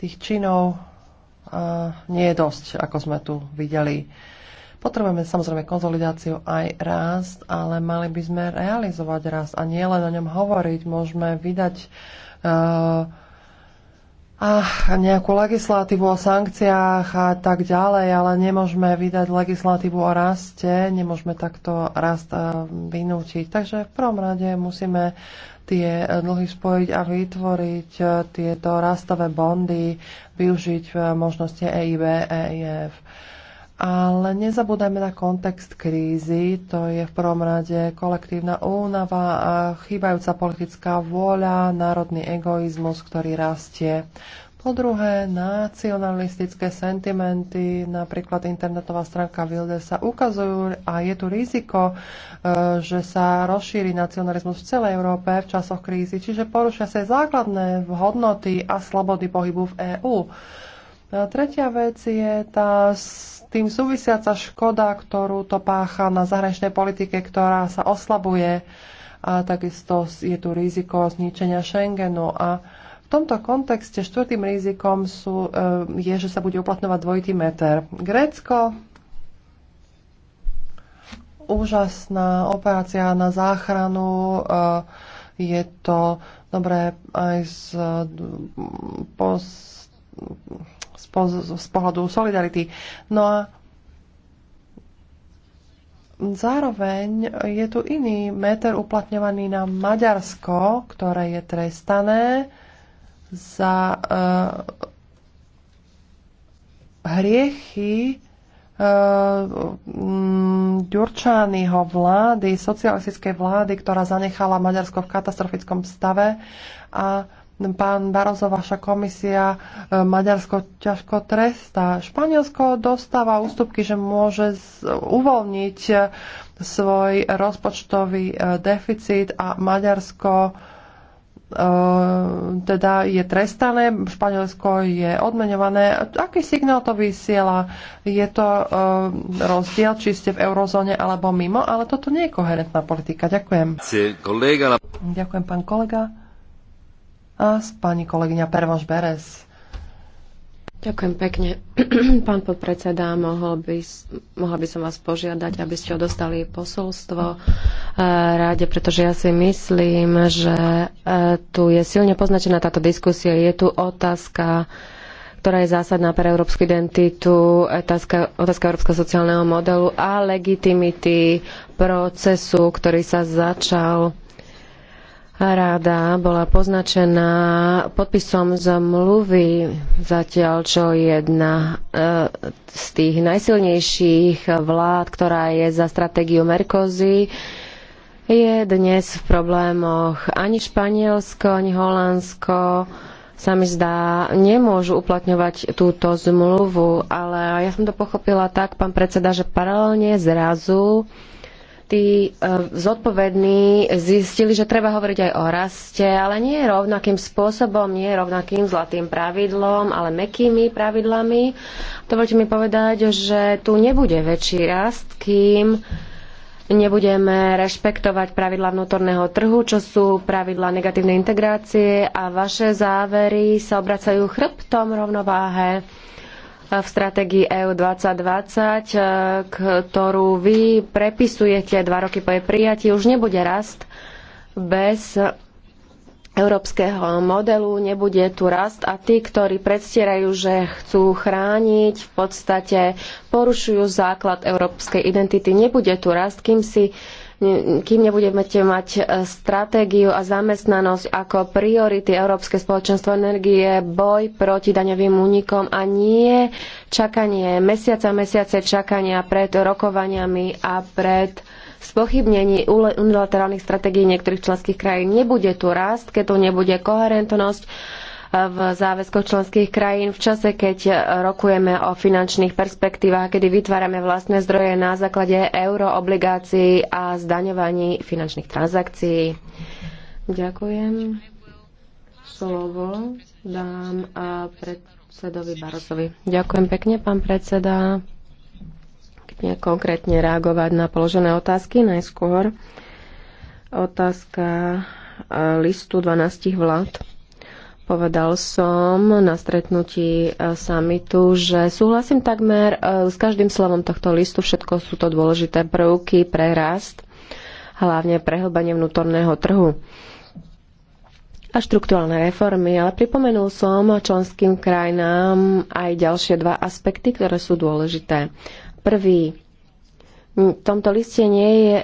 tých činov uh, nie je dosť, ako sme tu videli. Potrebujeme samozrejme konzolidáciu aj rast, ale mali by sme realizovať rast a nielen o ňom hovoriť. Môžeme vydať uh, a nejakú legislatívu o sankciách a tak ďalej, ale nemôžeme vydať legislatívu o raste, nemôžeme takto rast e, vynútiť. Takže v prvom rade musíme tie e, dlhy spojiť a vytvoriť e, tieto rastové bondy, využiť možnosti EIB, EIF. Ale nezabúdajme na kontext krízy, to je v prvom rade kolektívna únava a chýbajúca politická vôľa, národný egoizmus, ktorý rastie. Po druhé, nacionalistické sentimenty, napríklad internetová stránka Wilde sa ukazujú a je tu riziko, e, že sa rozšíri nacionalizmus v celej Európe v časoch krízy, čiže porušia sa základné hodnoty a slobody pohybu v EÚ. Tretia vec je tá tým súvisiaca škoda, ktorú to pácha na zahraničnej politike, ktorá sa oslabuje a takisto je tu riziko zničenia Schengenu a v tomto kontexte štvrtým rizikom sú, e, je, že sa bude uplatňovať dvojitý meter. Grécko, úžasná operácia na záchranu, e, je to dobré aj z, z z pohľadu solidarity. No a zároveň je tu iný meter uplatňovaný na Maďarsko, ktoré je trestané za uh, hriechy uh, eh, Ďurčányho mm, vlády, socialistickej vlády, ktorá zanechala Maďarsko v katastrofickom stave a Pán Barozo, vaša komisia e, Maďarsko ťažko trestá. Španielsko dostáva ústupky, že môže uvoľniť e, svoj rozpočtový e, deficit a Maďarsko teda je trestané, Španielsko je odmenované. Aký signál to vysiela? Je to rozdiel, či ste v eurozóne alebo mimo, ale toto nie je koherentná politika. Ďakujem. Ďakujem, pán kolega a s pani kolegyňa Pervoš Beres. Ďakujem pekne. Pán podpredseda, mohol by, mohla by som vás požiadať, aby ste odostali posolstvo eh, ráde, pretože ja si myslím, že eh, tu je silne poznačená táto diskusia. Je tu otázka ktorá je zásadná pre európsku identitu, otázka, otázka európskeho sociálneho modelu a legitimity procesu, ktorý sa začal Rada bola poznačená podpisom zmluvy, zatiaľ čo jedna e, z tých najsilnejších vlád, ktorá je za stratégiu Merkozy, je dnes v problémoch. Ani Španielsko, ani Holandsko sa mi zdá, nemôžu uplatňovať túto zmluvu, ale ja som to pochopila tak, pán predseda, že paralelne zrazu tí e, zodpovední zistili, že treba hovoriť aj o raste, ale nie rovnakým spôsobom, nie rovnakým zlatým pravidlom, ale mekými pravidlami. Dovolte mi povedať, že tu nebude väčší rast, kým nebudeme rešpektovať pravidla vnútorného trhu, čo sú pravidla negatívnej integrácie a vaše závery sa obracajú chrbtom rovnováhe v stratégii EU 2020, e, ktorú vy prepisujete dva roky po jej prijatí, už nebude rast bez európskeho modelu, nebude tu rast a tí, ktorí predstierajú, že chcú chrániť, v podstate porušujú základ európskej identity. Nebude tu rast, kým si kým nebudete mať e, stratégiu a zamestnanosť ako priority Európske spoločenstvo energie, boj proti daňovým únikom a nie čakanie, mesiaca mesiace čakania pred rokovaniami a pred spochybnení unilaterálnych stratégií niektorých členských krajín. Nebude tu rast, keď tu nebude koherentnosť v záväzkoch členských krajín v čase, keď rokujeme o finančných perspektívach, kedy vytvárame vlastné zdroje na základe euroobligácií a zdaňovaní finančných transakcií. Ďakujem. Slovo dám predsedovi Barosovi. Ďakujem pekne, pán predseda. Pekne konkrétne reagovať na položené otázky. Najskôr otázka e, listu 12 vlád. Povedal som na stretnutí e, samitu, že súhlasím takmer e, s každým slovom tohto listu. Všetko sú to dôležité prvky pre rast, hlavne prehlbanie vnútorného trhu a štruktúralne reformy, ale pripomenul som členským krajinám aj ďalšie dva aspekty, ktoré sú dôležité. Prvý, v tomto liste nie je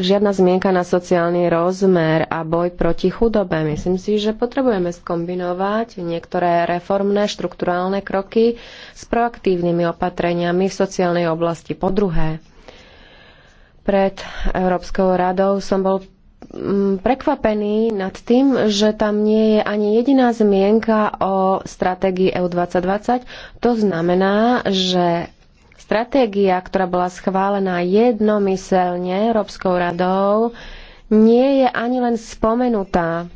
žiadna zmienka na sociálny rozmer a boj proti chudobe. Myslím si, že potrebujeme skombinovať niektoré reformné štrukturálne kroky s proaktívnymi opatreniami v sociálnej oblasti. Po druhé, pred Európskou radou som bol mm, prekvapený nad tým, že tam nie je ani jediná zmienka o stratégii EU 2020. To znamená, že Stratégia, ktorá bola schválená jednomyselne Európskou radou, nie je ani len spomenutá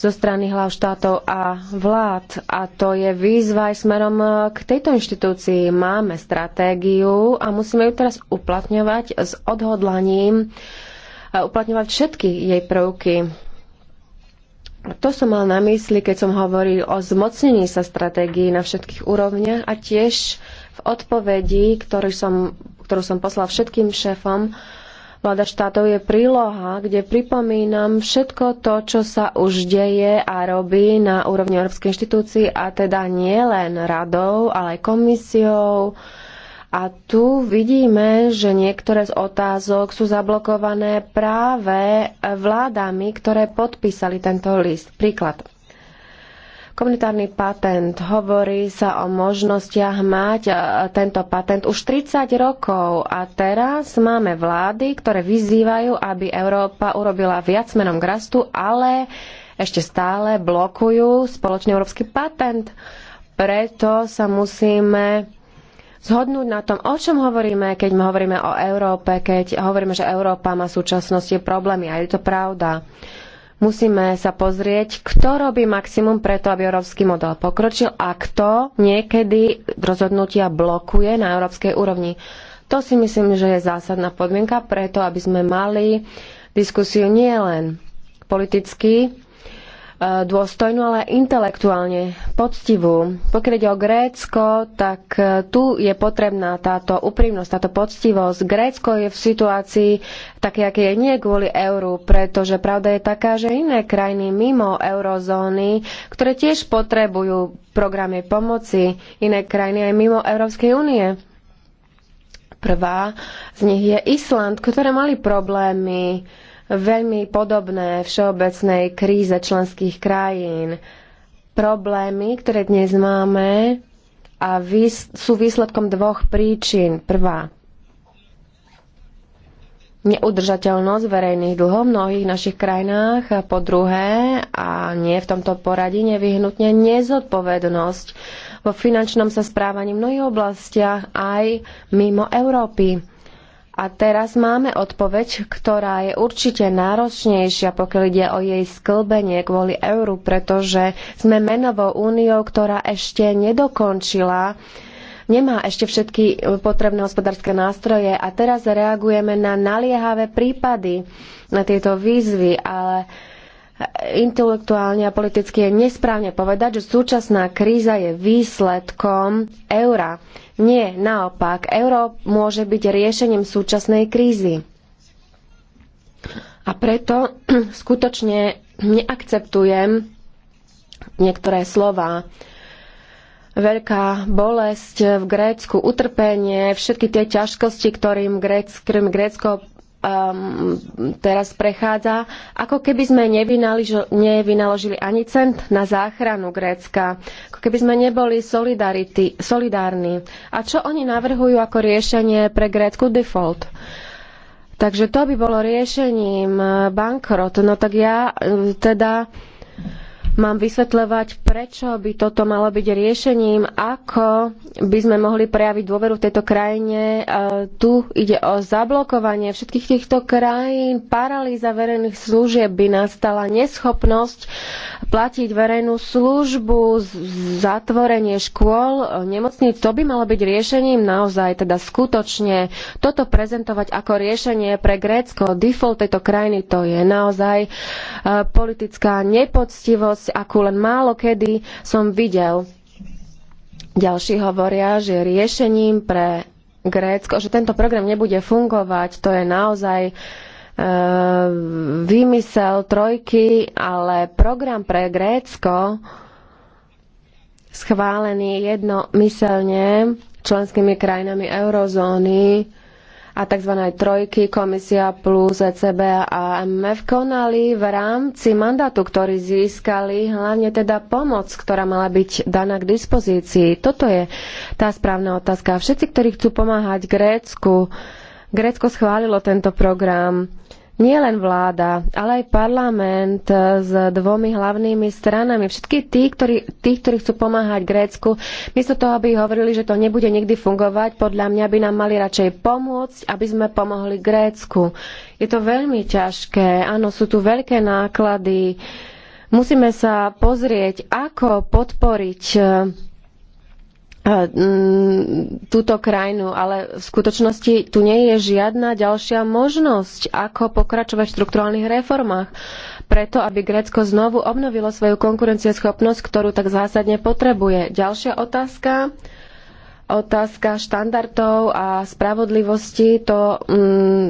zo strany hlav štátov a vlád. A to je výzva aj smerom k tejto inštitúcii. Máme stratégiu a musíme ju teraz uplatňovať s odhodlaním uplatňovať všetky jej prvky. To som mal na mysli, keď som hovoril o zmocnení sa stratégií na všetkých úrovniach a tiež v odpovedi, ktorú som, ktorú som poslal všetkým šéfom, Vláda štátov je príloha, kde pripomínam všetko to, čo sa už deje a robí na úrovni Európskej inštitúcii a teda nie len radou, ale aj komisiou. A tu vidíme, že niektoré z otázok sú zablokované práve vládami, ktoré podpísali tento list. Príklad. Komunitárny patent. Hovorí sa o možnostiach mať e, tento patent už 30 rokov a teraz máme vlády, ktoré vyzývajú, aby Európa urobila viac menom k rastu, ale ešte stále blokujú spoločný európsky patent. Preto sa musíme zhodnúť na tom, o čom hovoríme, keď my hovoríme o Európe, keď hovoríme, že Európa má v súčasnosti problémy. A je to pravda. Musíme sa pozrieť, kto robí maximum preto, aby európsky model pokročil a kto niekedy rozhodnutia blokuje na európskej úrovni. To si myslím, že je zásadná podmienka preto, aby sme mali diskusiu nielen politicky, dôstojnú, ale intelektuálne poctivú. Pokiaľ ide o Grécko, tak e, tu je potrebná táto úprimnosť, táto poctivosť. Grécko je v situácii také, aké je nie kvôli euru, pretože pravda je taká, že iné krajiny mimo eurozóny, ktoré tiež potrebujú programy pomoci, iné krajiny aj mimo Európskej únie. Prvá z nich je Island, ktoré mali problémy veľmi podobné všeobecnej kríze členských krajín. Problémy, ktoré dnes máme, a vys- sú výsledkom dvoch príčin. Prvá, neudržateľnosť verejných dlhov v mnohých našich krajinách a po druhé, a nie v tomto poradí, nevyhnutne nezodpovednosť vo finančnom sa správaní v mnohých oblastiach aj mimo Európy a teraz máme odpoveď, ktorá je určite náročnejšia, pokiaľ ide o jej sklbenie kvôli euru, pretože sme menovou úniou, ktorá ešte nedokončila nemá ešte všetky potrebné hospodárske nástroje a teraz reagujeme na naliehavé prípady, na tieto výzvy, ale intelektuálne a politicky je nesprávne povedať, že súčasná kríza je výsledkom eura. Nie, naopak, euro môže byť riešením súčasnej krízy. A preto skutočne neakceptujem niektoré slova. Veľká bolesť v Grécku, utrpenie, všetky tie ťažkosti, ktorým Grécko, ktorým Grécko um, teraz prechádza, ako keby sme nevynaložili ani cent na záchranu Grécka, ako keby sme neboli solidárni. A čo oni navrhujú ako riešenie pre Grécku default? Takže to by bolo riešením bankrot. No tak ja um, teda mám vysvetľovať, prečo by toto malo byť riešením, ako by sme mohli prejaviť dôveru v tejto krajine. E, tu ide o zablokovanie všetkých týchto krajín, paralýza verejných služieb by nastala, neschopnosť platiť verejnú službu, zatvorenie škôl, e, nemocníc. To by malo byť riešením naozaj, teda skutočne toto prezentovať ako riešenie pre Grécko. Default tejto krajiny to je naozaj e, politická nepoctivosť bolesť, akú len málo kedy som videl. Ďalší hovoria, že riešením pre Grécko, že tento program nebude fungovať, to je naozaj e, vymysel trojky, ale program pre Grécko schválený jednomyselne členskými krajinami eurozóny a tzv. trojky, komisia plus ECB a MF konali v rámci mandátu, ktorý získali, hlavne teda pomoc, ktorá mala byť daná k dispozícii. Toto je tá správna otázka. Všetci, ktorí chcú pomáhať Grécku, Grécko schválilo tento program nielen vláda, ale aj parlament e, s dvomi hlavnými stranami, všetky tí, ktorí, tí, ktorí chcú pomáhať Grécku, miesto toho, aby hovorili, že to nebude nikdy fungovať, podľa mňa by nám mali radšej pomôcť, aby sme pomohli Grécku. Je to veľmi ťažké, áno, sú tu veľké náklady. Musíme sa pozrieť, ako podporiť e, Eh, mm, túto krajinu, ale v skutočnosti tu nie je žiadna ďalšia možnosť, ako pokračovať v štruktúrálnych reformách. Preto, aby Grécko znovu obnovilo svoju konkurencieschopnosť, ktorú tak zásadne potrebuje. Ďalšia otázka, otázka štandardov a spravodlivosti, to mm,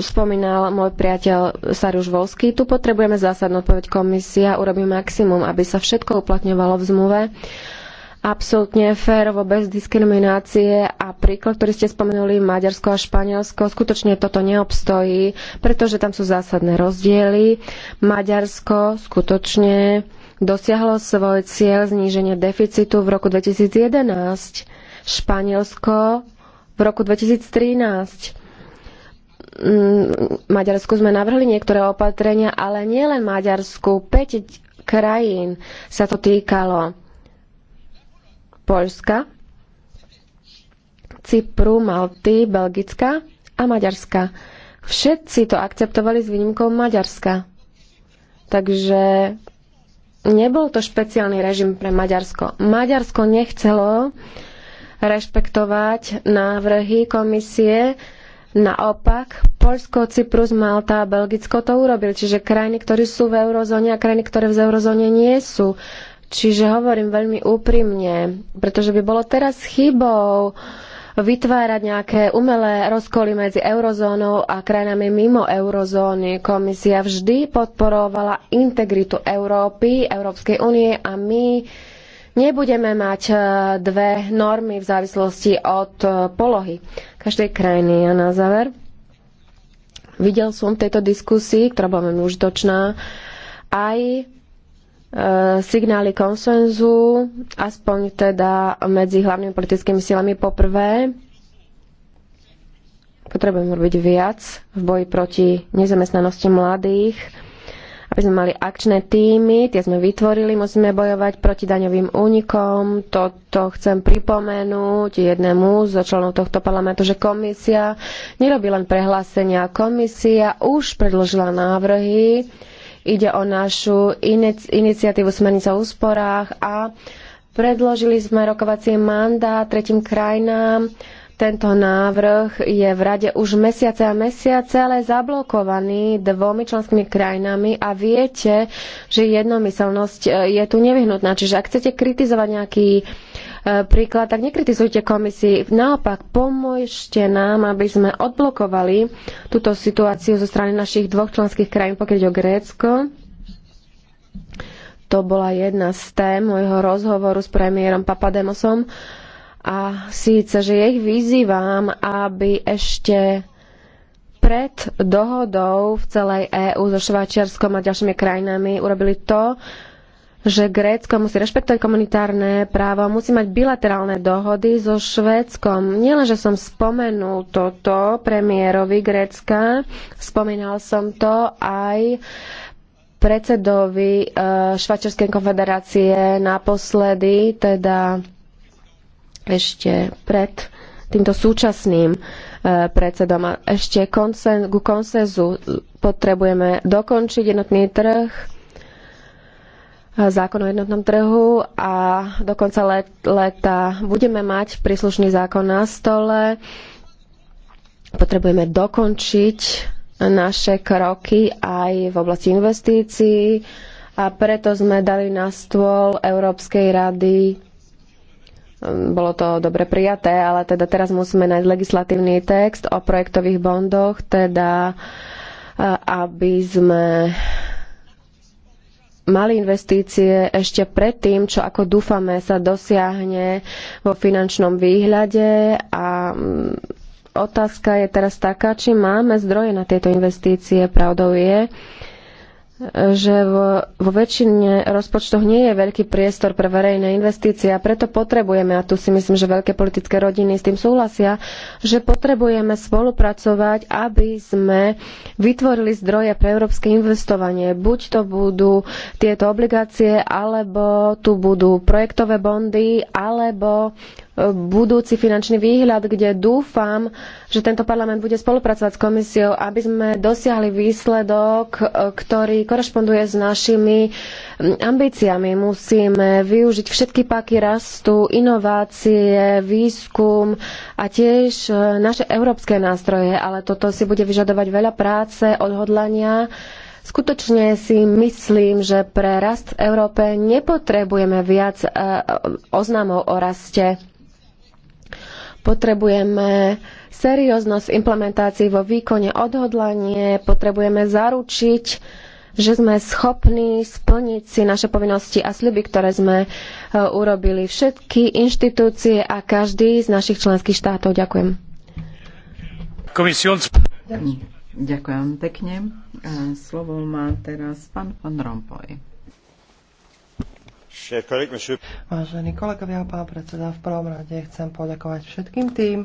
spomínal môj priateľ Saruš Volský. Tu potrebujeme zásadnú odpoveď komisia, urobí maximum, aby sa všetko uplatňovalo v zmluve absolútne férovo, bez diskriminácie a príklad, ktorý ste spomenuli, Maďarsko a Španielsko, skutočne toto neobstojí, pretože tam sú zásadné rozdiely. Maďarsko skutočne dosiahlo svoj cieľ zníženia deficitu v roku 2011, Španielsko v roku 2013. Mm, Maďarsku sme navrhli niektoré opatrenia, ale nielen Maďarsku, 5 krajín sa to týkalo. Poľska, Cypru, Malty, Belgická a Maďarska. Všetci to akceptovali s výnimkou Maďarska. Takže nebol to špeciálny režim pre Maďarsko. Maďarsko nechcelo rešpektovať návrhy komisie. Naopak, Polsko, Cyprus, Malta a Belgicko to urobili. Čiže krajiny, ktoré sú v eurozóne a krajiny, ktoré v eurozóne nie sú. Čiže hovorím veľmi úprimne, pretože by bolo teraz chybou vytvárať nejaké umelé rozkoly medzi eurozónou a krajinami mimo eurozóny. Komisia vždy podporovala integritu Európy, Európskej únie a my nebudeme mať e, dve normy v závislosti od e, polohy každej krajiny. A na záver, videl som v tejto diskusii, ktorá bola veľmi užitočná, aj E, signály konsenzu, aspoň teda medzi hlavnými politickými silami poprvé. Potrebujeme robiť viac v boji proti nezamestnanosti mladých, aby sme mali akčné týmy, tie sme vytvorili, musíme bojovať proti daňovým únikom. Toto chcem pripomenúť jednému zo členov tohto parlamentu, že komisia nerobí len prehlásenia. Komisia už predložila návrhy, Ide o našu iniciatívu smernice o úsporách a predložili sme rokovacie mandát tretím krajinám. Tento návrh je v rade už mesiace a mesiace, ale zablokovaný dvomi členskými krajinami a viete, že jednomyselnosť e, je tu nevyhnutná. Čiže ak chcete kritizovať nejaký Eh, príklad, tak nekritizujte komisii. Naopak, pomôžte nám, aby sme odblokovali túto situáciu zo strany našich dvoch členských krajín, pokiaľ ide o Grécko. To bola jedna z tém môjho rozhovoru s premiérom Papademosom. A síce, že ich vyzývam, aby ešte pred dohodou v celej EÚ so Švajčiarskom a ďalšími krajinami urobili to, že Grécko musí rešpektovať komunitárne právo, musí mať bilaterálne dohody so Švédskom. Nielen, že som spomenul toto premiérovi Grécka, spomínal som to aj predsedovi e, Švačerskej konfederácie naposledy, teda ešte pred týmto súčasným e, predsedom. A ešte konsen, ku konsenzu potrebujeme dokončiť jednotný trh, zákon o jednotnom trhu a do konca let, leta budeme mať príslušný zákon na stole. Potrebujeme dokončiť naše kroky aj v oblasti investícií a preto sme dali na stôl Európskej rady bolo to dobre prijaté, ale teda teraz musíme nájsť legislatívny text o projektových bondoch, teda aby sme mali investície ešte predtým, čo ako dúfame sa dosiahne vo finančnom výhľade a mm, otázka je teraz taká, či máme zdroje na tieto investície. Pravdou je, že vo, vo väčšine rozpočtoch nie je veľký priestor pre verejné investície a preto potrebujeme, a tu si myslím, že veľké politické rodiny s tým súhlasia, že potrebujeme spolupracovať, aby sme vytvorili zdroje pre európske investovanie. Buď to budú tieto obligácie, alebo tu budú projektové bondy, alebo budúci finančný výhľad, kde dúfam, že tento parlament bude spolupracovať s komisiou, aby sme dosiahli výsledok, e, ktorý korešponduje s našimi ambíciami. Musíme využiť všetky páky rastu, inovácie, výskum a tiež e, naše európske nástroje, ale toto si bude vyžadovať veľa práce, odhodlania Skutočne si myslím, že pre rast v Európe nepotrebujeme viac e, oznamov o raste. Potrebujeme serióznosť implementácií vo výkone odhodlanie, potrebujeme zaručiť, že sme schopní splniť si naše povinnosti a sľuby, ktoré sme e, urobili všetky inštitúcie a každý z našich členských štátov. Ďakujem. Komisión... Ďakujem pekne. E, slovo má teraz pán Van Rompuy. Vážení kolegovia, pán predseda, v prvom rade chcem poďakovať všetkým tým,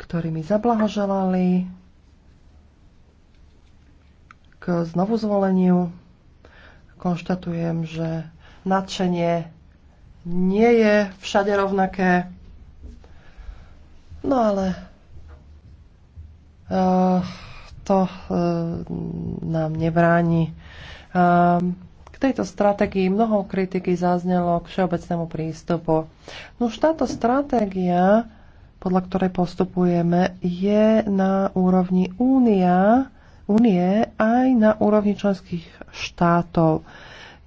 ktorí mi zablahoželali k znovu zvoleniu. Konštatujem, že nadšenie nie je všade rovnaké. No ale uh, to uh, nám nebráni. Uh, tejto stratégii mnoho kritiky zaznelo k všeobecnému prístupu. No už táto stratégia, podľa ktorej postupujeme, je na úrovni únia, únie aj na úrovni členských štátov.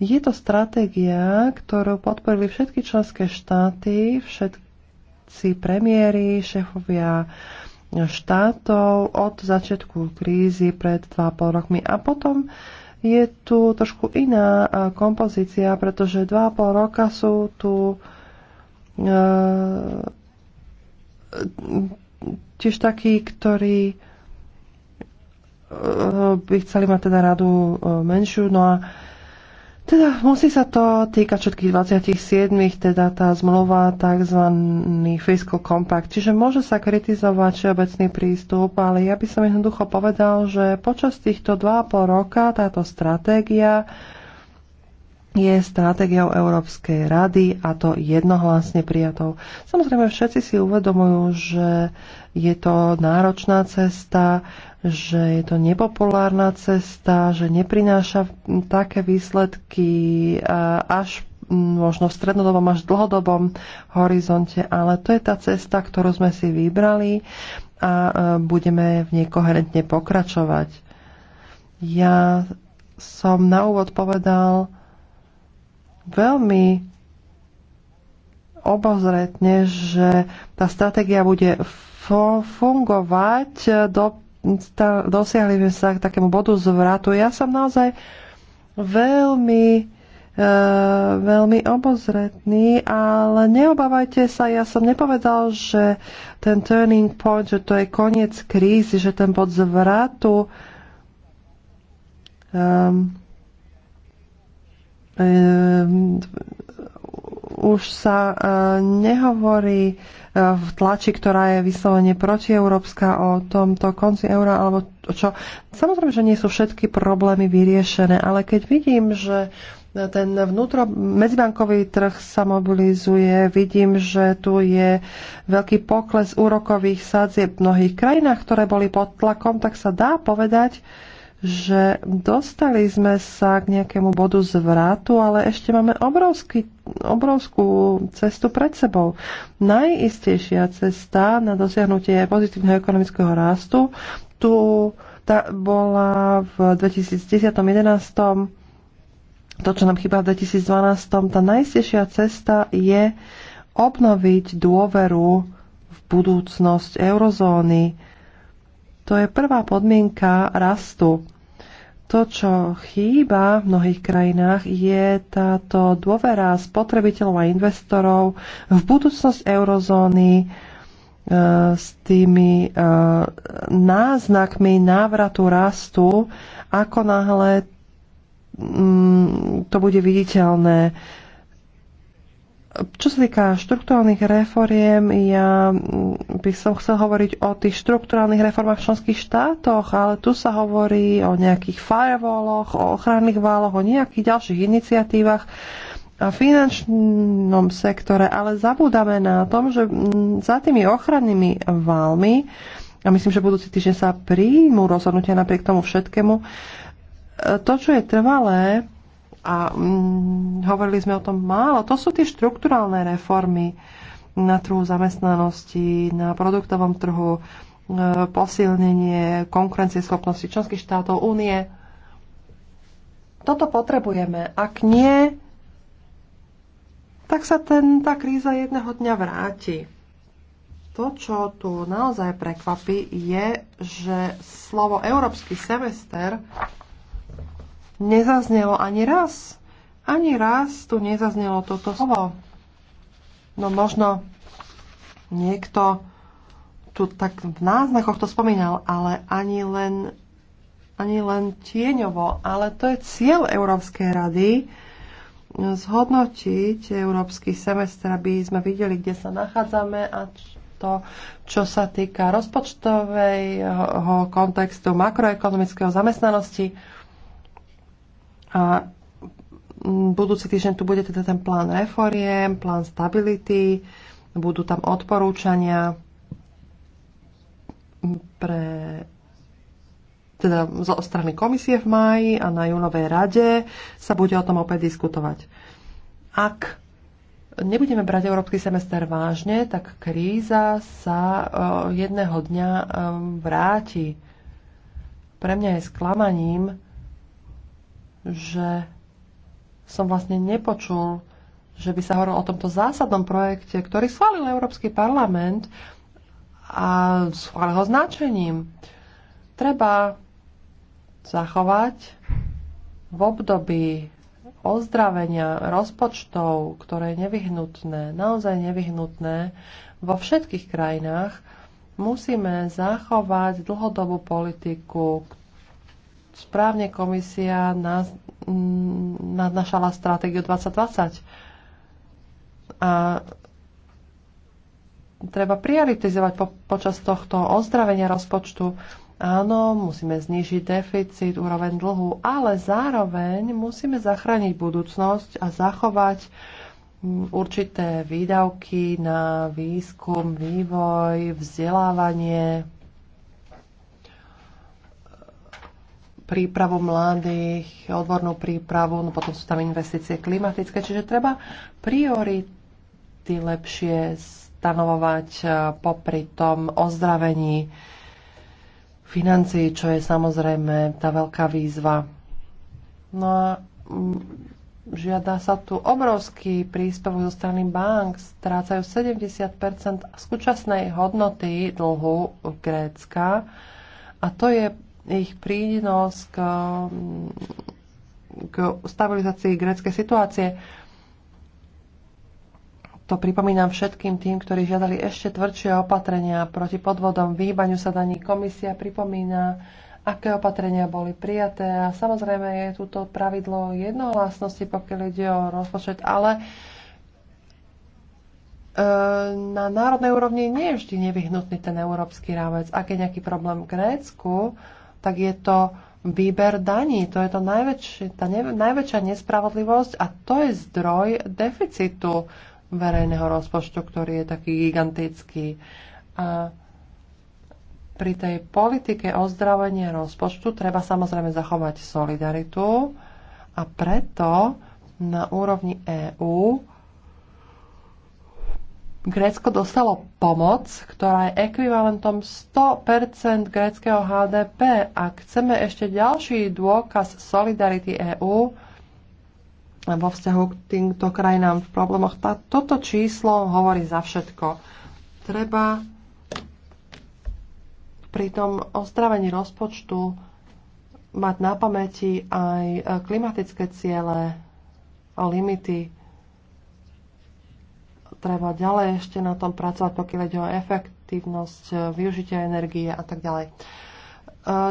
Je to stratégia, ktorú podporili všetky členské štáty, všetci premiéry, šéfovia štátov od začiatku krízy pred 2,5 rokmi a potom je tu trošku iná e, kompozícia, pretože 2,5 roka sú tu e, tiež takí, ktorí e, by chceli mať teda radu e, menšiu. No a teda musí sa to týkať všetkých 27, teda tá zmluva, tzv. fiscal compact. Čiže môže sa kritizovať všeobecný prístup, ale ja by som jednoducho povedal, že počas týchto 2,5 roka táto stratégia je stratégiou Európskej rady a to jednohlasne prijatou. Samozrejme, všetci si uvedomujú, že je to náročná cesta, že je to nepopulárna cesta, že neprináša také výsledky až možno v strednodobom až v dlhodobom horizonte, ale to je tá cesta, ktorú sme si vybrali a budeme v nej koherentne pokračovať. Ja som na úvod povedal, veľmi obozretne, že tá stratégia bude fungovať. Do, dosiahli sme sa k takému bodu zvratu. Ja som naozaj veľmi e, veľmi obozretný, ale neobávajte sa, ja som nepovedal, že ten turning point, že to je koniec krízy, že ten bod zvratu ehm, Ehm, už sa e, nehovorí e, v tlači, ktorá je vyslovene protieurópska o tomto konci eura, alebo čo. Samozrejme, že nie sú všetky problémy vyriešené, ale keď vidím, že ten vnútro, medzibankový trh sa mobilizuje, vidím, že tu je veľký pokles úrokových sadzieb v mnohých krajinách, ktoré boli pod tlakom, tak sa dá povedať, že dostali sme sa k nejakému bodu zvratu, ale ešte máme obrovský, obrovskú cestu pred sebou. Najistejšia cesta na dosiahnutie pozitívneho ekonomického rastu tu tá bola v 2010-2011. To, čo nám chýba v 2012, tá najistejšia cesta je obnoviť dôveru v budúcnosť eurozóny. To je prvá podmienka rastu to, čo chýba v mnohých krajinách, je táto dôvera spotrebiteľov a investorov v budúcnosť eurozóny e, s tými e, náznakmi návratu rastu, ako náhle mm, to bude viditeľné čo sa týka štruktúrálnych reforiem, ja mm, by som chcel hovoriť o tých štruktúrálnych reformách v členských štátoch, ale tu sa hovorí o nejakých firewalloch, o ochranných váloch, o nejakých ďalších iniciatívach a finančnom sektore, ale zabúdame na tom, že mm, za tými ochrannými válmi, a myslím, že budúci týždeň sa príjmu rozhodnutia napriek tomu všetkému, e, to, čo je trvalé, a mm, hovorili sme o tom málo. To sú tie štrukturálne reformy na trhu zamestnanosti, na produktovom trhu, e, posilnenie konkurencieschopnosti členských štátov únie. Toto potrebujeme. Ak nie, tak sa ten, tá kríza jedného dňa vráti. To, čo tu naozaj prekvapí, je, že slovo európsky semester nezaznelo ani raz. Ani raz tu nezaznelo toto slovo. No možno niekto tu tak v náznakoch to spomínal, ale ani len, ani len tieňovo. Ale to je cieľ Európskej rady zhodnotiť európsky semestr, aby sme videli, kde sa nachádzame a to, čo sa týka rozpočtového kontextu, makroekonomického zamestnanosti. A budúci týždeň tu bude teda ten plán reforiem, plán stability, budú tam odporúčania pre teda zo strany komisie v máji a na júnovej rade sa bude o tom opäť diskutovať. Ak nebudeme brať európsky semester vážne, tak kríza sa e, jedného dňa e, vráti. Pre mňa je sklamaním, že som vlastne nepočul, že by sa hovorilo o tomto zásadnom projekte, ktorý schválil Európsky parlament a schválil ho značením. Treba zachovať v období ozdravenia rozpočtov, ktoré je nevyhnutné, naozaj nevyhnutné, vo všetkých krajinách musíme zachovať dlhodobú politiku, správne komisia naz, nadnašala stratégiu 2020. A treba prioritizovať po, počas tohto ozdravenia rozpočtu. Áno, musíme znižiť deficit, úroveň dlhu, ale zároveň musíme zachrániť budúcnosť a zachovať mm, určité výdavky na výskum, vývoj, vzdelávanie, prípravu mladých, odbornú prípravu, no potom sú tam investície klimatické, čiže treba priority lepšie stanovovať e, popri tom ozdravení financií, čo je samozrejme tá veľká výzva. No a žiada sa tu obrovský príspevok zo strany bank. Strácajú 70 súčasnej hodnoty dlhu Grécka a to je ich prínos k, k stabilizácii gréckej situácie. To pripomínam všetkým tým, ktorí žiadali ešte tvrdšie opatrenia proti podvodom, výbaniu sa daní. Komisia pripomína, aké opatrenia boli prijaté a samozrejme je túto pravidlo jednohlasnosti, pokiaľ ide o rozpočet, ale e, na národnej úrovni nie je vždy nevyhnutný ten európsky rámec. Ak je nejaký problém v Grécku, tak je to výber daní. To je to najväčšie, tá ne, najväčšia nespravodlivosť a to je zdroj deficitu verejného rozpočtu, ktorý je taký gigantický. A pri tej politike ozdravenia rozpočtu treba samozrejme zachovať solidaritu a preto na úrovni EÚ Grécko dostalo pomoc, ktorá je ekvivalentom 100% gréckého HDP. a chceme ešte ďalší dôkaz solidarity EU vo vzťahu k týmto krajinám v problémoch, tá, toto číslo hovorí za všetko. Treba pri tom ozdravení rozpočtu mať na pamäti aj klimatické ciele, limity treba ďalej ešte na tom pracovať, pokiaľ ide o efektívnosť e, využitia energie a tak ďalej. E,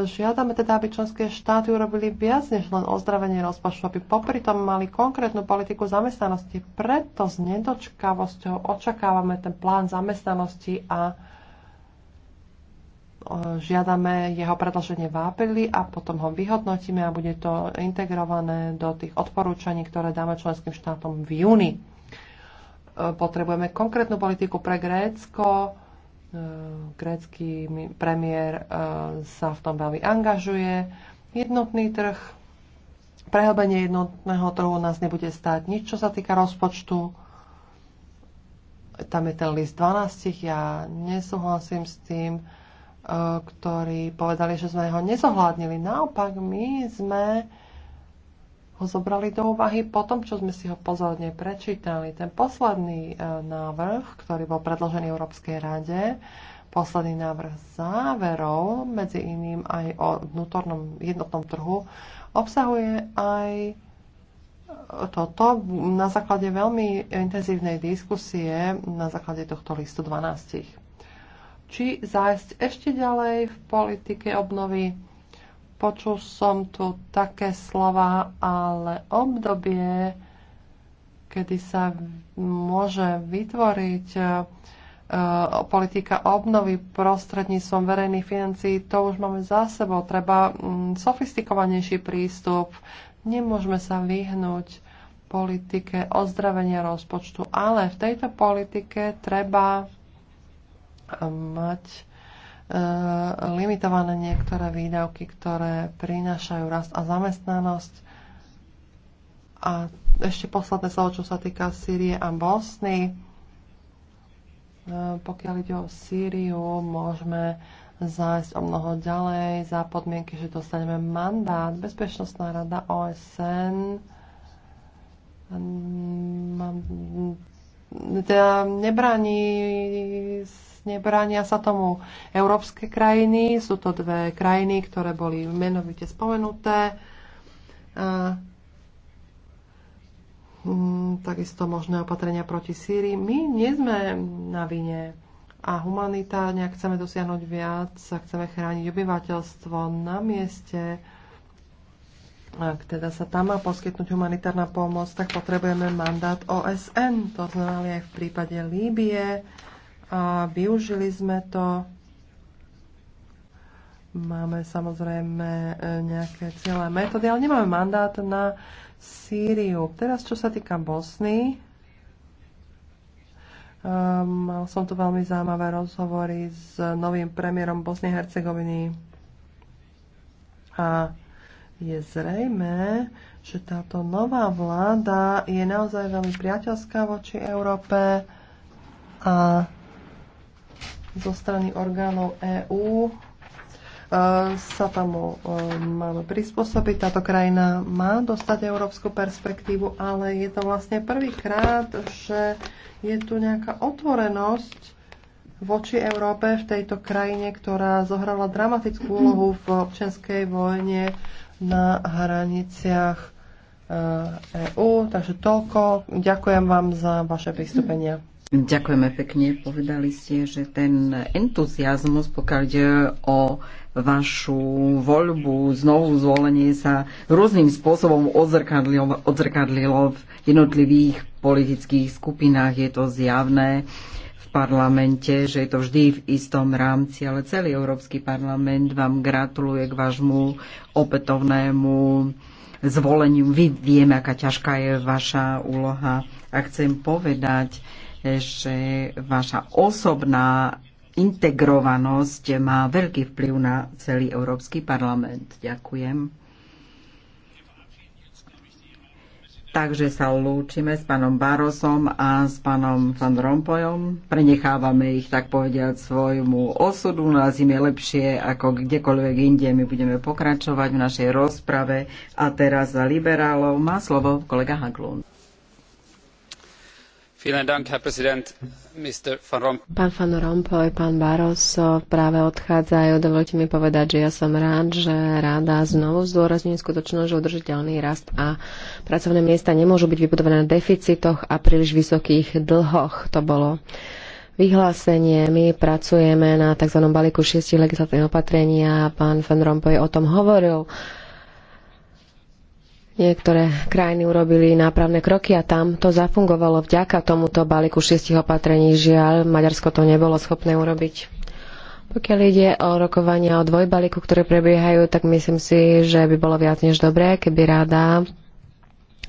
žiadame teda, aby členské štáty urobili viac než len ozdravenie rozpočtu, aby popri tom mali konkrétnu politiku zamestnanosti. Preto s nedočkavosťou očakávame ten plán zamestnanosti a e, žiadame jeho predloženie v apríli a potom ho vyhodnotíme a bude to integrované do tých odporúčaní, ktoré dáme členským štátom v júni. E, potrebujeme konkrétnu politiku pre Grécko. E, grécky premiér e, sa v tom veľmi angažuje. Jednotný trh, prehlbenie jednotného trhu nás nebude stáť nič, čo sa týka rozpočtu. Tam je ten list 12, ja nesúhlasím s tým, ktorí povedali, že sme ho nezohľadnili. Naopak, my sme ho zobrali do úvahy po tom, čo sme si ho pozorne prečítali. Ten posledný e, návrh, ktorý bol predložený Európskej rade, posledný návrh záverov, medzi iným aj o vnútornom jednotnom trhu, obsahuje aj toto na základe veľmi intenzívnej diskusie na základe tohto listu 12. Či zájsť ešte ďalej v politike obnovy Počul som tu také slova, ale obdobie, kedy sa môže vytvoriť e, e, politika obnovy prostredníctvom verejných financií, to už máme za sebou. Treba mm, sofistikovanejší prístup. Nemôžeme sa vyhnúť politike ozdravenia rozpočtu, ale v tejto politike treba e, mať E, limitované niektoré výdavky, ktoré prinášajú rast a zamestnanosť. A ešte posledné slovo, čo sa týka Sýrie a Bosny. E, pokiaľ ide o Sýriu, môžeme zájsť o mnoho ďalej za podmienky, že dostaneme mandát. Bezpečnostná rada OSN teda nebránia vlastne sa tomu európske krajiny. Sú to dve krajiny, ktoré boli menovite spomenuté. A, mm, takisto možné opatrenia proti Sýrii. My nie sme na vine a humanitárne, ak chceme dosiahnuť viac, a chceme chrániť obyvateľstvo na mieste, ak teda sa tam má poskytnúť humanitárna pomoc, tak potrebujeme mandát OSN. To znamená aj v prípade Líbie a využili sme to. Máme samozrejme e, nejaké celé metódy, ale nemáme mandát na Sýriu. Teraz, čo sa týka Bosny, ehm, mal som tu veľmi zaujímavé rozhovory s novým premiérom Bosny a Hercegoviny a je zrejme, že táto nová vláda je naozaj veľmi priateľská voči Európe a zo strany orgánov EÚ e, sa tomu e, máme prispôsobiť. Táto krajina má dostať európsku perspektívu, ale je to vlastne prvýkrát, že je tu nejaká otvorenosť voči Európe v tejto krajine, ktorá zohrala dramatickú úlohu v občianskej vojne na hraniciach EÚ. E Takže toľko. Ďakujem vám za vaše pristúpenia. Ďakujeme pekne. Povedali ste, že ten entuziasmus, pokiaľ ide o vašu voľbu, znovu zvolenie sa rôznym spôsobom odzrkadlilo, odzrkadlilo v jednotlivých politických skupinách. Je to zjavné v parlamente, že je to vždy v istom rámci, ale celý Európsky parlament vám gratuluje k vášmu opätovnému zvoleniu. Vy vieme, aká ťažká je vaša úloha. A chcem povedať, že vaša osobná integrovanosť má veľký vplyv na celý Európsky parlament. Ďakujem. Takže sa lúčime s pánom Barosom a s pánom Van Rompojom. Prenechávame ich, tak povediať, svojmu osudu. Nás no im je lepšie ako kdekoľvek inde. My budeme pokračovať v našej rozprave. A teraz za liberálov má slovo kolega Haglund. Pán Van Rompuy, pán Barroso práve odchádzajú. Dovolte mi povedať, že ja som rád, že rada znovu zdôrazňuje skutočnosť, že udržiteľný rast a pracovné miesta nemôžu byť vybudované na deficitoch a príliš vysokých dlhoch. To bolo vyhlásenie. My pracujeme na tzv. balíku šiestich legislatívnych opatrení a pán Van Rompuy o tom hovoril. Niektoré krajiny urobili nápravné kroky a tam to zafungovalo vďaka tomuto balíku šiestich opatrení. Žiaľ, Maďarsko to nebolo schopné urobiť. Pokiaľ ide o rokovania o dvojbalíku, ktoré prebiehajú, tak myslím si, že by bolo viac než dobré, keby rada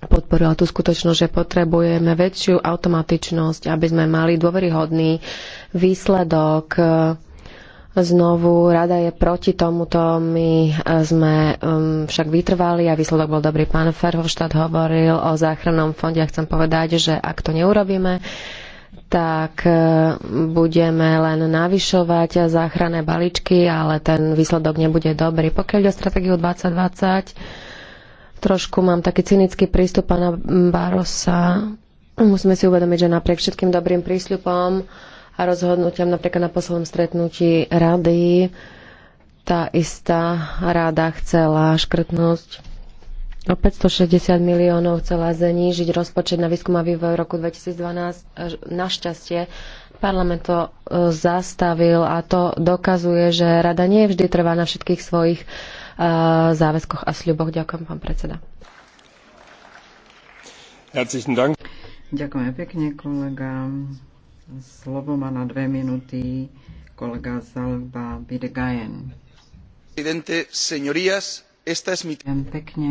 podporila tú skutočnosť, že potrebujeme väčšiu automatičnosť, aby sme mali dôveryhodný výsledok Znovu, rada je proti tomuto, my e, sme um, však vytrvali a výsledok bol dobrý. Pán Ferhovštát hovoril o záchrannom fonde a chcem povedať, že ak to neurobíme, tak e, budeme len navyšovať záchranné balíčky, ale ten výsledok nebude dobrý. Pokiaľ ide o stratégiu 2020, trošku mám taký cynický prístup pána Barosa. Musíme si uvedomiť, že napriek všetkým dobrým prísľubom a rozhodnutiam napríklad na poslednom stretnutí rady. Tá istá rada chcela škrtnúť o 560 miliónov chcela znížiť rozpočet na výskum a vývoj v roku 2012. Našťastie parlament to e, zastavil a to dokazuje, že rada nie vždy trvá na všetkých svojich e, záväzkoch a sľuboch. Ďakujem, pán predseda. Ďakujem pekne, kolega. Slovo má na dve minúty kolega Zalba Bidegajen. Presidente, señorías, esta es mi... Pekne,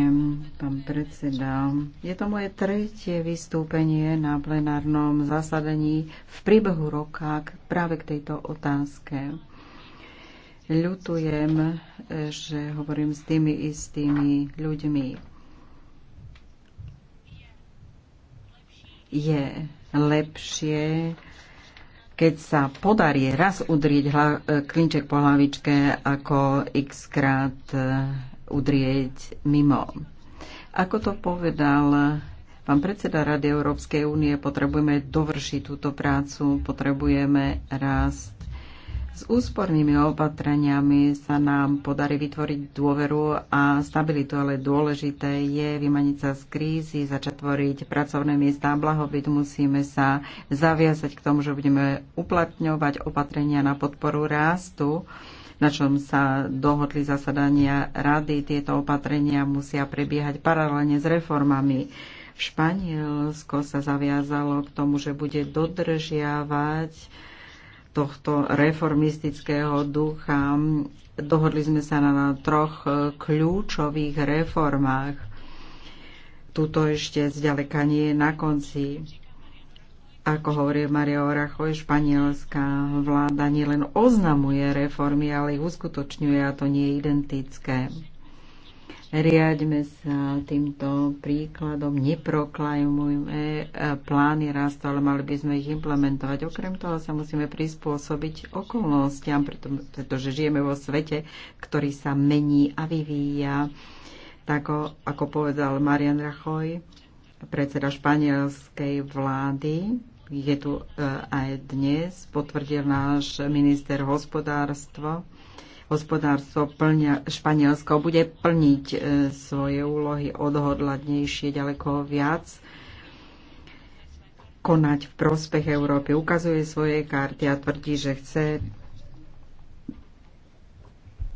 pán predseda. Je to moje tretie vystúpenie na plenárnom zasadení v príbehu roka práve k tejto otázke. Ľutujem, že hovorím s tými istými ľuďmi. Je lepšie keď sa podarí raz udrieť hla, klinček po hlavičke, ako x krát e, udrieť mimo. Ako to povedal pán predseda Rady Európskej únie, potrebujeme dovršiť túto prácu, potrebujeme rast s úspornými opatreniami sa nám podarí vytvoriť dôveru a stabilitu, ale dôležité je vymaniť sa z krízy, začať tvoriť pracovné miesta a blahobyt. Musíme sa zaviazať k tomu, že budeme uplatňovať opatrenia na podporu rástu na čom sa dohodli zasadania rady. Tieto opatrenia musia prebiehať paralelne s reformami. Španielsko sa zaviazalo k tomu, že bude dodržiavať tohto reformistického ducha. Dohodli sme sa na troch kľúčových reformách. Tuto ešte zďaleka nie je na konci. Ako hovorí Maria Oracho, španielská vláda nielen oznamuje reformy, ale ich uskutočňuje a to nie je identické. Riaďme sa týmto príkladom, neproklajmujme e, plány rastu, ale mali by sme ich implementovať. Okrem toho sa musíme prispôsobiť okolnostiam, pretože žijeme vo svete, ktorý sa mení a vyvíja. Tak, ako povedal Marian Rachoj, predseda španielskej vlády, je tu e, aj dnes, potvrdil náš minister hospodárstva, hospodárstvo plňa, Španielsko bude plniť e, svoje úlohy odhodladnejšie, ďaleko viac konať v prospech Európy. Ukazuje svoje karty a tvrdí, že chce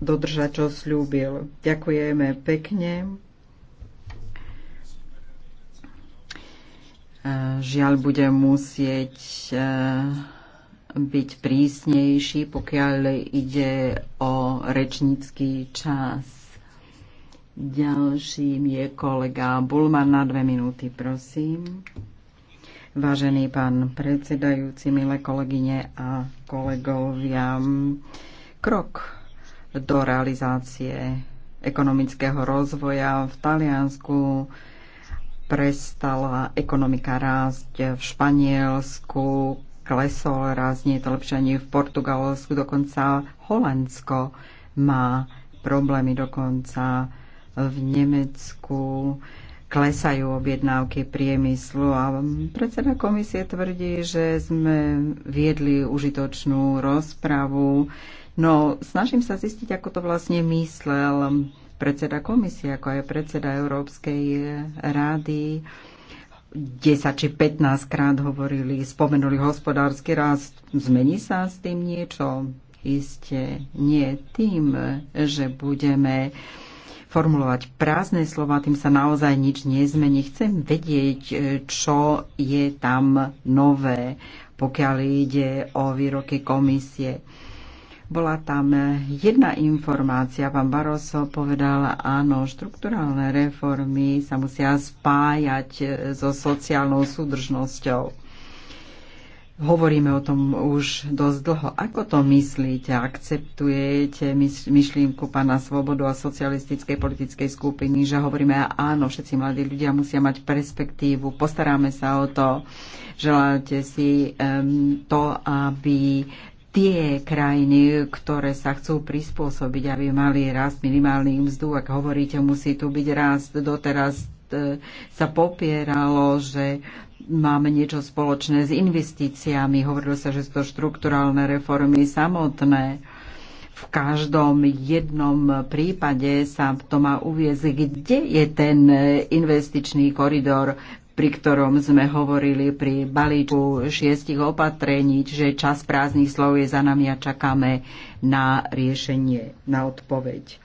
dodržať, čo slúbil. Ďakujeme pekne. E, žiaľ, budem musieť e, byť prísnejší, pokiaľ ide o rečnícky čas. Ďalším je kolega Bulman na dve minúty, prosím. Vážený pán predsedajúci, milé kolegyne a kolegovia, krok do realizácie ekonomického rozvoja v Taliansku prestala ekonomika rásť v Španielsku, klesol rázne, to ani v Portugalsku, dokonca Holandsko má problémy, dokonca v Nemecku klesajú objednávky priemyslu a predseda komisie tvrdí, že sme viedli užitočnú rozpravu. No, snažím sa zistiť, ako to vlastne myslel predseda komisie, ako aj predseda Európskej rady. 10 či 15 krát hovorili, spomenuli hospodársky rast. Zmení sa s tým niečo? Isté nie tým, že budeme formulovať prázdne slova, tým sa naozaj nič nezmení. Chcem vedieť, čo je tam nové, pokiaľ ide o výroky komisie bola tam jedna informácia, pán Baroso povedal, áno, štrukturálne reformy sa musia spájať e, so sociálnou súdržnosťou. Hovoríme o tom už dosť dlho. Ako to myslíte? Akceptujete myšlienku pána Svobodu a socialistickej politickej skupiny, že hovoríme, áno, všetci mladí ľudia musia mať perspektívu, postaráme sa o to, želáte si um, to, aby tie krajiny, ktoré sa chcú prispôsobiť, aby mali rast minimálnych mzdu, ak hovoríte, musí tu byť rast. Doteraz e, sa popieralo, že máme niečo spoločné s investíciami. Hovorilo sa, že sú to štrukturálne reformy samotné. V každom jednom prípade sa to má uviezť, kde je ten investičný koridor, pri ktorom sme hovorili pri balíčku šiestich opatrení, čiže čas prázdnych slov je za nami a čakáme na riešenie, na odpoveď.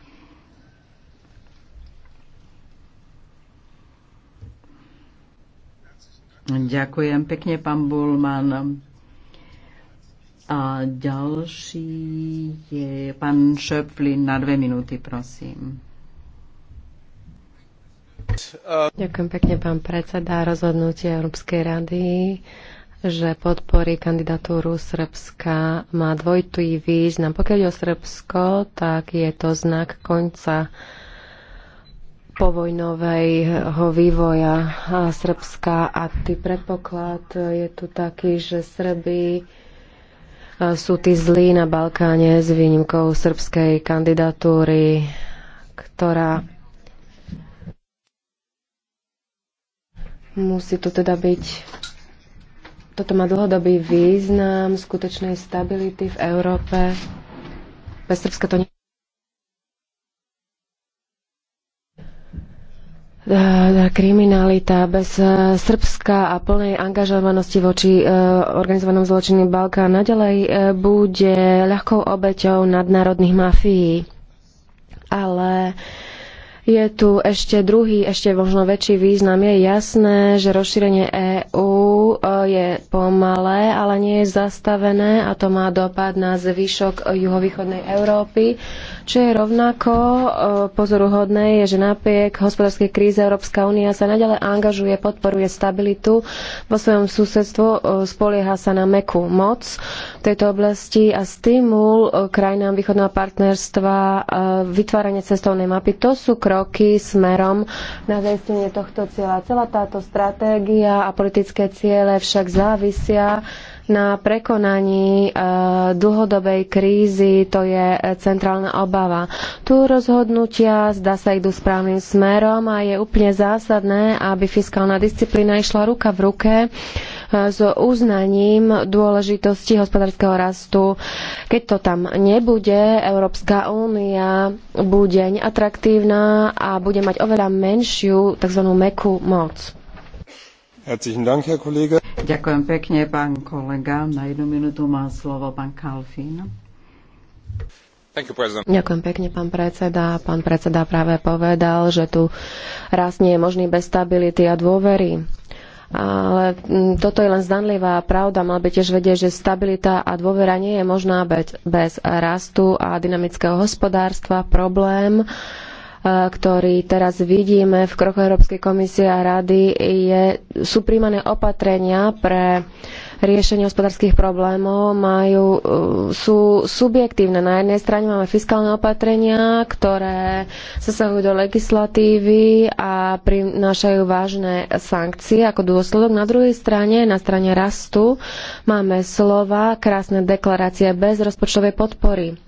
Ďakujem pekne, pán Bulman. A ďalší je pán Šöpflin na dve minúty, prosím. Ďakujem pekne, pán predseda. Rozhodnutie Európskej rady že podporí kandidatúru Srbska má dvojitý význam. Pokiaľ je o Srbsko, tak je to znak konca povojnového vývoja Srbska a tý predpoklad je tu taký, že Srby e, sú tí zlí na Balkáne s výnimkou srbskej kandidatúry, ktorá Musí to teda byť toto má dlhodobý význam skutočnej stability v Európe. Bez Srbska to nie. kriminalita bez eh, Srbska a plnej angažovanosti voči eh, organizovanom zločinu Balkán naďalej eh, bude ľahkou obeťou nadnárodných mafií. Ale uh, je tu ešte druhý, ešte možno väčší význam. Je jasné, že rozšírenie EÚ e, je pomalé, ale nie je zastavené a to má dopad na zvyšok juhovýchodnej Európy. Čo je rovnako e, pozoruhodné je, že napriek hospodárskej kríze Európska únia sa naďalej angažuje, podporuje stabilitu vo svojom susedstvu, e, spolieha sa na mekú moc v tejto oblasti a stimul e, krajinám východného partnerstva, vytváranie cestovnej mapy. To sú kroky smerom na zaistenie tohto cieľa. Celá táto stratégia a politické ciele však závisia na prekonaní eh, dlhodobej krízy, to je eh, centrálna obava. Tu rozhodnutia, zdá sa, idú správnym smerom a je úplne zásadné, aby fiskálna disciplína išla ruka v ruke eh, s uznaním dôležitosti hospodárskeho rastu. Keď to tam nebude, Európska únia bude neatraktívna a bude mať oveľa menšiu tzv. mekú moc. Ďakujem pekne, pán kolega. Na jednu minútu má slovo pán Kalfín. Ďakujem pekne, pán predseda. Pán predseda práve povedal, že tu rast nie je možný bez stability a dôvery. Ale mm, toto je len zdanlivá pravda. Mal by tiež vedieť, že stabilita a dôvera nie je možná bez, bez rastu a dynamického hospodárstva. Problém uh, ktorý teraz vidíme v kroku Európskej komisie a rady, je, sú príjmané opatrenia pre riešenie hospodárskych problémov majú, e, sú subjektívne. Na jednej strane máme fiskálne opatrenia, ktoré zasahujú do legislatívy a prinášajú vážne sankcie ako dôsledok. Na druhej strane, na strane rastu, máme slova, krásne deklarácie bez rozpočtovej podpory.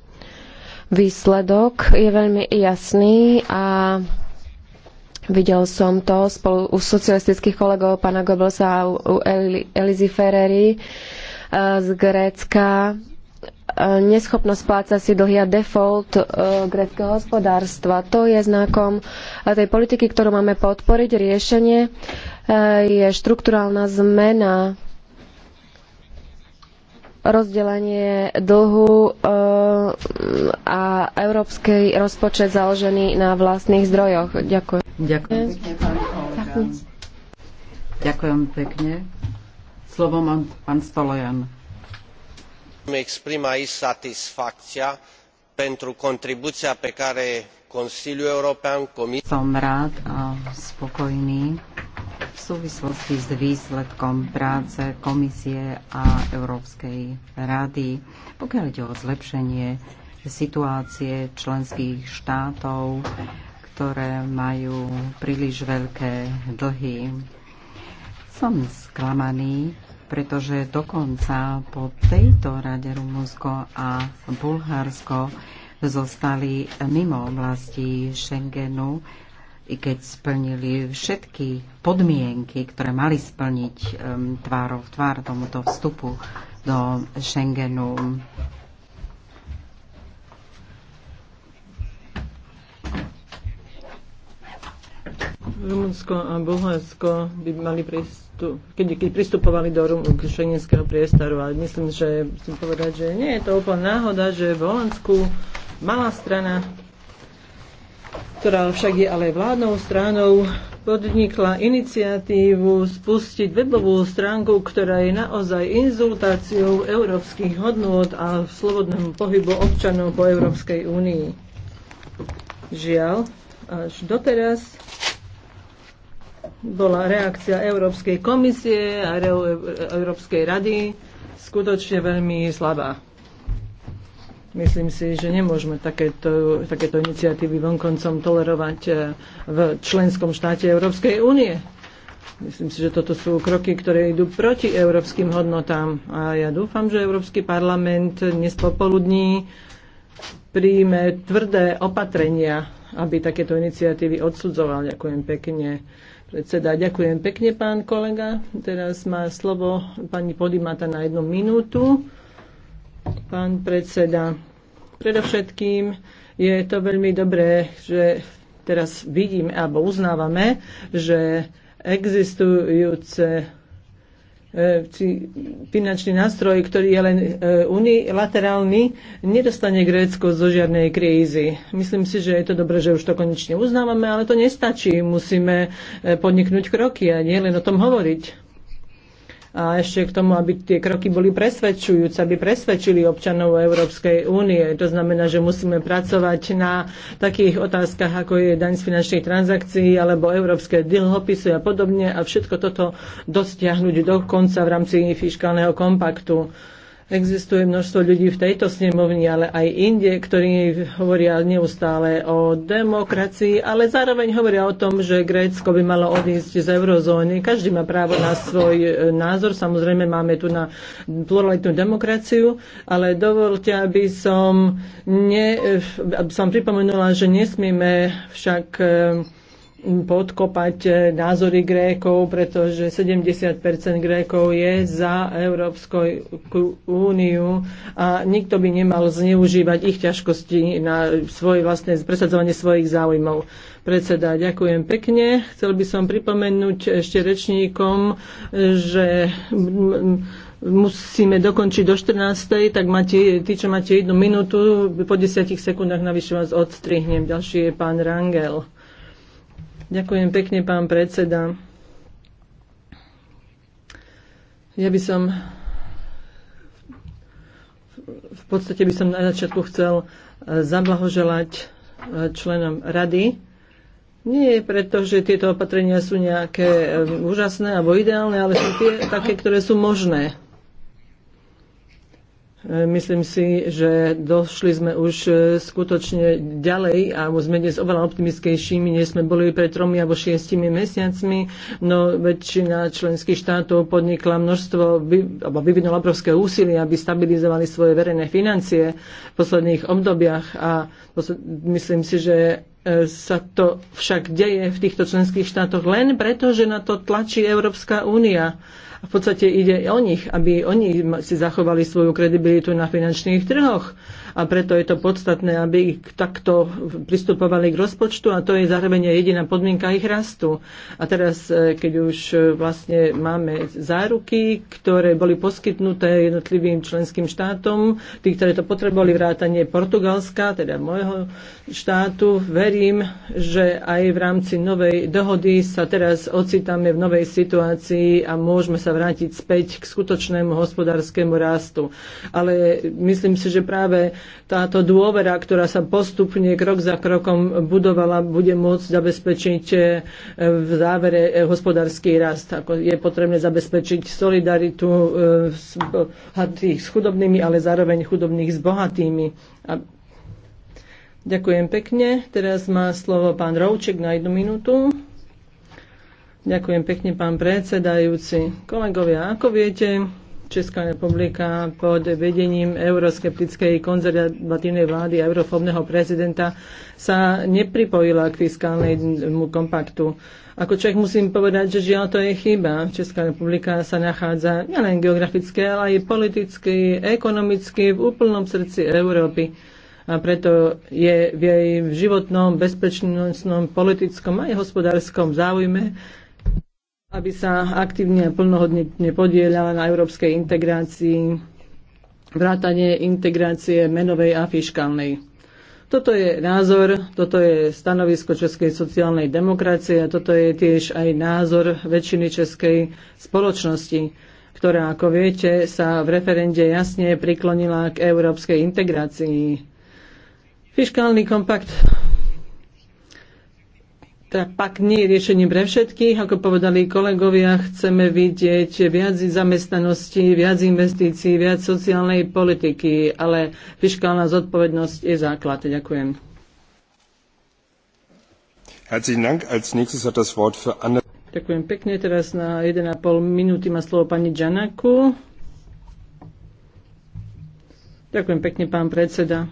Výsledok je veľmi jasný a videl som to spolu u socialistických kolegov pana Goebbelsa a u Elizy Ferreri e, z Grécka e, neschopnosť plácať si dlhy a default e, gréckého hospodárstva. To je znakom tej politiky, ktorú máme podporiť. Riešenie je štrukturálna zmena rozdelenie dlhu eh, a európsky rozpočet založený na vlastných zdrojoch. Ďakujem. Ďakujem pekne, Ďakujem pekne. Slovo má pán Stolojan. Mi exprim aici satisfacția pentru contribuția pe care Consiliul European, Comisia... Som rád a spokojný v súvislosti s výsledkom práce Komisie a Európskej rady, pokiaľ ide o zlepšenie situácie členských štátov, ktoré majú príliš veľké dlhy. Som sklamaný, pretože dokonca po tejto rade Rumunsko a Bulharsko zostali mimo oblasti Schengenu i keď splnili všetky podmienky, ktoré mali splniť um, tvárov tvár tomuto vstupu do Schengenu. Rumunsko a Bulharsko by mali pristup, keď, keď pristupovali do Rum- k šengenského priestoru. Ale myslím, že musím povedať, že nie je to úplne náhoda, že v Holandsku malá strana ktorá však je ale vládnou stranou, podnikla iniciatívu spustiť webovú stránku, ktorá je naozaj inzultáciou európskych hodnôt a slobodnému pohybu občanov po Európskej únii. Žiaľ, až doteraz bola reakcia Európskej komisie a Európskej rady skutočne veľmi slabá. Myslím si, že nemôžeme takéto, takéto iniciatívy vonkoncom tolerovať e, v členskom štáte Európskej únie. Myslím si, že toto sú kroky, ktoré idú proti európskym hodnotám. A ja dúfam, že Európsky parlament dnes popoludní príjme tvrdé opatrenia, aby takéto iniciatívy odsudzoval. Ďakujem pekne, predseda. Ďakujem pekne, pán kolega. Teraz má slovo pani Podimata na jednu minútu pán predseda. Predovšetkým je to veľmi dobré, že teraz vidíme alebo uznávame, že existujúce e, finančný nástroj, ktorý je len e, unilaterálny, nedostane Grécko zo žiadnej krízy. Myslím si, že je to dobré, že už to konečne uznávame, ale to nestačí. Musíme e, podniknúť kroky a nie len o tom hovoriť a ešte k tomu, aby tie kroky boli presvedčujúce, aby presvedčili občanov Európskej únie. To znamená, že musíme pracovať na takých otázkach, ako je daň z finančných transakcií alebo európske dlhopisy a podobne a všetko toto dosiahnuť do konca v rámci fiskálneho kompaktu. Existuje množstvo ľudí v tejto snemovni, ale aj inde, ktorí hovoria neustále o demokracii, ale zároveň hovoria o tom, že Grécko by malo odísť z eurozóny. Každý má právo na svoj e, názor. Samozrejme máme tu na pluralitnú demokraciu, ale dovolte, aby som, ne, aby som pripomenula, že nesmieme však e, podkopať eh, názory Grékov, pretože 70 Grékov je za Európsku úniu a nikto by nemal zneužívať ich ťažkosti na svoje vlastné presadzovanie svojich záujmov. Predseda, ďakujem pekne. Chcel by som pripomenúť ešte rečníkom, že musíme dokončiť do 14. tak máte, tí, čo máte jednu minútu, po 10 sekundách navyše vás odstrihnem. Ďalší je pán Rangel. Ďakujem pekne, pán predseda. Ja by som v podstate by som na začiatku chcel e, zablahoželať e, členom rady. Nie preto, že tieto opatrenia sú nejaké e, úžasné alebo ideálne, ale sú tie také, ktoré sú možné. E, myslím si, že došli sme už e, skutočne ďalej a sme dnes oveľa optimistickejšími, než sme boli pred tromi alebo šiestimi mesiacmi, no väčšina členských štátov podnikla množstvo, alebo vyvinula obrovské úsilie, aby stabilizovali svoje verejné financie v posledných obdobiach a myslím si, že e, sa to však deje v týchto členských štátoch len preto, že na to tlačí Európska únia v podstate ide o nich, aby oni si zachovali svoju kredibilitu na finančných trhoch. A preto je to podstatné, aby ich takto pristupovali k rozpočtu a to je zároveň jediná podmienka ich rastu. A teraz, e, keď už e, vlastne máme záruky, ktoré boli poskytnuté jednotlivým členským štátom, tí, ktoré to potrebovali, vrátanie Portugalska, teda môjho štátu, verím, že aj v rámci novej dohody sa teraz ocitáme v novej situácii a môžeme sa vrátiť späť k skutočnému hospodárskému rastu. Ale myslím si, že práve táto dôvera, ktorá sa postupne krok za krokom budovala, bude môcť zabezpečiť eh, v závere eh, hospodársky rast. Ako je potrebné zabezpečiť solidaritu eh, s, bohatých, s chudobnými, ale zároveň chudobných s bohatými. A Ďakujem pekne. Teraz má slovo pán Rovček na jednu minútu. Ďakujem pekne, pán predsedajúci. Kolegovia, ako viete, Česká republika pod vedením euroskeptickej konzervatívnej vlády a eurofóbneho prezidenta sa nepripojila k fiskálnemu kompaktu. Ako Čech musím povedať, že žiaľ to je chyba. Česká republika sa nachádza nielen geograficky, ale aj politicky, ekonomicky v úplnom srdci Európy a preto je v jej životnom, bezpečnostnom, politickom aj hospodárskom záujme, aby sa aktívne a plnohodnotne podielala na európskej integrácii, vrátanie integrácie menovej a fiškálnej. Toto je názor, toto je stanovisko Českej sociálnej demokracie a toto je tiež aj názor väčšiny českej spoločnosti, ktorá, ako viete, sa v referende jasne priklonila k európskej integrácii. Fiškálny kompakt pak nie je riešením pre všetkých. Ako povedali kolegovia, chceme vidieť viac zamestnanosti, viac investícií, viac sociálnej politiky, ale fiskálna zodpovednosť je základ. Ďakujem. Ďakujem pekne. Teraz na 1,5 minúty má slovo pani Džanaku. Ďakujem pekne, pán predseda.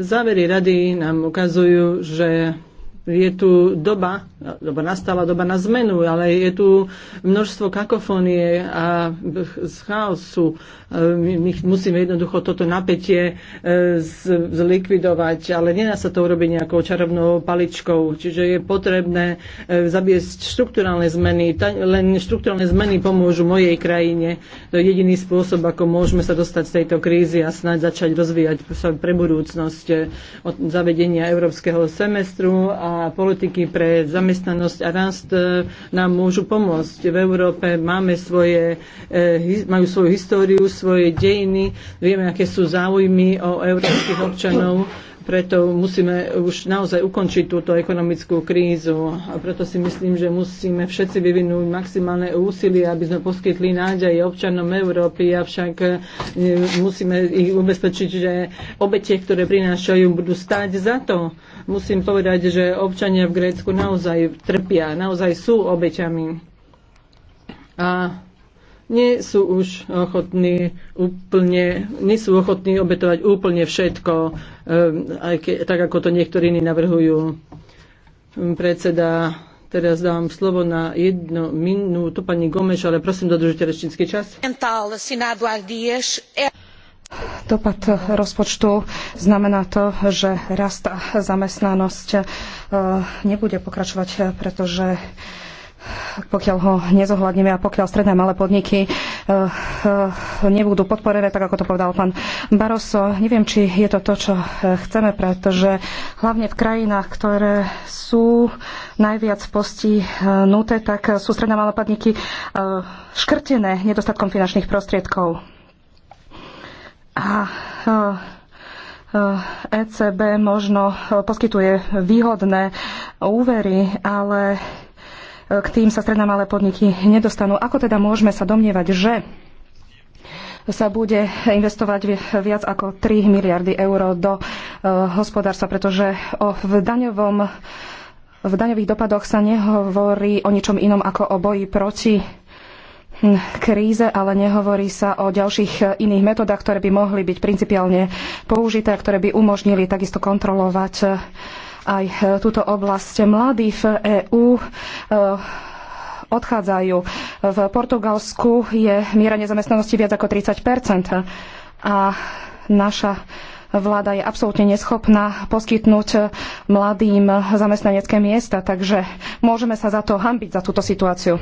Závery rady nám ukazujú, že je tu doba, lebo nastala doba na zmenu, ale je tu množstvo kakofónie a chaosu. E, my musíme jednoducho toto napätie e, zlikvidovať, ale nedá sa to urobiť nejakou čarovnou paličkou. Čiže je potrebné e, zabiesť štruktúralne zmeny. Len štruktúralne zmeny pomôžu mojej krajine. To je jediný spôsob, ako môžeme sa dostať z tejto krízy a snáď začať rozvíjať pre budúcnosť od zavedenia európskeho semestru a politiky pre zamestnanosť a rast e, nám môžu pomôcť. V Európe máme svoje, e, majú svoju históriu, svoje dejiny, vieme, aké sú záujmy o európskych občanov preto musíme už naozaj ukončiť túto ekonomickú krízu a preto si myslím, že musíme všetci vyvinúť maximálne úsilie, aby sme poskytli nádej občanom Európy, avšak e, musíme ich ubezpečiť, že obete, ktoré prinášajú, budú stáť za to. Musím povedať, že občania v Grécku naozaj trpia, naozaj sú obeťami. A nie sú už ochotní úplne, nie sú ochotní obetovať úplne všetko, ehm, aj ke, tak ako to niektorí iní navrhujú. Predseda, teraz dávam slovo na jednu minútu pani Gomeš, ale prosím dodržite rečnícky čas. Dopad rozpočtu znamená to, že rast a zamestnanosť eh, nebude pokračovať, pretože pokiaľ ho nezohľadníme a pokiaľ stredné malé podniky eh, eh, nebudú podporené, tak ako to povedal pán Barroso. Neviem, či je to to, čo eh, chceme, pretože hlavne v krajinách, ktoré sú najviac postihnuté, tak sú stredné malé podniky škrtené nedostatkom finančných prostriedkov. A ECB e možno poskytuje výhodné úvery, ale k tým sa stredná malé podniky nedostanú. Ako teda môžeme sa domnievať, že sa bude investovať viac ako 3 miliardy eur do e, hospodárstva, pretože o, v daňovom v daňových dopadoch sa nehovorí o ničom inom ako o boji proti hm, kríze, ale nehovorí sa o ďalších e, iných metodách, ktoré by mohli byť principiálne použité a ktoré by umožnili takisto kontrolovať e, aj e, túto oblasť. Mladí v EÚ e, odchádzajú. V Portugalsku je miera nezamestnanosti viac ako 30 a naša vláda je absolútne neschopná poskytnúť mladým zamestnanecké miesta, takže môžeme sa za to hambiť, za túto situáciu.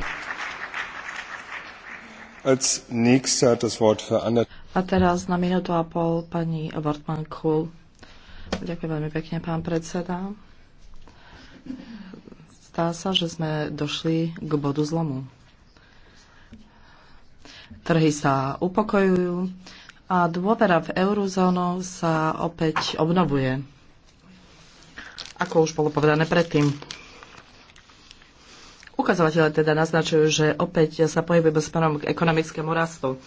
A teraz na minútu a pol pani Wortmann-Kohl. Ďakujem veľmi pekne, pán predseda. Zdá sa, že sme došli k bodu zlomu. Trhy sa upokojujú a dôvera v eurozónu sa opäť obnovuje. Ako už bolo povedané predtým. Ukazovatele teda naznačujú, že opäť sa pohybujeme smerom k ekonomickému rastu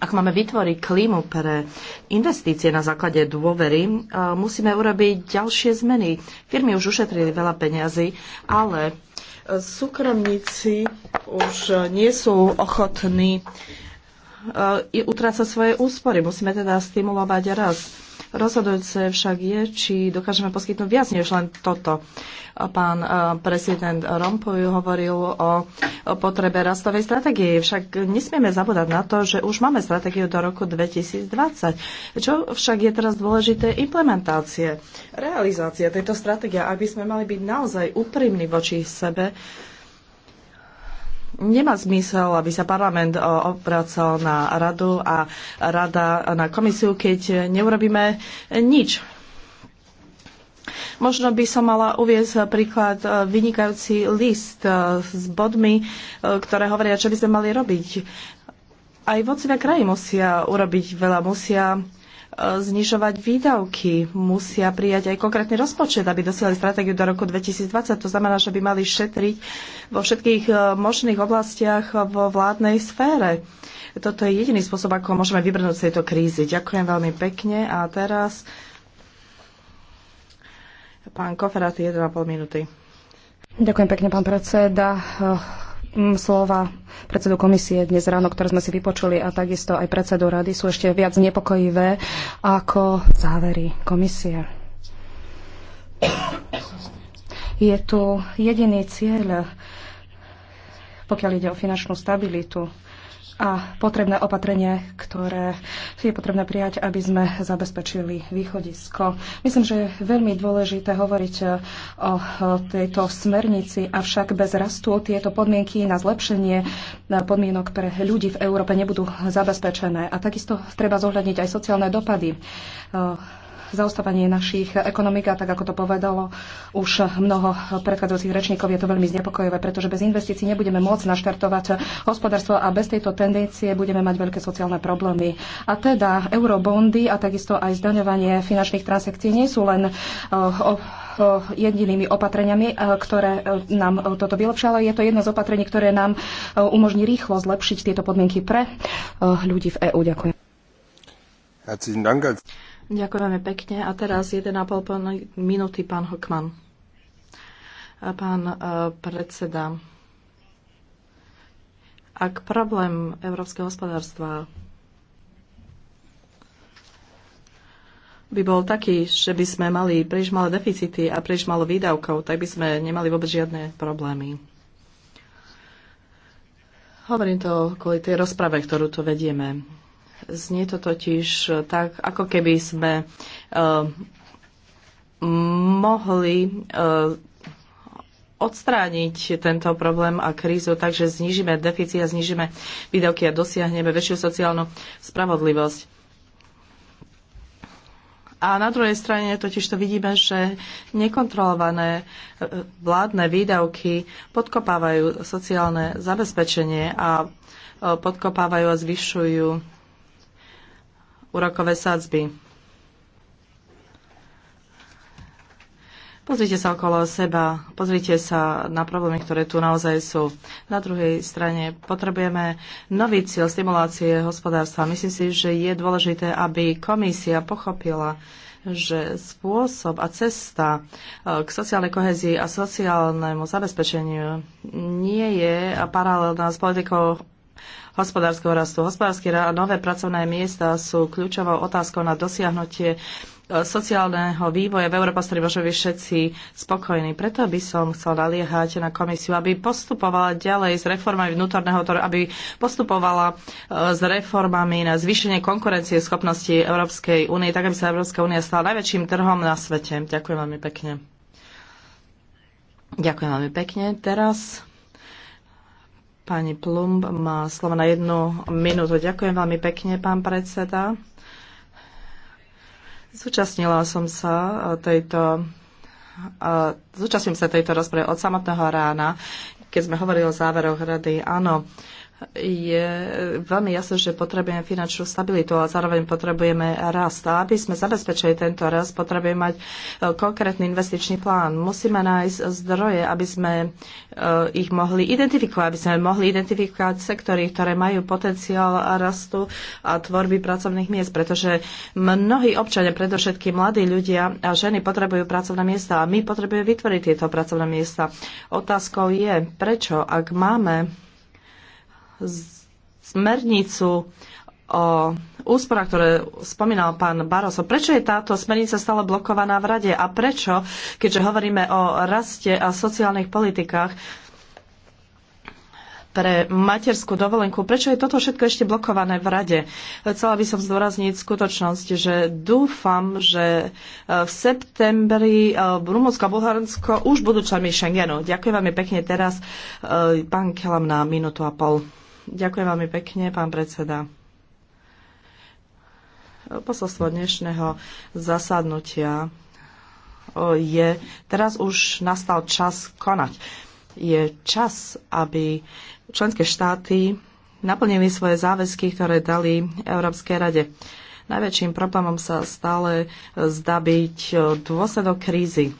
ak máme vytvoriť klímu pre investície na základe dôvery, e, musíme urobiť ďalšie zmeny. Firmy už ušetrili veľa peňazí, ale e, súkromníci už nie sú ochotní e, utrácať svoje úspory. Musíme teda stimulovať rast. Rozhodujúce však je, či dokážeme poskytnúť viac než len toto. Pán eh, prezident Rompuy hovoril o potrebe rastovej stratégie, však nesmieme zabúdať na to, že už máme stratégiu do roku 2020. Čo však je teraz dôležité implementácie, realizácia tejto stratégie, aby sme mali byť naozaj úprimní voči sebe nemá zmysel, aby sa parlament obracal na radu a rada na komisiu, keď neurobíme nič. Možno by som mala uviezť príklad e, vynikajúci list e, s bodmi, e, ktoré hovoria, čo by sme mali robiť. Aj vodcovia kraji musia urobiť veľa, musia znižovať výdavky, musia prijať aj konkrétny rozpočet, aby dosiahli stratégiu do roku 2020. To znamená, že by mali šetriť vo všetkých e, možných oblastiach vo vládnej sfére. Toto je jediný spôsob, ako môžeme vybrnúť z tejto krízy. Ďakujem veľmi pekne a teraz pán Koferat, 1,5 minúty. Ďakujem pekne, pán predseda slova predsedu komisie dnes ráno, ktoré sme si vypočuli a takisto aj predsedu rady sú ešte viac nepokojivé ako závery komisie. Je tu jediný cieľ, pokiaľ ide o finančnú stabilitu, a potrebné opatrenie, ktoré je potrebné prijať, aby sme zabezpečili východisko. Myslím, že je veľmi dôležité hovoriť eh, o eh, tejto smernici, avšak bez rastu tieto podmienky na zlepšenie podmienok pre ľudí v Európe nebudú zabezpečené. A takisto treba zohľadniť aj sociálne dopady eh, zaostávanie našich ekonomik a tak ako to povedalo už mnoho predchádzajúcich rečníkov, je to veľmi znepokojové, pretože bez investícií nebudeme môcť naštartovať hospodárstvo a bez tejto tendencie budeme mať veľké sociálne problémy. A teda eurobondy a takisto aj zdaňovanie finančných transakcií nie sú len eh, o jedinými opatreniami, eh, ktoré eh, nám toto vylepšia, ale je to jedno z opatrení, ktoré nám umožní rýchlo zlepšiť tieto podmienky pre ľudí v EÚ. Ďakujem. Ďakujeme pekne. A teraz 1,5 minúty pán Hokman. Pán e, predseda, ak problém európskeho hospodárstva by bol taký, že by sme mali príliš malé deficity a príliš malo výdavkov, tak by sme nemali vôbec žiadne problémy. Hovorím to kvôli tej rozprave, ktorú tu vedieme. Znie to totiž e, tak, ako keby sme uh, mohli uh, odstrániť tento problém a krízu, takže znižíme deficit a znižíme výdavky a dosiahneme väčšiu sociálnu spravodlivosť. A na druhej strane totiž to vidíme, že nekontrolované vládne výdavky podkopávajú sociálne zabezpečenie a podkopávajú a zvyšujú úrokové sadzby. Pozrite sa okolo seba, pozrite sa na problémy, ktoré tu naozaj sú. Na druhej strane potrebujeme nový cieľ stimulácie hospodárstva. Myslím si, že je dôležité, aby komisia pochopila, že spôsob a cesta eh, k sociálnej kohezii a sociálnemu zabezpečeniu nie je paralelná s politikou hospodárskeho rastu. Hospodárske a nové pracovné miesta sú kľúčovou otázkou na dosiahnutie e, sociálneho vývoja v Európe, s ktorým môžeme byť všetci spokojní. Preto by som chcel naliehať na komisiu, aby postupovala ďalej s reformami vnútorného trhu, aby postupovala e, s reformami na zvýšenie konkurencie schopnosti Európskej únie, tak aby sa Európska únia stala najväčším trhom na svete. Ďakujem veľmi pekne. Ďakujem veľmi pekne. Teraz Pani Plumb má slovo na jednu minútu. Ďakujem veľmi pekne, pán predseda. Zúčastnila som sa e, tejto e, zúčastním sa tejto rozprave od samotného rána, keď sme hovorili o záveroch rady. Áno, je veľmi jasné, že potrebujeme finančnú stabilitu a zároveň potrebujeme rast. A aby sme zabezpečili tento rast, potrebujeme mať e, konkrétny investičný plán. Musíme nájsť zdroje, aby sme e, ich mohli identifikovať, aby sme mohli identifikovať sektory, ktoré majú potenciál rastu a tvorby pracovných miest, pretože mnohí občania, predovšetkým mladí ľudia a ženy potrebujú pracovné miesta a my potrebujeme vytvoriť tieto pracovné miesta. Otázkou je, prečo, ak máme smernicu o úsporách, ktoré spomínal pán Baroso. Prečo je táto smernica stále blokovaná v rade a prečo, keďže hovoríme o raste a sociálnych politikách pre materskú dovolenku, prečo je toto všetko ešte blokované v rade? Chcela by som zdôrazniť skutočnosť, že dúfam, že e, v septembri e, Rumunsko a Bulharsko už budú členmi Schengenu. Ďakujem veľmi pekne teraz, e, pán Kelam, na minútu a pol. Ďakujem veľmi pekne, pán predseda. Posolstvo dnešného zasadnutia je, teraz už nastal čas konať. Je čas, aby členské štáty naplnili svoje záväzky, ktoré dali Európskej rade. Najväčším problémom sa stále zdá byť dôsledok krízy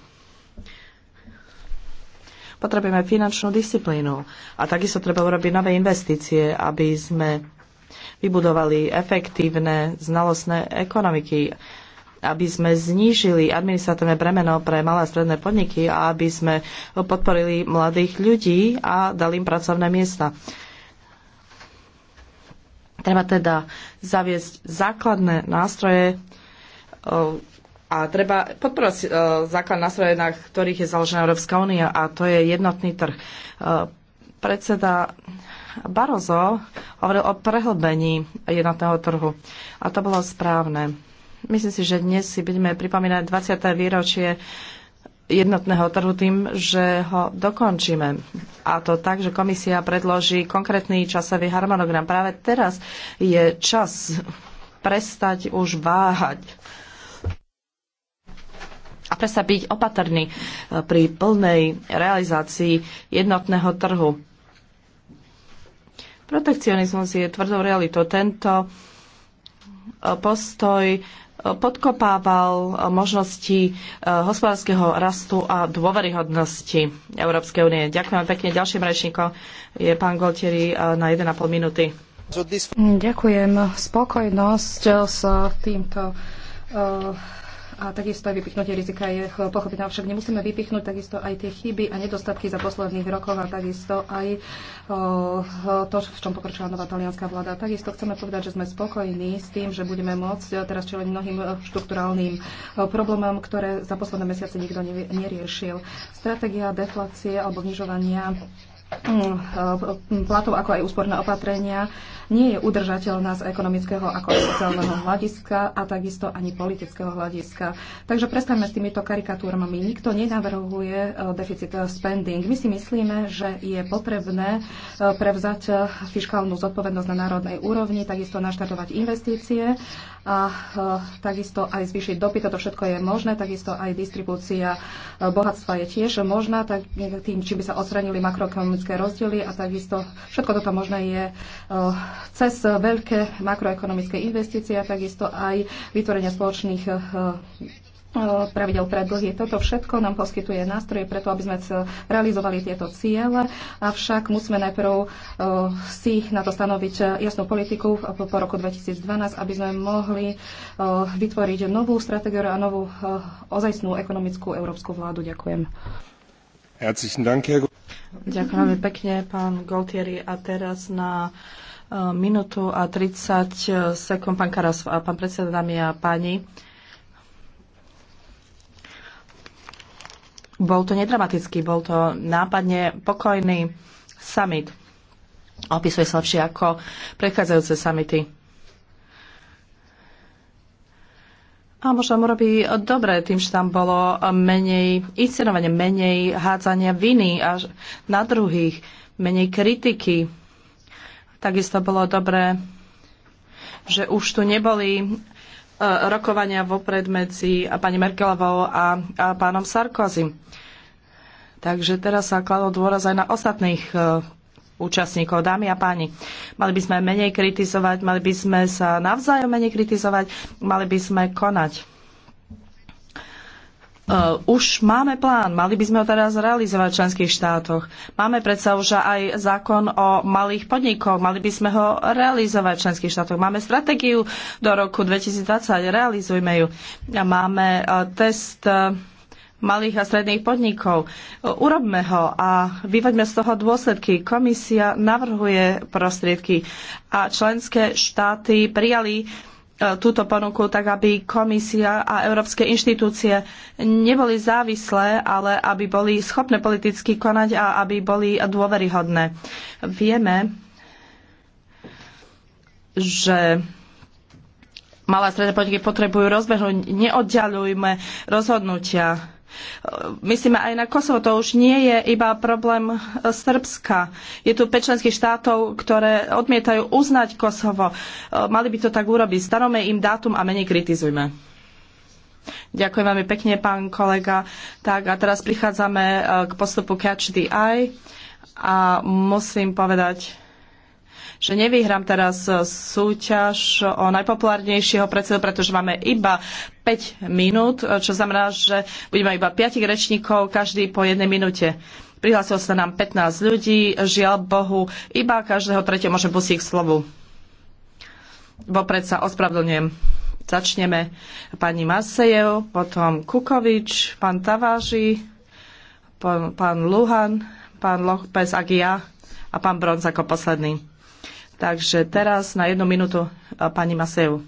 Potrebujeme finančnú disciplínu a takisto treba urobiť nové investície, aby sme vybudovali efektívne znalostné ekonomiky, aby sme znížili administratívne bremeno pre malé a stredné podniky a aby sme podporili mladých ľudí a dali im pracovné miesta. Treba teda zaviesť základné nástroje, a treba podporovať e, základ nástroje, na ktorých je založená Európska únia a to je jednotný trh. E, predseda Barozo hovoril o prehlbení jednotného trhu a to bolo správne. Myslím si, že dnes si budeme pripomínať 20. výročie jednotného trhu tým, že ho dokončíme. A to tak, že komisia predloží konkrétny časový harmonogram. Práve teraz je čas prestať už váhať a presa byť opatrný e, pri plnej realizácii jednotného trhu. Protekcionizmus je tvrdou realitou. Tento e, postoj e, podkopával možnosti hospodárskeho rastu a dôveryhodnosti Európskej únie. Ďakujem pekne. Ďalším rečníkom je pán Goltieri na 1,5 minúty. Ďakujem. Spokojnosť s týmto a takisto aj vypichnutie rizika je pochopiteľné. Však nemusíme vypichnúť takisto aj tie chyby a nedostatky za posledných rokov a takisto aj to, v čom pokračovala nová talianská vláda. Takisto chceme povedať, že sme spokojní s tým, že budeme môcť e, teraz čeliť mnohým e, štruktúrálnym e, problémom, ktoré za posledné mesiace nikto neriešil. Stratégia deflácie alebo vnižovania Mm, e, platov, ako aj úsporné opatrenia, nie je udržateľná z ekonomického ako sociálneho hľadiska a takisto ani politického hľadiska. Takže prestaňme s týmito karikatúrami. Nikto nenavrhuje e, deficit e, spending. My si myslíme, že je potrebné prevzať fiskálnu zodpovednosť na národnej úrovni, takisto naštartovať investície a takisto aj zvýšiť dopyt. Toto všetko je možné, takisto aj distribúcia bohatstva je tiež možná, tak tým, či by sa odstranili makroekonomické ekonomické rozdiely a takisto všetko toto možné je eh, cez veľké makroekonomické investície a takisto aj vytvorenie spoločných eh, eh, pravidel pre dlhy. Toto všetko nám poskytuje nástroje preto, aby sme realizovali tieto ciele, avšak musíme najprv si na to stanoviť jasnú politiku po roku 2012, aby sme mohli vytvoriť novú stratégiu a novú ozajstnú ekonomickú európsku vládu. Ďakujem. Ďakujem veľmi pekne, pán Goltieri. A teraz na e, minútu a 30 sekúnd, pán Karas a pán predseda, dámy a páni. Bol to nedramatický, bol to nápadne pokojný summit. Opisuje sa lepšie ako predchádzajúce summity A možno mu robí dobre tým, že tam bolo menej inscenovania, menej hádzania viny až na druhých, menej kritiky. Takisto bolo dobré, že už tu neboli e, rokovania vopred medzi pani Merkelovou a, a pánom Sarkozy. Takže teraz sa kladol dôraz aj na ostatných e, účastníkov. Dámy a páni, mali by sme menej kritizovať, mali by sme sa navzájom menej kritizovať, mali by sme konať. Uh, už máme plán, mali by sme ho teraz realizovať v členských štátoch. Máme predsa už aj zákon o malých podnikoch, mali by sme ho realizovať v členských štátoch. Máme stratégiu do roku 2020, realizujme ju. Máme uh, test uh, malých a stredných podnikov. Urobme ho a vyvoďme z toho dôsledky. Komisia navrhuje prostriedky a členské štáty prijali e, túto ponuku tak, aby komisia a európske inštitúcie neboli závislé, ale aby boli schopné politicky konať a aby boli dôveryhodné. Vieme, že malé a stredné podniky potrebujú rozbehnúť, Neoddialujme rozhodnutia Myslíme aj na Kosovo, to už nie je iba problém e, Srbska. Je tu 5 členských štátov, ktoré odmietajú uznať Kosovo. E, mali by to tak urobiť. Stanovme im dátum a menej kritizujme. Ďakujem veľmi pekne, pán kolega. Tak a teraz prichádzame e, k postupu Catch the Eye a musím povedať, že nevyhrám teraz súťaž o najpopulárnejšieho predsedu, pretože máme iba 5 minút, čo znamená, že budeme iba 5 rečníkov, každý po jednej minúte. Prihlásilo sa nám 15 ľudí, žiaľ Bohu, iba každého tretieho môžem pustiť k slovu. Vopred sa ospravedlňujem. Začneme pani Masejev, potom Kukovič, pán Taváži, pán, pán Luhan, pán López Agia a pán Bronz ako posledný. Takže teraz na jednu minútu eh, pani Masejev.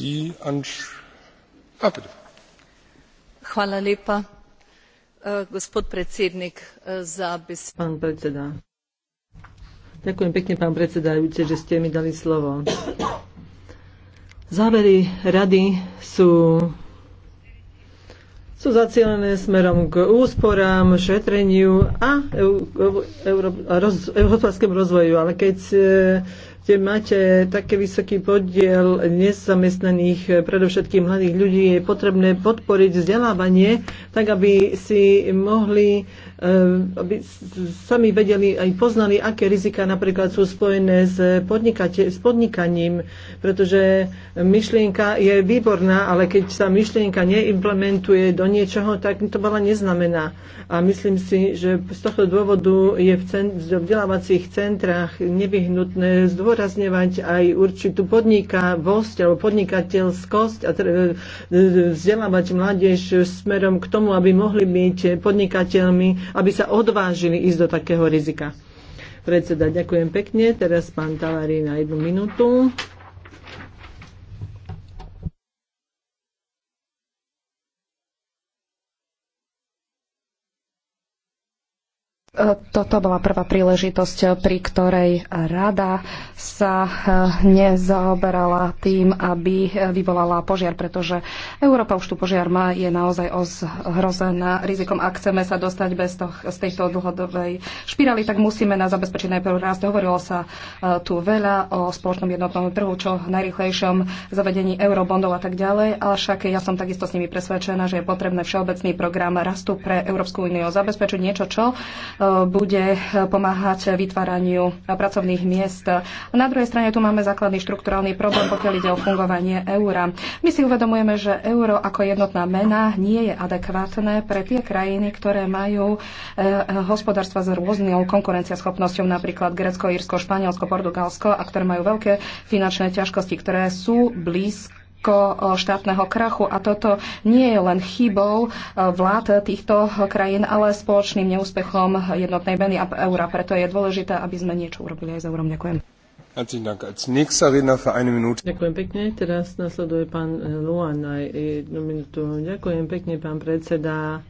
Eh, eh, Ďakujem pekne, pán predsedajúci, že ste mi dali slovo. Závery rady sú sú zacielené smerom k úsporám, šetreniu a, e hospodárskému rozvoju. Ale keď eh, kde máte taký vysoký podiel nezamestnaných, eh, predovšetkým mladých ľudí, je potrebné podporiť vzdelávanie, tak aby si mohli, eh, aby sami vedeli aj poznali, aké rizika napríklad sú spojené s, s podnikaním, pretože myšlienka je výborná, ale keď sa myšlienka neimplementuje do niečoho, tak to veľa neznamená. A myslím si, že z tohto dôvodu je v, cent- v vzdelávacích centrách nevyhnutné zdôvodniť, zdôrazňovať aj určitú podnikavosť alebo podnikateľskosť a vzdelávať mládež smerom k tomu, aby mohli byť podnikateľmi, aby sa odvážili ísť do takého rizika. Predseda, ďakujem pekne. Teraz pán Tavari na jednu minútu. E, toto bola prvá príležitosť, e, pri ktorej rada sa e, nezaoberala tým, aby vyvolala požiar, pretože Európa už tu požiar má, je naozaj ohrozená rizikom. Ak chceme sa dostať bez toh, z tejto dlhodobej špirály, tak musíme na zabezpečiť najprv raz. Hovorilo sa tu veľa o spoločnom jednotnom trhu, čo najrychlejšom zavedení eurobondov a tak ďalej, ale však ja som takisto s nimi presvedčená, že je potrebné všeobecný program rastu pre Európsku úniu zabezpečiť niečo, čo E, bude pomáhať vytváraniu pracovných miest. Na druhej strane tu máme základný štrukturálny problém, pokiaľ ide o fungovanie eura. My si uvedomujeme, že euro ako jednotná mena nie je adekvátne pre tie krajiny, ktoré majú e, hospodárstva s rôznou konkurenciaschopnosťou, napríklad Grécko, Írsko, Španielsko, Portugalsko, a ktoré majú veľké finančné ťažkosti, ktoré sú blízko riziko eh, štátneho krachu a toto nie je len chybou eh, vlád týchto krajín, ale spoločným neúspechom jednotnej meny a eura. Preto je dôležité, aby sme niečo urobili aj s eurom. Ďakujem. Ďakujem pekne. Teraz nasleduje pán eh, Luan na jednu minútu. Ďakujem pekne, pán predseda.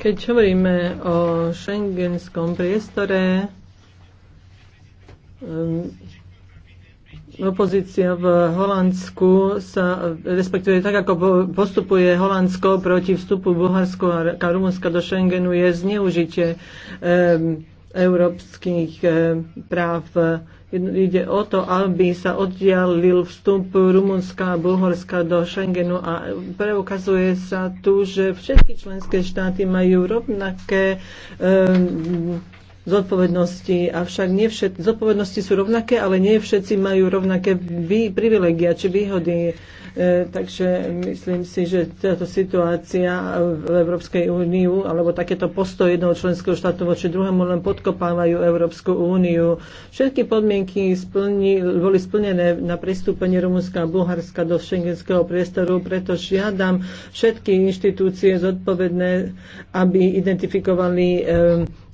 Keď hovoríme o šengenskom priestore, Ehm, opozícia v Holandsku sa respektuje tak, ako postupuje Holandsko proti vstupu Bulharsko a Rumunska do Schengenu je zneužitie ehm, európskych ehm, práv. Ide o to, aby sa oddialil vstup Rumunska a Bulharska do Schengenu a preukazuje sa tu, že všetky členské štáty majú rovnaké um, zodpovednosti, avšak nie všetky zodpovednosti sú rovnaké, ale nie všetci majú rovnaké privilegia či výhody. E, takže myslím si, že táto situácia v Európskej úniu alebo takéto postoj jedného členského štátu voči druhému len podkopávajú Európsku úniu. Všetky podmienky splni, boli splnené na pristúpenie Rumunska a Bulharska do šengenského priestoru, preto žiadam všetky inštitúcie zodpovedné, aby identifikovali e,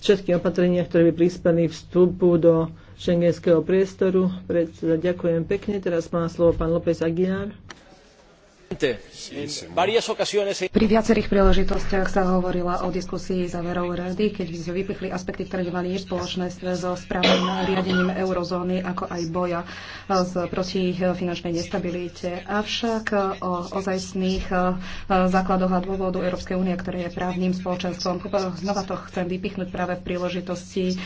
všetky opatrenia, ktoré by prispeli vstupu do šengenského priestoru. Pred, ďakujem pekne. Teraz má slovo pán López Aguilar. Pri viacerých príležitostiach sa hovorila o diskusii záverov rady, keď sme vypichli aspekty, ktoré by mali spoločné so správnym riadením eurozóny, ako aj boja eh, proti eh, finančnej nestabilite. Avšak eh, o ozajstných základoch a dôvodu Európskej únie, ktoré je právnym spoločenstvom, znova to chcem vypichnúť práve v príležitosti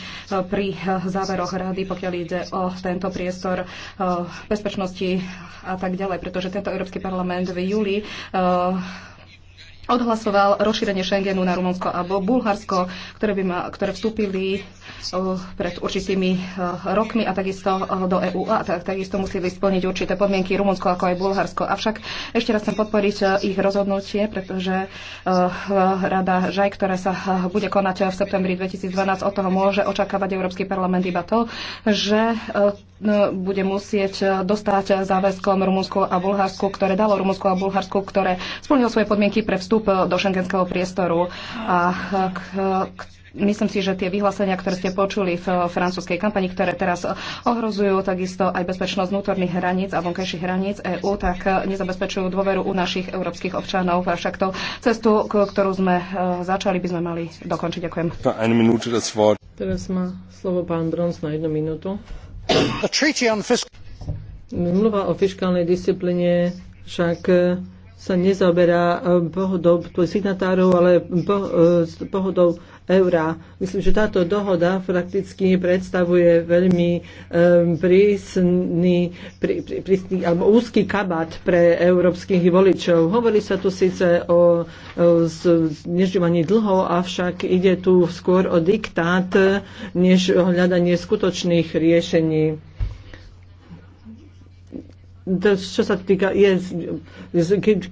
pri záveroch rady, pokiaľ ide o tento priestor bezpečnosti a tak ďalej, pretože tento Európsky parlament Fernandovi uh, eh, odhlasoval rozšírenie Schengenu na Rumunsko a Bulharsko, ktoré, by ma, ktoré vstúpili eh, pred určitými eh, rokmi a takisto eh, do EÚ a tak, takisto museli splniť určité podmienky Rumunsko ako aj Bulharsko. Avšak ešte raz chcem podporiť ich rozhodnutie, pretože Rada Žaj, ktorá sa bude konať v septembri 2012, od toho môže očakávať Európsky parlament iba to, že bude musieť dostať záväzkom Rumunsku a Bulharsku, ktoré dalo Rumunsku a Bulharsku, ktoré splnilo svoje podmienky pre vstup vstup do šengenského priestoru. A k, k, Myslím si, že tie vyhlásenia, ktoré ste počuli v francúzskej kampani, ktoré teraz ohrozujú takisto aj bezpečnosť vnútorných hraníc a vonkajších hraníc EÚ, tak nezabezpečujú dôveru u našich európskych občanov. Však to cestu, ktorú sme e, začali, by sme mali dokončiť. Ďakujem. Teraz má slovo pán Brons na jednu minútu. Mluva o fiskálnej disciplíne však e, sa nezaoberá eh, pohodou signatárov, ale eh, pohodou eurá. Myslím, že táto dohoda prakticky predstavuje veľmi eh, prísny, prí, prí, prísny alebo úzky kabát pre európskych voličov. Hovorí sa tu síce o, o dlho, avšak ide tu skôr o diktát, než o hľadanie skutočných riešení to, čo sa týka, je,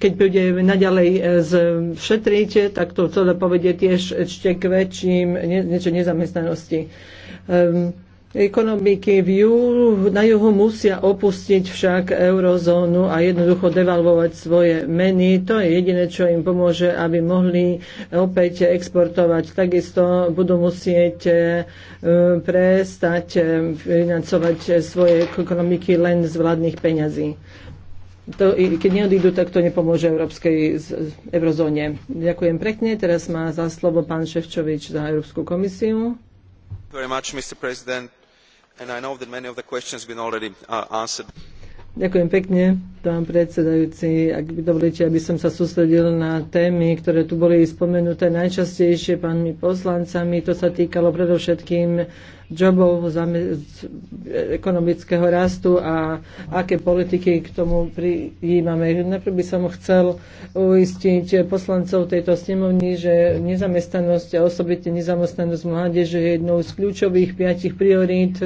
keď bude naďalej e, šetriť, tak to celé povedie tiež ešte k väčším ne, niečo nezamestnanosti. Um, Ekonomiky v ju, na juhu musia opustiť však eurozónu a jednoducho devalvovať svoje meny. To je jediné, čo im pomôže, aby mohli opäť exportovať. Takisto budú musieť e, prestať e, financovať svoje ekonomiky len z vládnych peňazí. To, keď neodídu, tak to nepomôže Európskej eurozóne. Ďakujem pekne. Teraz má za slovo pán Ševčovič za Európsku komisiu. Much, and i know that many of the questions have been already been uh, answered. Ďakujem pekne, pán predsedajúci. Ak by dovolíte, aby som sa sústredil na témy, ktoré tu boli spomenuté najčastejšie pánmi poslancami. To sa týkalo predovšetkým jobov, ekonomického rastu a aké politiky k tomu prijímame. Najprv by som chcel uistiť poslancov tejto snemovni, že nezamestnanosť a osobitne nezamestnanosť mládeže je jednou z kľúčových piatich priorít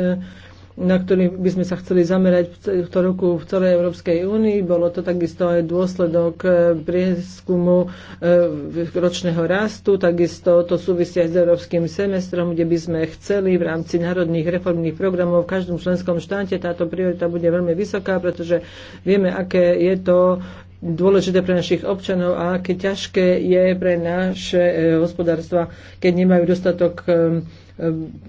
na ktorý by sme sa chceli zamerať v tohto roku v celej Európskej únii. Bolo to takisto aj dôsledok e, prieskumu e, ročného rastu, takisto to súvisia s európskym semestrom, kde by sme chceli v rámci národných reformných programov v každom členskom štáte táto priorita bude veľmi vysoká, pretože vieme, aké je to dôležité pre našich občanov a aké ťažké je pre naše e, hospodárstva, keď nemajú dostatok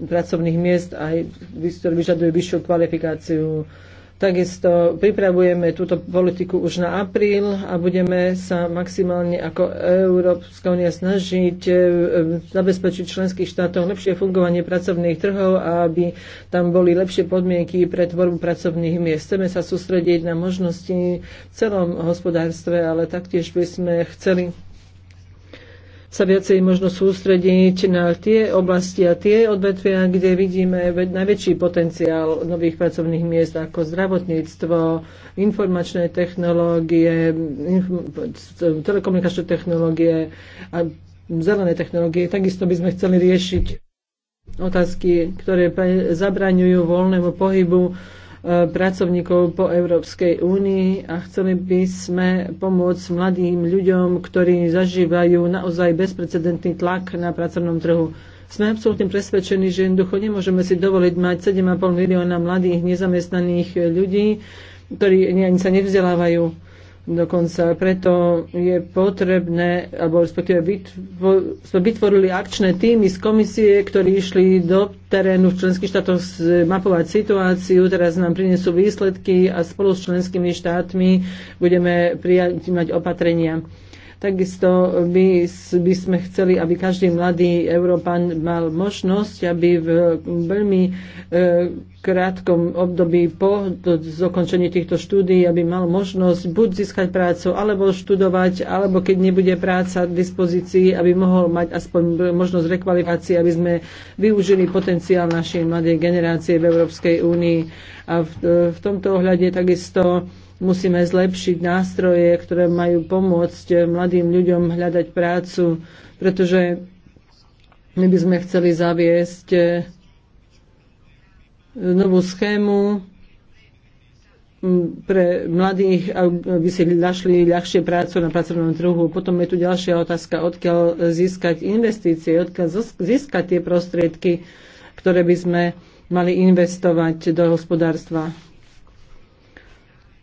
pracovných miest, aj, ktoré vyžaduje vyššiu kvalifikáciu. Takisto pripravujeme túto politiku už na apríl a budeme sa maximálne ako Európska únia snažiť zabezpečiť členských štátov lepšie fungovanie pracovných trhov a aby tam boli lepšie podmienky pre tvorbu pracovných miest. Chceme sa sústrediť na možnosti v celom hospodárstve, ale taktiež by sme chceli sa viacej možno sústrediť na tie oblasti a tie odvetvia, kde vidíme najväčší potenciál nových pracovných miest ako zdravotníctvo, informačné technológie, telekomunikačné technológie a zelené technológie. Takisto by sme chceli riešiť otázky, ktoré zabraňujú voľnému pohybu pracovníkov po Európskej únii a chceli by sme pomôcť mladým ľuďom, ktorí zažívajú naozaj bezprecedentný tlak na pracovnom trhu. Sme absolútne presvedčení, že jednoducho nemôžeme si dovoliť mať 7,5 milióna mladých nezamestnaných ľudí, ktorí ani sa nevzdelávajú Dokonca preto je potrebné, alebo respektíve vytvo, sme vytvorili akčné týmy z komisie, ktorí išli do terénu v členských štátoch mapovať situáciu. Teraz nám prinesú výsledky a spolu s členskými štátmi budeme prijať opatrenia. Takisto by, by sme chceli, aby každý mladý Európan mal možnosť, aby v veľmi e, krátkom období po dokončení týchto štúdií, aby mal možnosť buď získať prácu, alebo študovať, alebo keď nebude práca k dispozícii, aby mohol mať aspoň možnosť rekvalifikácie, aby sme využili potenciál našej mladej generácie v Európskej únii. A v, v tomto ohľade takisto musíme zlepšiť nástroje, ktoré majú pomôcť mladým ľuďom hľadať prácu, pretože my by sme chceli zaviesť novú schému pre mladých, aby si našli ľahšie prácu na pracovnom trhu. Potom je tu ďalšia otázka, odkiaľ získať investície, odkiaľ získať tie prostriedky, ktoré by sme mali investovať do hospodárstva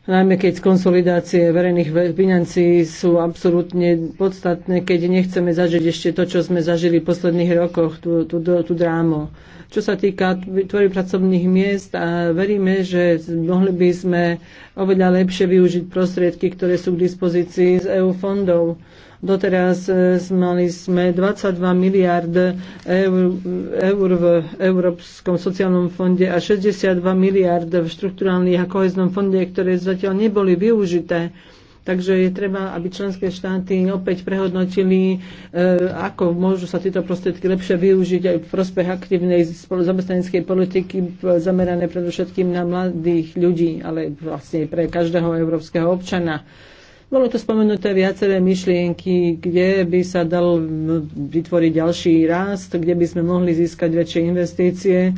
najmä keď konsolidácie verejných financií sú absolútne podstatné, keď nechceme zažiť ešte to, čo sme zažili v posledných rokoch, tú, tú, tú drámu. Čo sa týka tvorí pracovných miest, a veríme, že mohli by sme oveľa lepšie využiť prostriedky, ktoré sú k dispozícii z EU fondov. Doteraz e, mali sme 22 miliard eur, eur v Európskom sociálnom fonde a 62 miliard v štruktúrálnych a koheznom fonde, ktoré zatiaľ neboli využité. Takže je treba, aby členské štáty opäť prehodnotili, e, ako môžu sa tieto prostriedky lepšie využiť aj v prospech aktívnej zamestnaneckej politiky, zamerané predovšetkým na mladých ľudí, ale vlastne pre každého európskeho občana. Bolo tu spomenuté viaceré myšlienky, kde by sa dal vytvoriť ďalší rast, kde by sme mohli získať väčšie investície.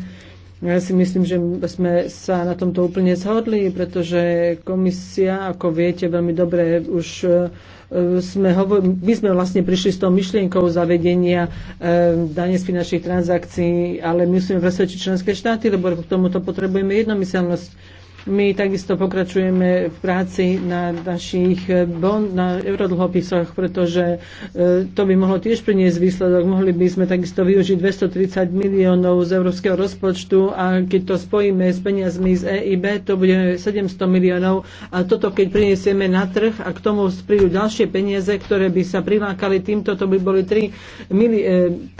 Ja si myslím, že sme sa na tomto úplne zhodli, pretože komisia, ako viete veľmi dobre, už e, sme hovor- my sme vlastne prišli s tou myšlienkou zavedenia e, dane z finančných transakcií, ale musíme presvedčiť členské štáty, lebo k tomuto potrebujeme jednomyselnosť. My takisto pokračujeme v práci na našich bond, na eurodlhopisoch, pretože e, to by mohlo tiež priniesť výsledok. Mohli by sme takisto využiť 230 miliónov z európskeho rozpočtu a keď to spojíme s peniazmi z EIB, to bude 700 miliónov a toto keď priniesieme na trh a k tomu prídu ďalšie peniaze, ktoré by sa prilákali týmto, to by boli 3, mili,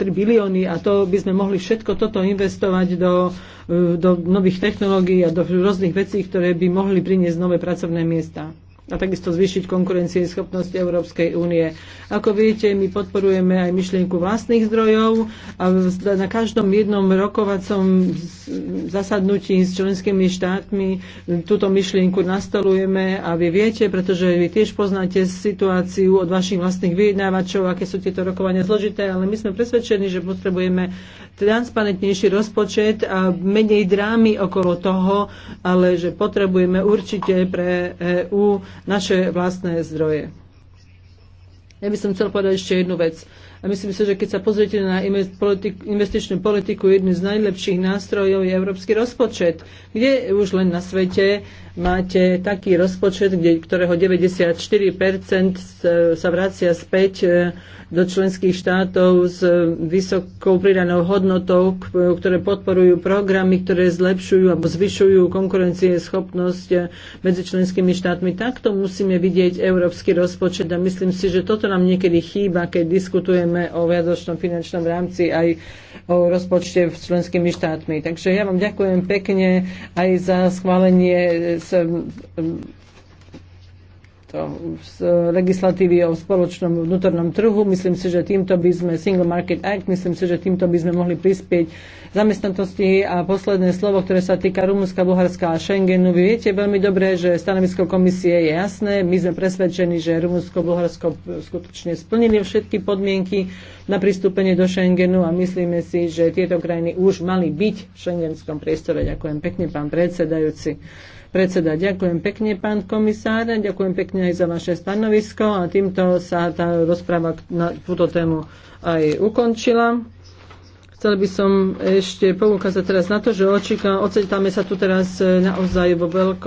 3 e, bilióny a to by sme mohli všetko toto investovať do, e, do nových technológií a do rôznych vecí, vecí, ktoré by mohli priniesť nové pracovné miesta a takisto zvýšiť konkurencieschopnosť Európskej únie. Ako viete, my podporujeme aj myšlienku vlastných zdrojov a na každom jednom rokovacom zasadnutí s členskými štátmi túto myšlienku nastolujeme a vy viete, pretože vy tiež poznáte situáciu od vašich vlastných vyjednávačov, aké sú tieto rokovania zložité, ale my sme presvedčení, že potrebujeme transparentnejší rozpočet a menej drámy okolo toho, ale že potrebujeme určite pre EÚ naše vlastné zdroje. Ja by som chcel povedať ešte jednu vec. A myslím si, že keď sa pozriete na investičnú politiku, jedným z najlepších nástrojov je európsky rozpočet, kde už len na svete máte taký rozpočet, kde, ktorého 94% sa vracia späť e, do členských štátov s e, vysokou pridanou hodnotou, e, ktoré podporujú programy, ktoré zlepšujú alebo zvyšujú schopnosť e, medzi členskými štátmi. Takto musíme vidieť európsky rozpočet a myslím si, že toto nám niekedy chýba, keď diskutujeme o viadočnom finančnom rámci aj o rozpočte s členskými štátmi. Takže ja vám ďakujem pekne aj za schválenie z legislatívy o spoločnom vnútornom trhu. Myslím si, že týmto by sme, Single Market Act, myslím si, že týmto by sme mohli prispieť zamestnanosti a posledné slovo, ktoré sa týka Rumunska, Bulharska a Schengenu. Vy viete veľmi dobre, že stanovisko komisie je jasné. My sme presvedčení, že Rumunsko, Bulharsko skutočne splnili všetky podmienky na pristúpenie do Schengenu a myslíme si, že tieto krajiny už mali byť v šengenskom priestore. Ďakujem pekne, pán predsedajúci. Predseda, ďakujem pekne, pán komisár, ďakujem pekne aj za vaše stanovisko a týmto sa tá rozpráva na túto tému aj ukončila. Chcel by som ešte poukázať teraz na to, že očaká, ocitame sa tu teraz eh, naozaj vo veľkom